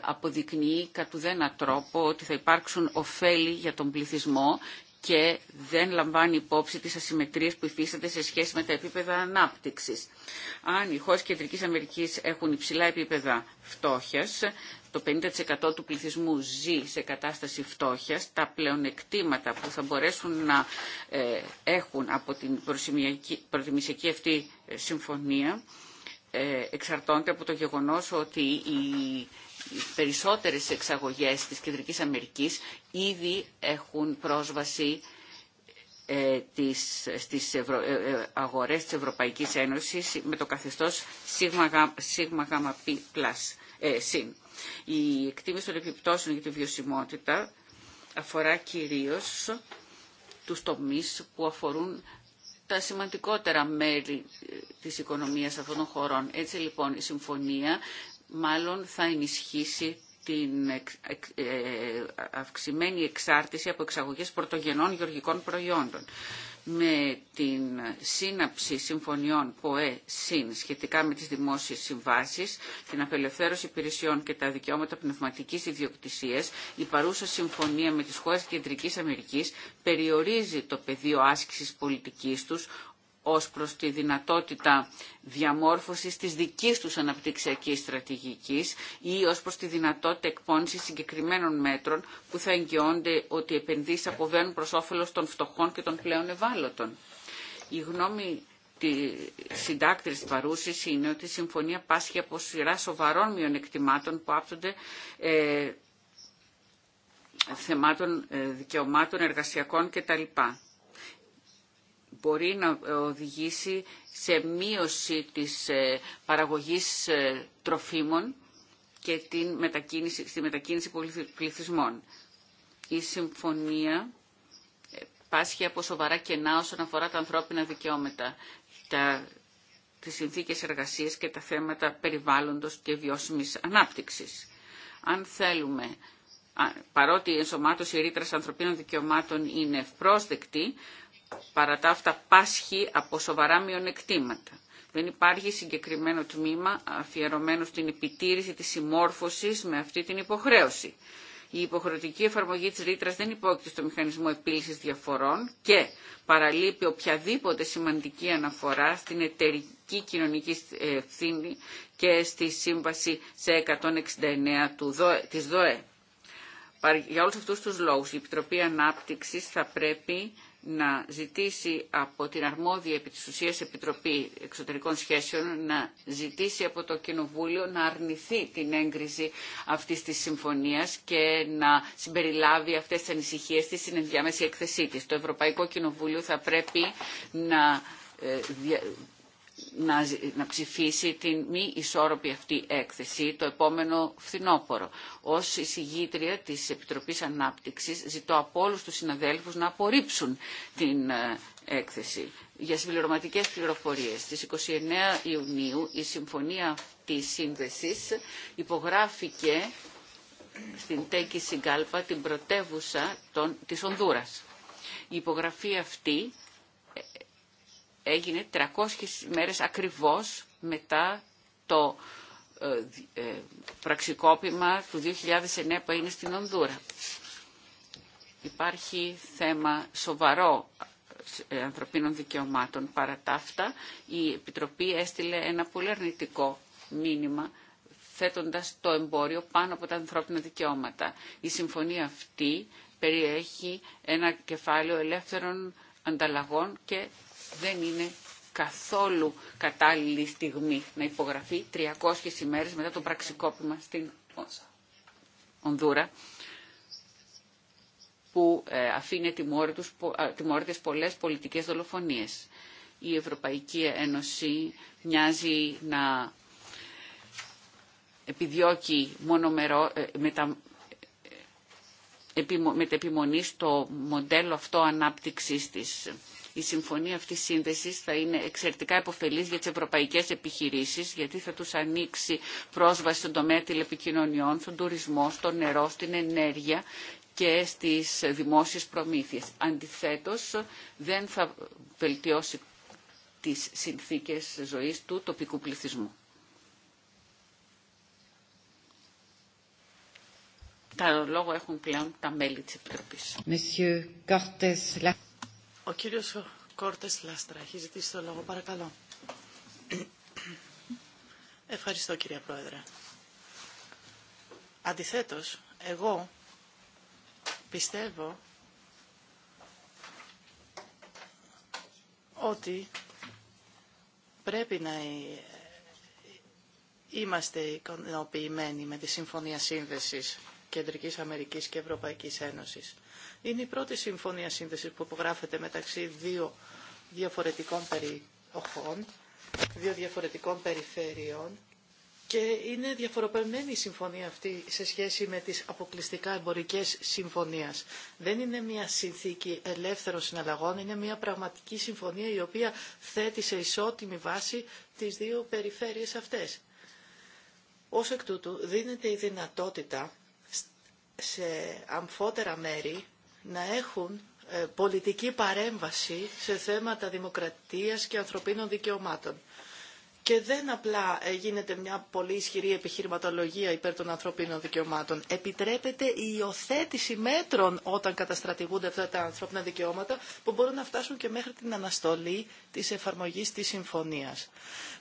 αποδεικνύει κατ' ουδένα τρόπο ότι θα υπάρξουν ωφέλη για τον πληθυσμό και δεν λαμβάνει υπόψη τις ασυμμετρίες που υφίστανται σε σχέση με τα επίπεδα ανάπτυξης. Αν οι χώρες Κεντρικής Αμερικής έχουν υψηλά επίπεδα φτώχειας, το 50% του πληθυσμού ζει σε κατάσταση φτώχειας, τα πλεονεκτήματα που θα μπορέσουν να ε, έχουν από την προτιμησιακή αυτή ε, συμφωνία ε, εξαρτώνται από το γεγονός ότι οι περισσότερες εξαγωγές της Κεντρικής Αμερικής ήδη έχουν πρόσβαση ε, στις ε, ε, αγορές της Ευρωπαϊκής Ένωσης με το καθεστώς ΣΥΓΜΑΓΑΜΑΠΗ+. Η εκτίμηση των επιπτώσεων για τη βιωσιμότητα αφορά κυρίως τους τομείς που αφορούν τα σημαντικότερα μέρη της οικονομίας αυτών των χωρών. Έτσι λοιπόν η συμφωνία μάλλον θα ενισχύσει την ε, αυξημένη εξάρτηση από εξαγωγές πρωτογενών γεωργικών προϊόντων. Με την σύναψη συμφωνιών ΠΟΕ-ΣΥΝ σχετικά με τις δημόσιες συμβάσεις, την απελευθέρωση υπηρεσιών και τα δικαιώματα πνευματικής ιδιοκτησίας, η παρούσα συμφωνία με τις χώρες Κεντρικής Αμερικής περιορίζει το πεδίο άσκησης πολιτικής τους ως προς τη δυνατότητα διαμόρφωσης της δικής τους αναπτυξιακής στρατηγικής ή ως προς τη δυνατότητα εκπόνησης συγκεκριμένων μέτρων που θα εγγυώνται ότι οι επενδύσεις αποβαίνουν προς όφελος των φτωχών και των πλέον ευάλωτων. Η γνώμη τη συντάκτη παρούση είναι ότι η συμφωνία πάσχει από σειρά σοβαρών μειονεκτημάτων που άπτονται ε, θεμάτων ε, δικαιωμάτων εργασιακών κτλ μπορεί να οδηγήσει σε μείωση της ε, παραγωγής ε, τροφίμων και την μετακίνηση, στη μετακίνηση πληθυσμών. Η συμφωνία ε, πάσχει από σοβαρά κενά όσον αφορά τα ανθρώπινα δικαιώματα, τα, τις συνθήκες εργασίας και τα θέματα περιβάλλοντος και βιώσιμης ανάπτυξης. Αν θέλουμε παρότι η ενσωμάτωση ρήτρας ανθρωπίνων δικαιωμάτων είναι ευπρόσδεκτη, παρά τα αυτά πάσχει από σοβαρά μειονεκτήματα. Δεν υπάρχει συγκεκριμένο τμήμα αφιερωμένο στην επιτήρηση της συμμόρφωσης με αυτή την υποχρέωση. Η υποχρεωτική εφαρμογή της Ρήτρας δεν υπόκειται στο μηχανισμό επίλυσης διαφορών και παραλείπει οποιαδήποτε σημαντική αναφορά στην εταιρική κοινωνική ευθύνη και στη σύμβαση σε 169 του ΔΟΕ, της ΔΟΕ. Για όλους αυτούς τους λόγους η Επιτροπή Ανάπτυξης θα πρέπει να ζητήσει από την αρμόδια επί της ουσίας Επιτροπή Εξωτερικών Σχέσεων να ζητήσει από το Κοινοβούλιο να αρνηθεί την έγκριση αυτής της συμφωνίας και να συμπεριλάβει αυτές τις ανησυχίες της στην ενδιάμεση εκθεσή της. Το Ευρωπαϊκό Κοινοβούλιο θα πρέπει να ε, να, ψηφίσει την μη ισόρροπη αυτή έκθεση το επόμενο φθινόπωρο. Ως εισηγήτρια της Επιτροπής Ανάπτυξης ζητώ από όλους τους συναδέλφους να απορρίψουν την ε, έκθεση. Για συμπληρωματικές πληροφορίες, στις 29 Ιουνίου η συμφωνία της σύνδεσης υπογράφηκε στην Τέκη Συγκάλπα, την πρωτεύουσα των, της Ονδούρας. Η υπογραφή αυτή έγινε 300 μέρες ακριβώς μετά το ε, ε, πραξικόπημα του 2009 που έγινε στην Ονδούρα. Υπάρχει θέμα σοβαρό ε, ανθρωπίνων δικαιωμάτων. Παρά τα αυτά, η Επιτροπή έστειλε ένα πολύ αρνητικό μήνυμα θέτοντας το εμπόριο πάνω από τα ανθρώπινα δικαιώματα. Η συμφωνία αυτή περιέχει ένα κεφάλαιο ελεύθερων ανταλλαγών και δεν είναι καθόλου κατάλληλη στιγμή να υπογραφεί 300 ημέρες μετά το πραξικόπημα στην Ονδούρα που ε, αφήνει τιμώρητες ε, πολλές πολιτικές δολοφονίες. Η Ευρωπαϊκή Ένωση μοιάζει να επιδιώκει μόνο ε, με τα, με επιμονή στο μοντέλο αυτό ανάπτυξής της η συμφωνία αυτή σύνδεσης θα είναι εξαιρετικά επωφελής για τις ευρωπαϊκές επιχειρήσεις γιατί θα τους ανοίξει πρόσβαση στον τομέα τηλεπικοινωνιών, στον τουρισμό, στο νερό, στην ενέργεια και στις δημόσιες προμήθειες. Αντιθέτως, δεν θα βελτιώσει τις συνθήκες ζωής του τοπικού πληθυσμού. Τα λόγο έχουν πλέον τα μέλη της Επιτροπής. Ο κύριος Κόρτες Λάστρα έχει ζητήσει το λόγο. Παρακαλώ. Ευχαριστώ κύριε Πρόεδρε. Αντιθέτως, εγώ πιστεύω ότι πρέπει να ε, είμαστε ικανοποιημένοι με τη Συμφωνία Σύνδεσης Κεντρικής Αμερικής και Ευρωπαϊκής Ένωσης. Είναι η πρώτη συμφωνία σύνδεσης που υπογράφεται μεταξύ δύο διαφορετικών περιοχών, δύο διαφορετικών περιφερειών και είναι διαφοροποιημένη η συμφωνία αυτή σε σχέση με τις αποκλειστικά εμπορικές συμφωνίες. Δεν είναι μια συνθήκη ελεύθερων συναλλαγών, είναι μια πραγματική συμφωνία η οποία θέτει σε ισότιμη βάση τις δύο περιφέρειες αυτές. Ως εκ τούτου δίνεται η δυνατότητα σε αμφότερα μέρη να έχουν ε, πολιτική παρέμβαση σε θέματα δημοκρατίας και ανθρωπίνων δικαιωμάτων και δεν απλά ε, γίνεται μια πολύ ισχυρή επιχειρηματολογία υπέρ των ανθρωπίνων δικαιωμάτων. Επιτρέπεται η υιοθέτηση μέτρων όταν καταστρατηγούνται αυτά τα ανθρώπινα δικαιώματα που μπορούν να φτάσουν και μέχρι την αναστολή της εφαρμογής της συμφωνίας.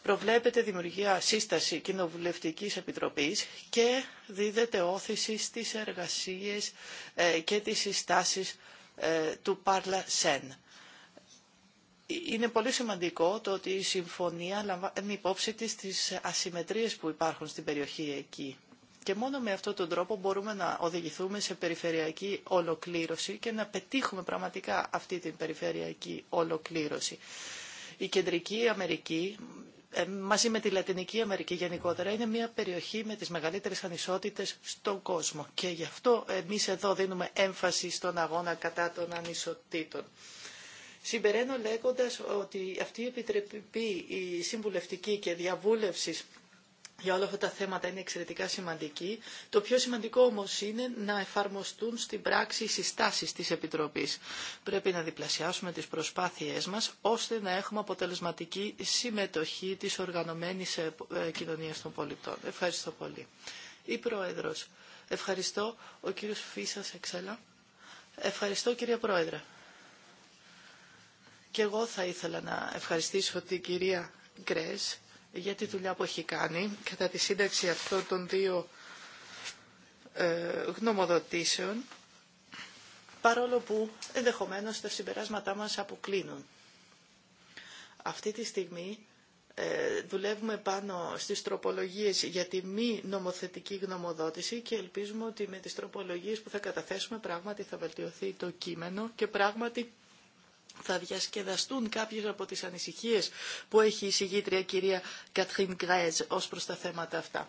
Προβλέπεται δημιουργία σύσταση κοινοβουλευτικής επιτροπής και δίδεται όθηση στις εργασίες ε, και τις συστάσεις ε, του Πάρλα Σεν είναι πολύ σημαντικό το ότι η συμφωνία λαμβάνει υπόψη της τις ασυμμετρίες που υπάρχουν στην περιοχή εκεί. Και μόνο με αυτόν τον τρόπο μπορούμε να οδηγηθούμε σε περιφερειακή ολοκλήρωση και να πετύχουμε πραγματικά αυτή την περιφερειακή ολοκλήρωση. Η Κεντρική Αμερική ε, μαζί με τη Λατινική Αμερική γενικότερα, είναι μια περιοχή με τις μεγαλύτερες ανισότητες στον κόσμο. Και γι' αυτό εμείς εδώ δίνουμε έμφαση στον αγώνα κατά των ανισοτήτων. Συμπεραίνω λέγοντας ότι αυτή η επιτροπή, η συμβουλευτική και διαβούλευση για όλα αυτά τα θέματα είναι εξαιρετικά σημαντική. Το πιο σημαντικό όμως είναι να εφαρμοστούν στην πράξη οι συστάσεις της Επιτροπής. Πρέπει να διπλασιάσουμε τις προσπάθειές μας ώστε να έχουμε αποτελεσματική συμμετοχή της οργανωμένης ε, ε, κοινωνίας των πολιτών. Ευχαριστώ πολύ. Η Πρόεδρος. Ευχαριστώ. Ο κύριο Φίσας Εξέλα. Ευχαριστώ κύριε Πρόεδρε. Και εγώ θα ήθελα να ευχαριστήσω την κυρία Γκρέσ για τη δουλειά που έχει κάνει κατά τη σύνταξη αυτών των δύο ε, γνωμοδοτήσεων, παρόλο που ενδεχομένως τα συμπεράσματά μας αποκλίνουν. Αυτή τη στιγμή ε, δουλεύουμε πάνω στις τροπολογίες για τη μη νομοθετική γνωμοδότηση και ελπίζουμε ότι με τις τροπολογίες που θα καταθέσουμε πράγματι θα βελτιωθεί το κείμενο και πράγματι θα διασκεδαστούν κάποιες από τις ανησυχίες που έχει η συγγήτρια κυρία Κατρίν Γκρέτζ ως προς τα θέματα αυτά.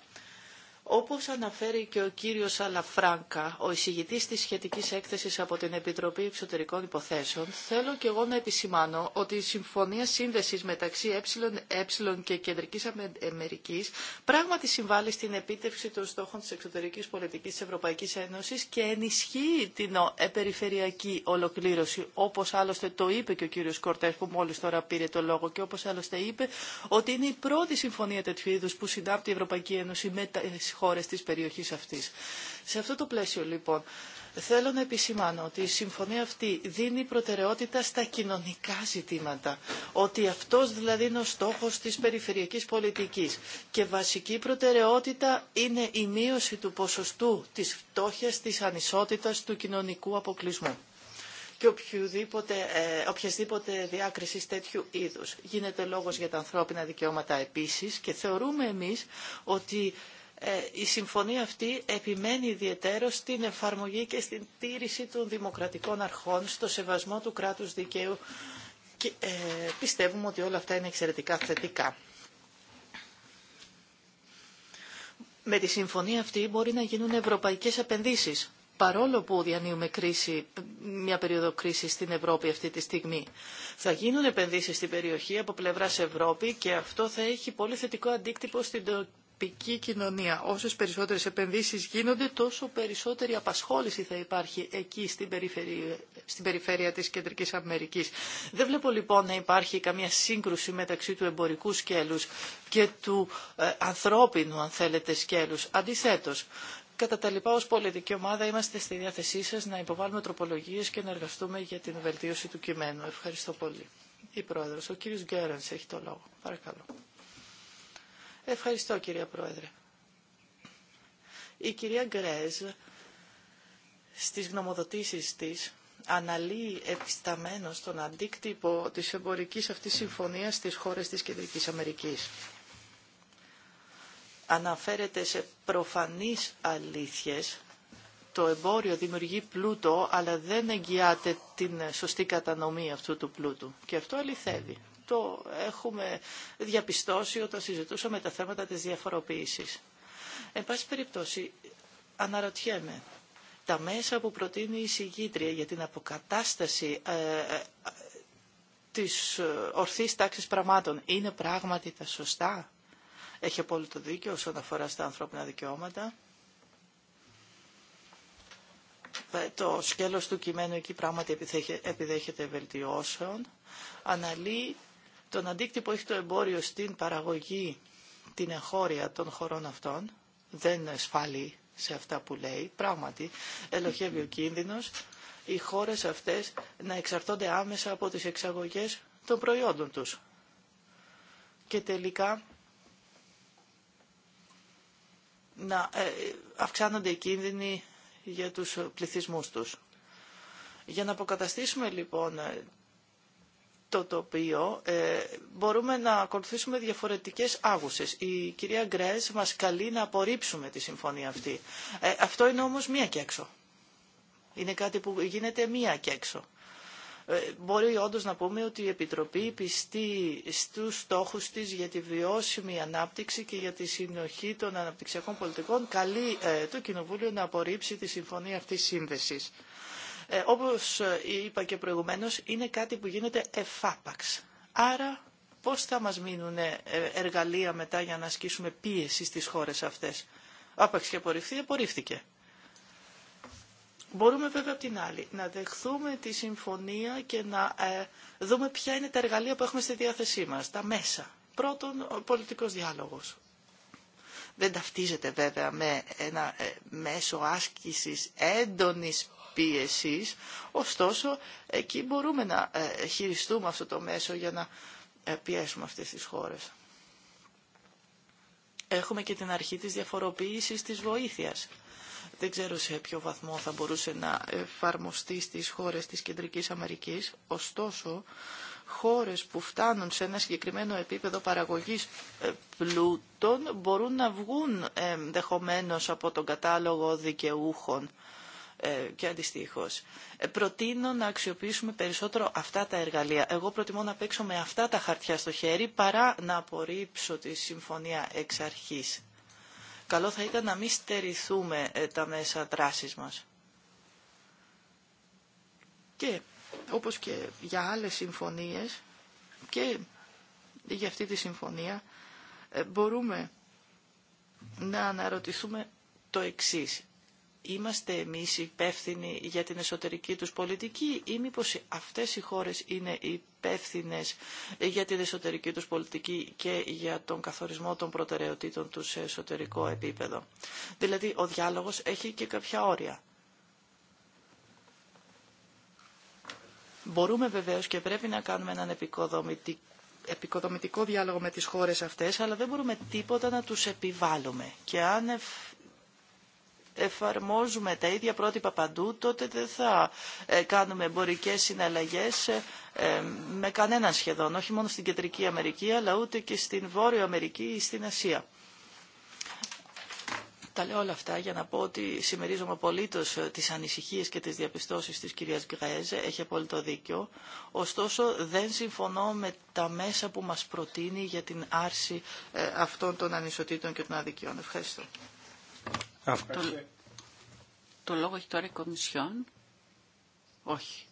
Όπως αναφέρει και ο κύριος Αλαφράγκα, ο εισηγητής της σχετικής έκθεσης από την Επιτροπή Εξωτερικών Υποθέσεων, θέλω και εγώ να επισημάνω ότι η Συμφωνία Σύνδεσης μεταξύ ΕΕ και Κεντρικής Αμερικής πράγματι συμβάλλει στην επίτευξη των στόχων της εξωτερικής πολιτικής της Ευρωπαϊκής Ένωσης και ενισχύει την ε, περιφερειακή ολοκλήρωση, όπως άλλωστε το είπε και ο κύριος Κορτές που μόλις τώρα πήρε το λόγο και όπως άλλωστε είπε ότι είναι η πρώτη συμφωνία τέτοιου είδους που συνάπτει η Ευρωπαϊκή Ένωση με τα, ε, χώρες της περιοχής αυτής. Σε αυτό το πλαίσιο λοιπόν θέλω να επισημάνω ότι η συμφωνία αυτή δίνει προτεραιότητα στα κοινωνικά ζητήματα. Ότι αυτός δηλαδή είναι ο στόχος της περιφερειακής πολιτικής. Και βασική προτεραιότητα είναι η μείωση του ποσοστού της φτώχειας, της ανισότητας, του κοινωνικού αποκλεισμού και ε, οποιασδήποτε διάκριση τέτοιου είδους. Γίνεται λόγος για τα ανθρώπινα δικαιώματα επίσης και θεωρούμε εμείς ότι ε, η συμφωνία αυτή επιμένει ιδιαίτερο στην εφαρμογή και στην τήρηση των δημοκρατικών αρχών, στο σεβασμό του κράτους δικαίου και ε, πιστεύουμε ότι όλα αυτά είναι εξαιρετικά θετικά. Με τη συμφωνία αυτή μπορεί να γίνουν ευρωπαϊκές επενδύσεις, παρόλο που διανύουμε κρίση, μια περίοδο κρίση στην Ευρώπη αυτή τη στιγμή. Θα γίνουν επενδύσεις στην περιοχή από πλευράς Ευρώπη και αυτό θα έχει πολύ θετικό αντίκτυπο στην τοπική κοινωνία. Όσες περισσότερες επενδύσεις γίνονται, τόσο περισσότερη απασχόληση θα υπάρχει εκεί στην περιφέρεια, στην περιφέρεια της Κεντρικής Αμερικής. Δεν βλέπω λοιπόν να υπάρχει καμία σύγκρουση μεταξύ του εμπορικού σκέλου και του ε, ανθρώπινου, αν θέλετε, σκέλους. Αντιθέτως, Κατά τα λοιπά, ως πολιτική ομάδα είμαστε στη διάθεσή σα να υποβάλουμε τροπολογίε και να εργαστούμε για την βελτίωση του κειμένου. Ευχαριστώ πολύ. Η Πρόεδρος, ο κύριος Γκέρανς, έχει το λόγο. Παρακαλώ. Ευχαριστώ κυρία Πρόεδρε. Η κυρία Γκρέζ στις γνωμοδοτήσεις της αναλύει επισταμένος τον αντίκτυπο της εμπορικής αυτής συμφωνίας στις χώρες της Κεντρικής Αμερικής. Αναφέρεται σε προφανείς αλήθειες. Το εμπόριο δημιουργεί πλούτο, αλλά δεν εγγυάται την σωστή κατανομή αυτού του πλούτου. Και αυτό αληθεύει το έχουμε διαπιστώσει όταν συζητούσαμε τα θέματα της διαφοροποίησης. Εν πάση περιπτώσει, αναρωτιέμαι, τα μέσα που προτείνει η συγκήτρια για την αποκατάσταση ε, ε της ε, ορθής τάξης πραγμάτων είναι πράγματι τα σωστά. Έχει απόλυτο δίκιο όσον αφορά στα ανθρώπινα δικαιώματα. Ε, το σκέλος του κειμένου εκεί πράγματι επιδέχεται βελτιώσεων. Αναλύει τον αντίκτυπο έχει το εμπόριο στην παραγωγή την εγχώρια των χωρών αυτών, δεν σφάλει σε αυτά που λέει, πράγματι ελοχεύει ο κίνδυνος οι χώρες αυτές να εξαρτώνται άμεσα από τις εξαγωγές των προϊόντων τους. Και τελικά να ε, αυξάνονται οι κίνδυνοι για τους πληθυσμούς τους. Για να αποκαταστήσουμε λοιπόν ε, το τοπίο ε, μπορούμε να ακολουθήσουμε διαφορετικές άγουσες. Η κυρία Γκρέζ μας καλεί να απορρίψουμε τη συμφωνία αυτή. Ε, αυτό είναι όμως μία και έξω. Είναι κάτι που γίνεται μία και έξω. Ε, μπορεί όντως να πούμε ότι η Επιτροπή πιστεί στους στόχους της για τη βιώσιμη ανάπτυξη και για τη συνοχή των αναπτυξιακών πολιτικών καλεί το Κοινοβούλιο να απορρίψει τη συμφωνία αυτής σύνδεσης. Ε, όπως ε, είπα και προηγουμένως, είναι κάτι που γίνεται εφάπαξ. Άρα πώς θα μας μείνουν ε, εργαλεία μετά για να ασκήσουμε πίεση στις χώρες αυτές. Άπαξ και απορριφθεί, απορρίφθηκε. Μπορούμε βέβαια από την άλλη να δεχθούμε τη συμφωνία και να δούμε ποια είναι τα εργαλεία που έχουμε στη διάθεσή μας, τα μέσα. Πρώτον, ο πολιτικός διάλογος. Δεν ταυτίζεται βέβαια με ένα μέσο άσκησης έντονης Ωστόσο, εκεί μπορούμε να ε, χειριστούμε αυτό το μέσο για να ε, πιέσουμε αυτές τις χώρες. Έχουμε και την αρχή της διαφοροποίησης της βοήθειας. Δεν ξέρω σε ποιο βαθμό θα μπορούσε να εφαρμοστεί στις χώρες της Κεντρικής Αμερικής. Ωστόσο, χώρες που φτάνουν σε ένα συγκεκριμένο επίπεδο παραγωγής ε, πλούτων μπορούν να βγουν ενδεχομένω από τον κατάλογο δικαιούχων ε, και αντιστοίχως. Ε, προτείνω να αξιοποιήσουμε περισσότερο αυτά τα εργαλεία. Εγώ προτιμώ να παίξω με αυτά τα χαρτιά στο χέρι παρά να απορρίψω τη συμφωνία εξ αρχή. Καλό θα ήταν να μην στερηθούμε ε, τα μέσα δράσης μας. Και όπως και για άλλες συμφωνίες και για αυτή τη συμφωνία μπορούμε να αναρωτηθούμε το εξής είμαστε εμείς υπεύθυνοι για την εσωτερική τους πολιτική ή μήπως αυτές οι χώρες είναι υπεύθυνε για την εσωτερική τους πολιτική και για τον καθορισμό των προτεραιοτήτων του σε εσωτερικό επίπεδο. Δηλαδή ο διάλογος έχει και κάποια όρια. Μπορούμε βεβαίως και πρέπει να κάνουμε έναν επικοδομητικό επικοδομητικό διάλογο με τις χώρες αυτές, αλλά δεν μπορούμε τίποτα να τους επιβάλλουμε. Και αν εφαρμόζουμε τα ίδια πρότυπα παντού, τότε δεν θα ε, κάνουμε εμπορικέ συναλλαγές ε, ε, με κανέναν σχεδόν, όχι μόνο στην Κεντρική Αμερική, αλλά ούτε και στην Βόρεια Αμερική ή στην Ασία. Τα λέω όλα αυτά για να πω ότι συμμερίζομαι απολύτω τι ανησυχίε και τι διαπιστώσει τη κυρία Γκρέζε. Έχει απόλυτο δίκιο. Ωστόσο, δεν συμφωνώ με τα μέσα που μα προτείνει για την άρση αυτών των ανισοτήτων και των αδικιών. Ευχαριστώ. Το, το λόγο έχει τώρα η Κομισιόν. Όχι.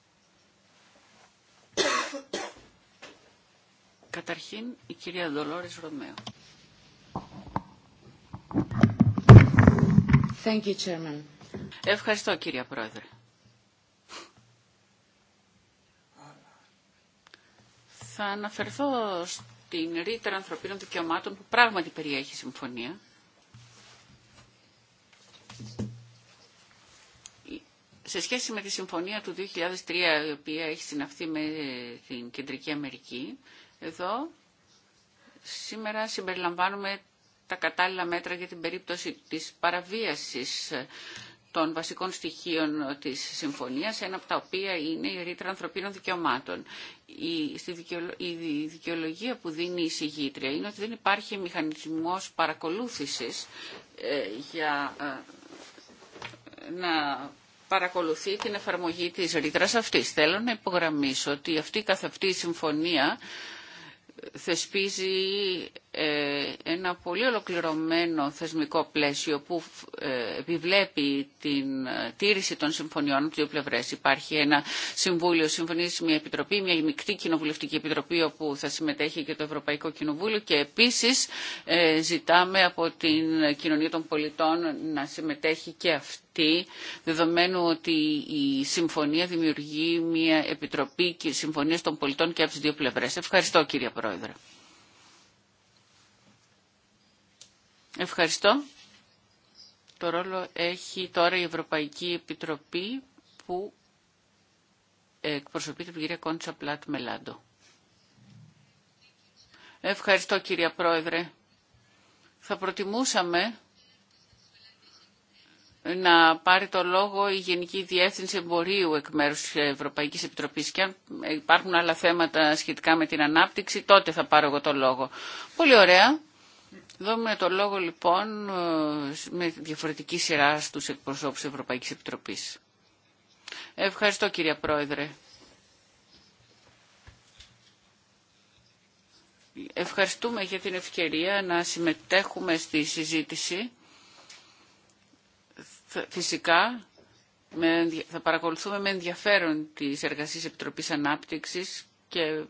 Καταρχήν η κυρία Δολόρης Ρωμαίο. Thank you, Chairman. Ευχαριστώ κυρία Πρόεδρε. Θα αναφερθώ στην ρήτρα ανθρωπίνων δικαιωμάτων που πράγματι περιέχει συμφωνία σε σχέση με τη συμφωνία του 2003, η οποία έχει συναυθεί με την Κεντρική Αμερική, εδώ σήμερα συμπεριλαμβάνουμε τα κατάλληλα μέτρα για την περίπτωση της παραβίασης των βασικών στοιχείων της συμφωνίας, ένα από τα οποία είναι η ρήτρα ανθρωπίνων δικαιωμάτων. Η, δικαιολογία που δίνει η συγγήτρια είναι ότι δεν υπάρχει μηχανισμός παρακολούθησης ε, για ε, να παρακολουθεί την εφαρμογή της ρήτρας αυτής. Θέλω να υπογραμμίσω ότι αυτή καθ' αυτή η συμφωνία ε, θεσπίζει ε, ένα πολύ ολοκληρωμένο θεσμικό πλαίσιο που ε, επιβλέπει την τήρηση των συμφωνιών από δύο πλευρές. Υπάρχει ένα Συμβούλιο Συμφωνής, μια Επιτροπή, μια μικρή Κοινοβουλευτική Επιτροπή όπου θα συμμετέχει και το Ευρωπαϊκό Κοινοβούλιο και επίσης ζητάμε από την Κοινωνία των Πολιτών να συμμετέχει και αυτή αυτή, δεδομένου ότι η συμφωνία δημιουργεί μια επιτροπή και συμφωνία των πολιτών και από τις δύο πλευρές. Ευχαριστώ κύριε Πρόεδρε. Ευχαριστώ. Το ρόλο έχει τώρα η Ευρωπαϊκή Επιτροπή που εκπροσωπεί την κυρία Κόντσα Πλάτ Μελάντο. Ευχαριστώ κυρία Πρόεδρε. Θα προτιμούσαμε να πάρει το λόγο η Γενική Διεύθυνση Εμπορίου εκ μέρους της Ευρωπαϊκής Επιτροπής και αν υπάρχουν άλλα θέματα σχετικά με την ανάπτυξη, τότε θα πάρω εγώ το λόγο. Πολύ ωραία. Δώμε το λόγο λοιπόν με διαφορετική σειρά στους εκπροσώπους της Ευρωπαϊκής Επιτροπής. Ευχαριστώ κύριε Πρόεδρε. Ευχαριστούμε για την ευκαιρία να συμμετέχουμε στη συζήτηση Φυσικά θα παρακολουθούμε με ενδιαφέρον τις εργασίες Επιτροπής Ανάπτυξης και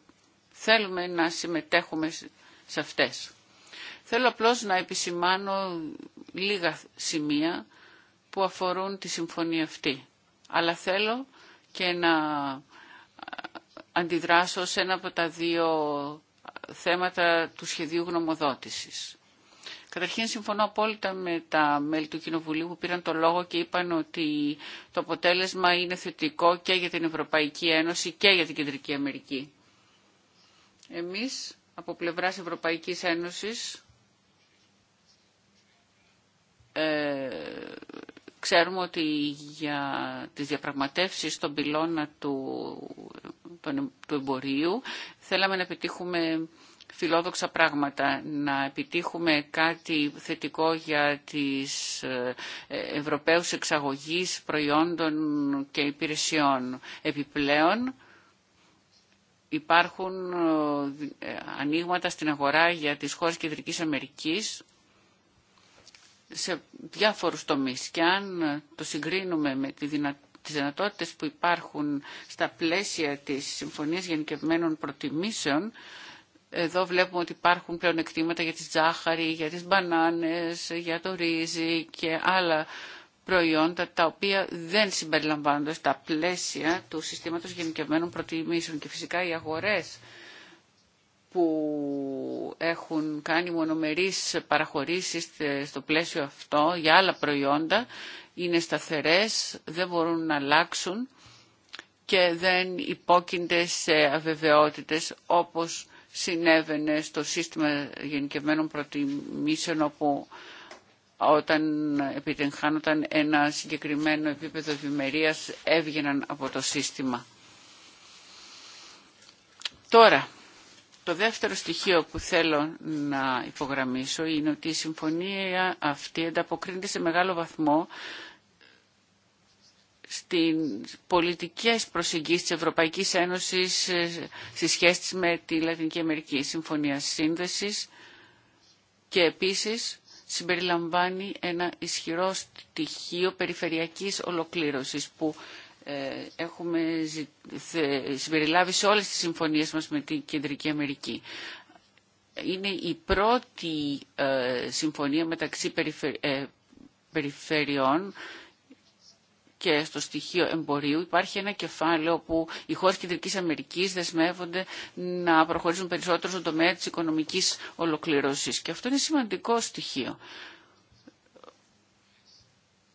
θέλουμε να συμμετέχουμε σε αυτές. Θέλω απλώς να επισημάνω λίγα σημεία που αφορούν τη συμφωνία αυτή. Αλλά θέλω και να αντιδράσω σε ένα από τα δύο θέματα του σχεδίου γνωμοδότησης. Καταρχήν συμφωνώ απόλυτα με τα μέλη του Κοινοβουλίου που πήραν το λόγο και είπαν ότι το αποτέλεσμα είναι θετικό και για την Ευρωπαϊκή Ένωση και για την Κεντρική Αμερική. Εμείς από πλευράς Ευρωπαϊκής Ένωσης ε, ξέρουμε ότι για τις διαπραγματεύσεις στον πυλώνα του, του εμπορίου θέλαμε να πετύχουμε φιλόδοξα πράγματα, να επιτύχουμε κάτι θετικό για τις ε, ευρωπαίους εξαγωγείς προϊόντων και υπηρεσιών. Επιπλέον, υπάρχουν ε, ανοίγματα στην αγορά για τις χώρες Κεντρικής Αμερικής σε διάφορους τομείς και αν το συγκρίνουμε με τη δυνατότητα τις δυνατότητες που υπάρχουν στα πλαίσια της Συμφωνίας Γενικευμένων Προτιμήσεων, εδώ βλέπουμε ότι υπάρχουν πλεονεκτήματα για τη ζάχαρη, για τις μπανάνες, για το ρύζι και άλλα προϊόντα τα οποία δεν συμπεριλαμβάνονται στα πλαίσια του συστήματος γενικευμένων προτιμήσεων. Και φυσικά οι αγορές που έχουν κάνει μονομερείς παραχωρήσεις στο πλαίσιο αυτό για άλλα προϊόντα είναι σταθερές, δεν μπορούν να αλλάξουν και δεν υπόκεινται σε αβεβαιότητες όπως συνέβαινε στο σύστημα γενικευμένων προτιμήσεων όπου όταν επιτυγχάνονταν ένα συγκεκριμένο επίπεδο ευημερία έβγαιναν από το σύστημα. Τώρα, το δεύτερο στοιχείο που θέλω να υπογραμμίσω είναι ότι η συμφωνία αυτή ανταποκρίνεται σε μεγάλο βαθμό Στι πολιτικές προσεγγίσεις της Ευρωπαϊκής Ένωσης ε, στη σχέση με τη Λατινική Αμερική Συμφωνία Σύνδεσης και επίσης συμπεριλαμβάνει ένα ισχυρό στοιχείο περιφερειακής ολοκλήρωσης που ε, έχουμε συμπεριλάβει σε όλες τις συμφωνίες μας με την Κεντρική Αμερική. Είναι η πρώτη ε, συμφωνία μεταξύ περιφερειών και στο στοιχείο εμπορίου υπάρχει ένα κεφάλαιο που οι χώρες Κεντρική Αμερικής δεσμεύονται να προχωρήσουν περισσότερο στον τομέα της οικονομικής ολοκλήρωσης. Και αυτό είναι σημαντικό στοιχείο.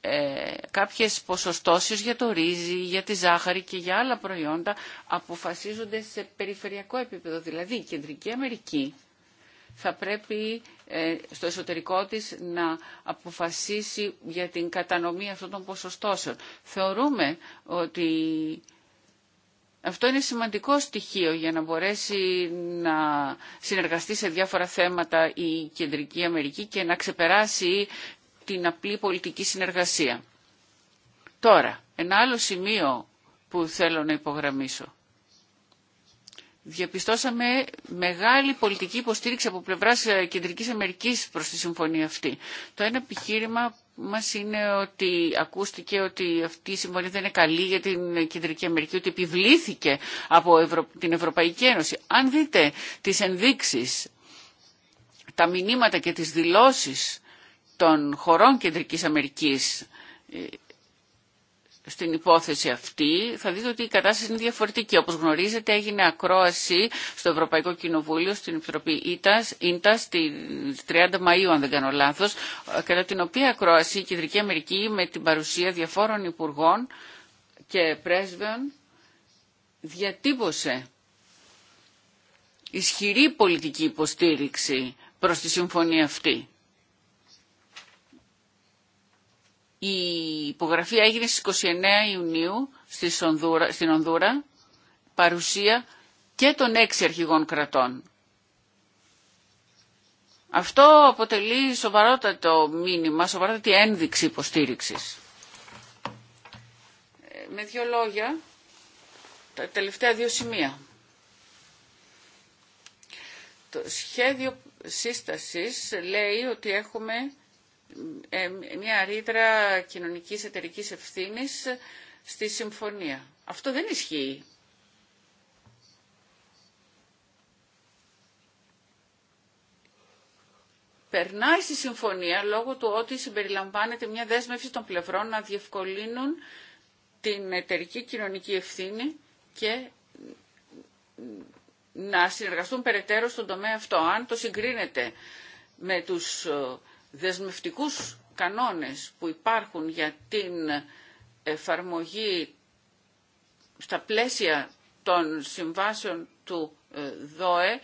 Ε, κάποιες ποσοστώσεις για το ρύζι, για τη ζάχαρη και για άλλα προϊόντα αποφασίζονται σε περιφερειακό επίπεδο. Δηλαδή η Κεντρική Αμερική θα πρέπει ε, στο εσωτερικό της να αποφασίσει για την κατανομή αυτών των ποσοστώσεων. Θεωρούμε ότι αυτό είναι σημαντικό στοιχείο για να μπορέσει να συνεργαστεί σε διάφορα θέματα η Κεντρική Αμερική και να ξεπεράσει την απλή πολιτική συνεργασία. Τώρα, ένα άλλο σημείο που θέλω να υπογραμμίσω διαπιστώσαμε μεγάλη πολιτική υποστήριξη από πλευράς ε, Κεντρικής Αμερικής προς τη συμφωνία αυτή. Το ένα επιχείρημα μας είναι ότι ακούστηκε ότι αυτή η συμφωνία δεν είναι καλή για την Κεντρική Αμερική, ότι επιβλήθηκε από την Ευρωπαϊκή Ένωση. Αν δείτε τις ενδείξεις, τα μηνύματα και τις δηλώσεις των χωρών Κεντρικής Αμερικής ε, στην υπόθεση αυτή, θα δείτε ότι η κατάσταση είναι διαφορετική. Όπως γνωρίζετε έγινε ακρόαση στο Ευρωπαϊκό Κοινοβούλιο, στην Επιτροπή ΙΤΑΣ, ΙΝΤΑΣ, την 30 Μαΐου αν δεν κάνω λάθος, κατά την οποία ακρόαση η Κεντρική Αμερική με την παρουσία διαφόρων υπουργών και πρέσβεων διατύπωσε ισχυρή πολιτική υποστήριξη προς τη συμφωνία αυτή. Η υπογραφή έγινε στις 29 Ιουνίου στην Ονδούρα, παρουσία και των έξι αρχηγών κρατών. Αυτό αποτελεί σοβαρότατο μήνυμα, σοβαρότατη ένδειξη υποστήριξης. Ε, με δύο λόγια, τα τελευταία δύο σημεία. Το σχέδιο σύστασης λέει ότι έχουμε ε, μια ρήτρα κοινωνικής εταιρικής ευθύνης στη συμφωνία. Αυτό δεν ισχύει. Περνάει στη συμφωνία λόγω του ότι συμπεριλαμβάνεται μια δέσμευση των πλευρών να διευκολύνουν την εταιρική κοινωνική ευθύνη και να συνεργαστούν περαιτέρω στον τομέα αυτό. Αν το συγκρίνεται με τους ε, δεσμευτικούς κανόνες που υπάρχουν για την εφαρμογή στα πλαίσια των συμβάσεων του ε, ΔΟΕ,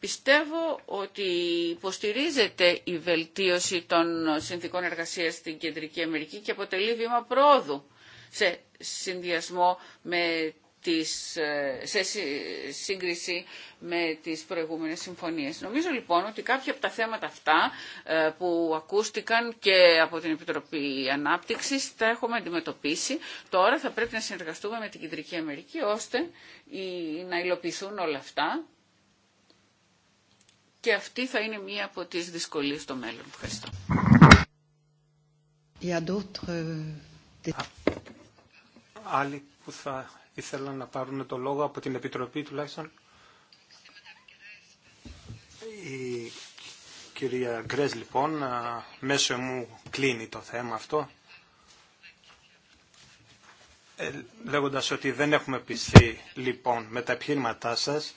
πιστεύω ότι υποστηρίζεται η βελτίωση των συνθήκων εργασίας στην Κεντρική Αμερική και αποτελεί βήμα πρόοδου σε συνδυασμό με ε, σε σύγκριση με τις προηγούμενες συμφωνίες. Νομίζω λοιπόν ότι κάποια από τα θέματα αυτά ε, που ακούστηκαν και από την Επιτροπή Ανάπτυξης τα έχουμε αντιμετωπίσει. Τώρα θα πρέπει να συνεργαστούμε με την Κεντρική Αμερική ώστε να υλοποιηθούν όλα αυτά και αυτή θα είναι μία από τις δυσκολίες στο μέλλον. Ευχαριστώ. Euh, άλλοι που θα ήθελαν να πάρουν το λόγο από την Επιτροπή τουλάχιστον. Η κυρία Γκρές λοιπόν μέσω μου κλείνει το θέμα αυτό ε, λέγοντας ότι δεν έχουμε πιστεί λοιπόν με τα επιχείρηματά σας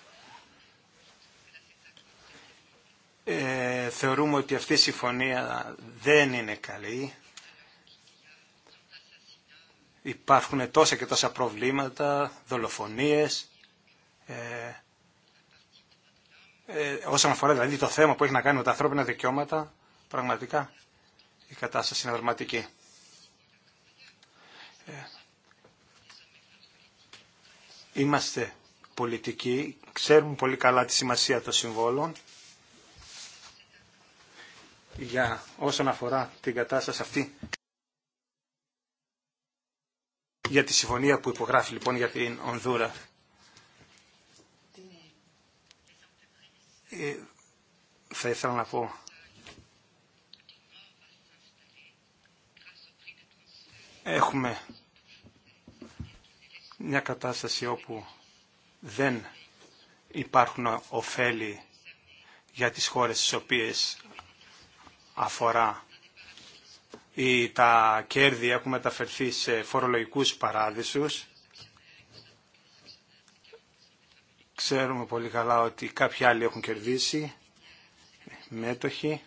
ε, θεωρούμε ότι αυτή η συμφωνία δεν είναι καλή υπάρχουν τόσα και τόσα προβλήματα, δολοφονίες, ε, ε, όσον αφορά δηλαδή το θέμα που έχει να κάνει με τα ανθρώπινα δικαιώματα, πραγματικά η κατάσταση είναι δραματική. Ε, είμαστε πολιτικοί, ξέρουμε πολύ καλά τη σημασία των συμβόλων για όσον αφορά την κατάσταση αυτή για τη συμφωνία που υπογράφει λοιπόν για την Ονδούρα. Ε, θα ήθελα να πω έχουμε μια κατάσταση όπου δεν υπάρχουν ωφέλη για τις χώρες τις οποίες αφορά τα κέρδη έχουν μεταφερθεί σε φορολογικούς παράδεισους. Ξέρουμε πολύ καλά ότι κάποιοι άλλοι έχουν κερδίσει, μέτοχοι.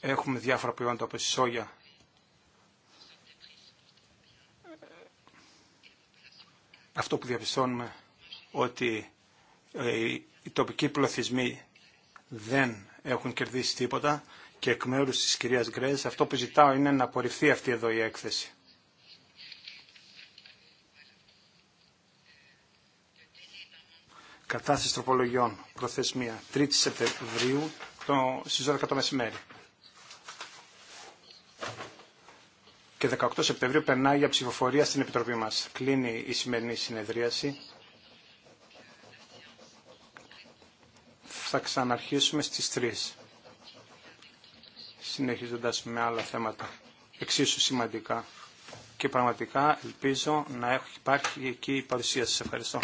Έχουμε διάφορα προϊόντα όπως η Αυτό που διαπιστώνουμε ότι ε, οι τοπικοί πληθυσμοί δεν έχουν κερδίσει τίποτα και εκ μέρου της κυρίας Γκρέζ αυτό που ζητάω είναι να απορριφθεί αυτή εδώ η έκθεση. Κατάσταση τροπολογιών, προθεσμία, 3η Σεπτεμβρίου το, στις 12 το μεσημέρι. Και 18 Σεπτεμβρίου περνάει για ψηφοφορία στην Επιτροπή μας. Κλείνει η σημερινή συνεδρίαση. θα ξαναρχίσουμε στις 3. Συνεχίζοντας με άλλα θέματα εξίσου σημαντικά. Και πραγματικά ελπίζω να υπάρχει εκεί η παρουσία σας. Ευχαριστώ.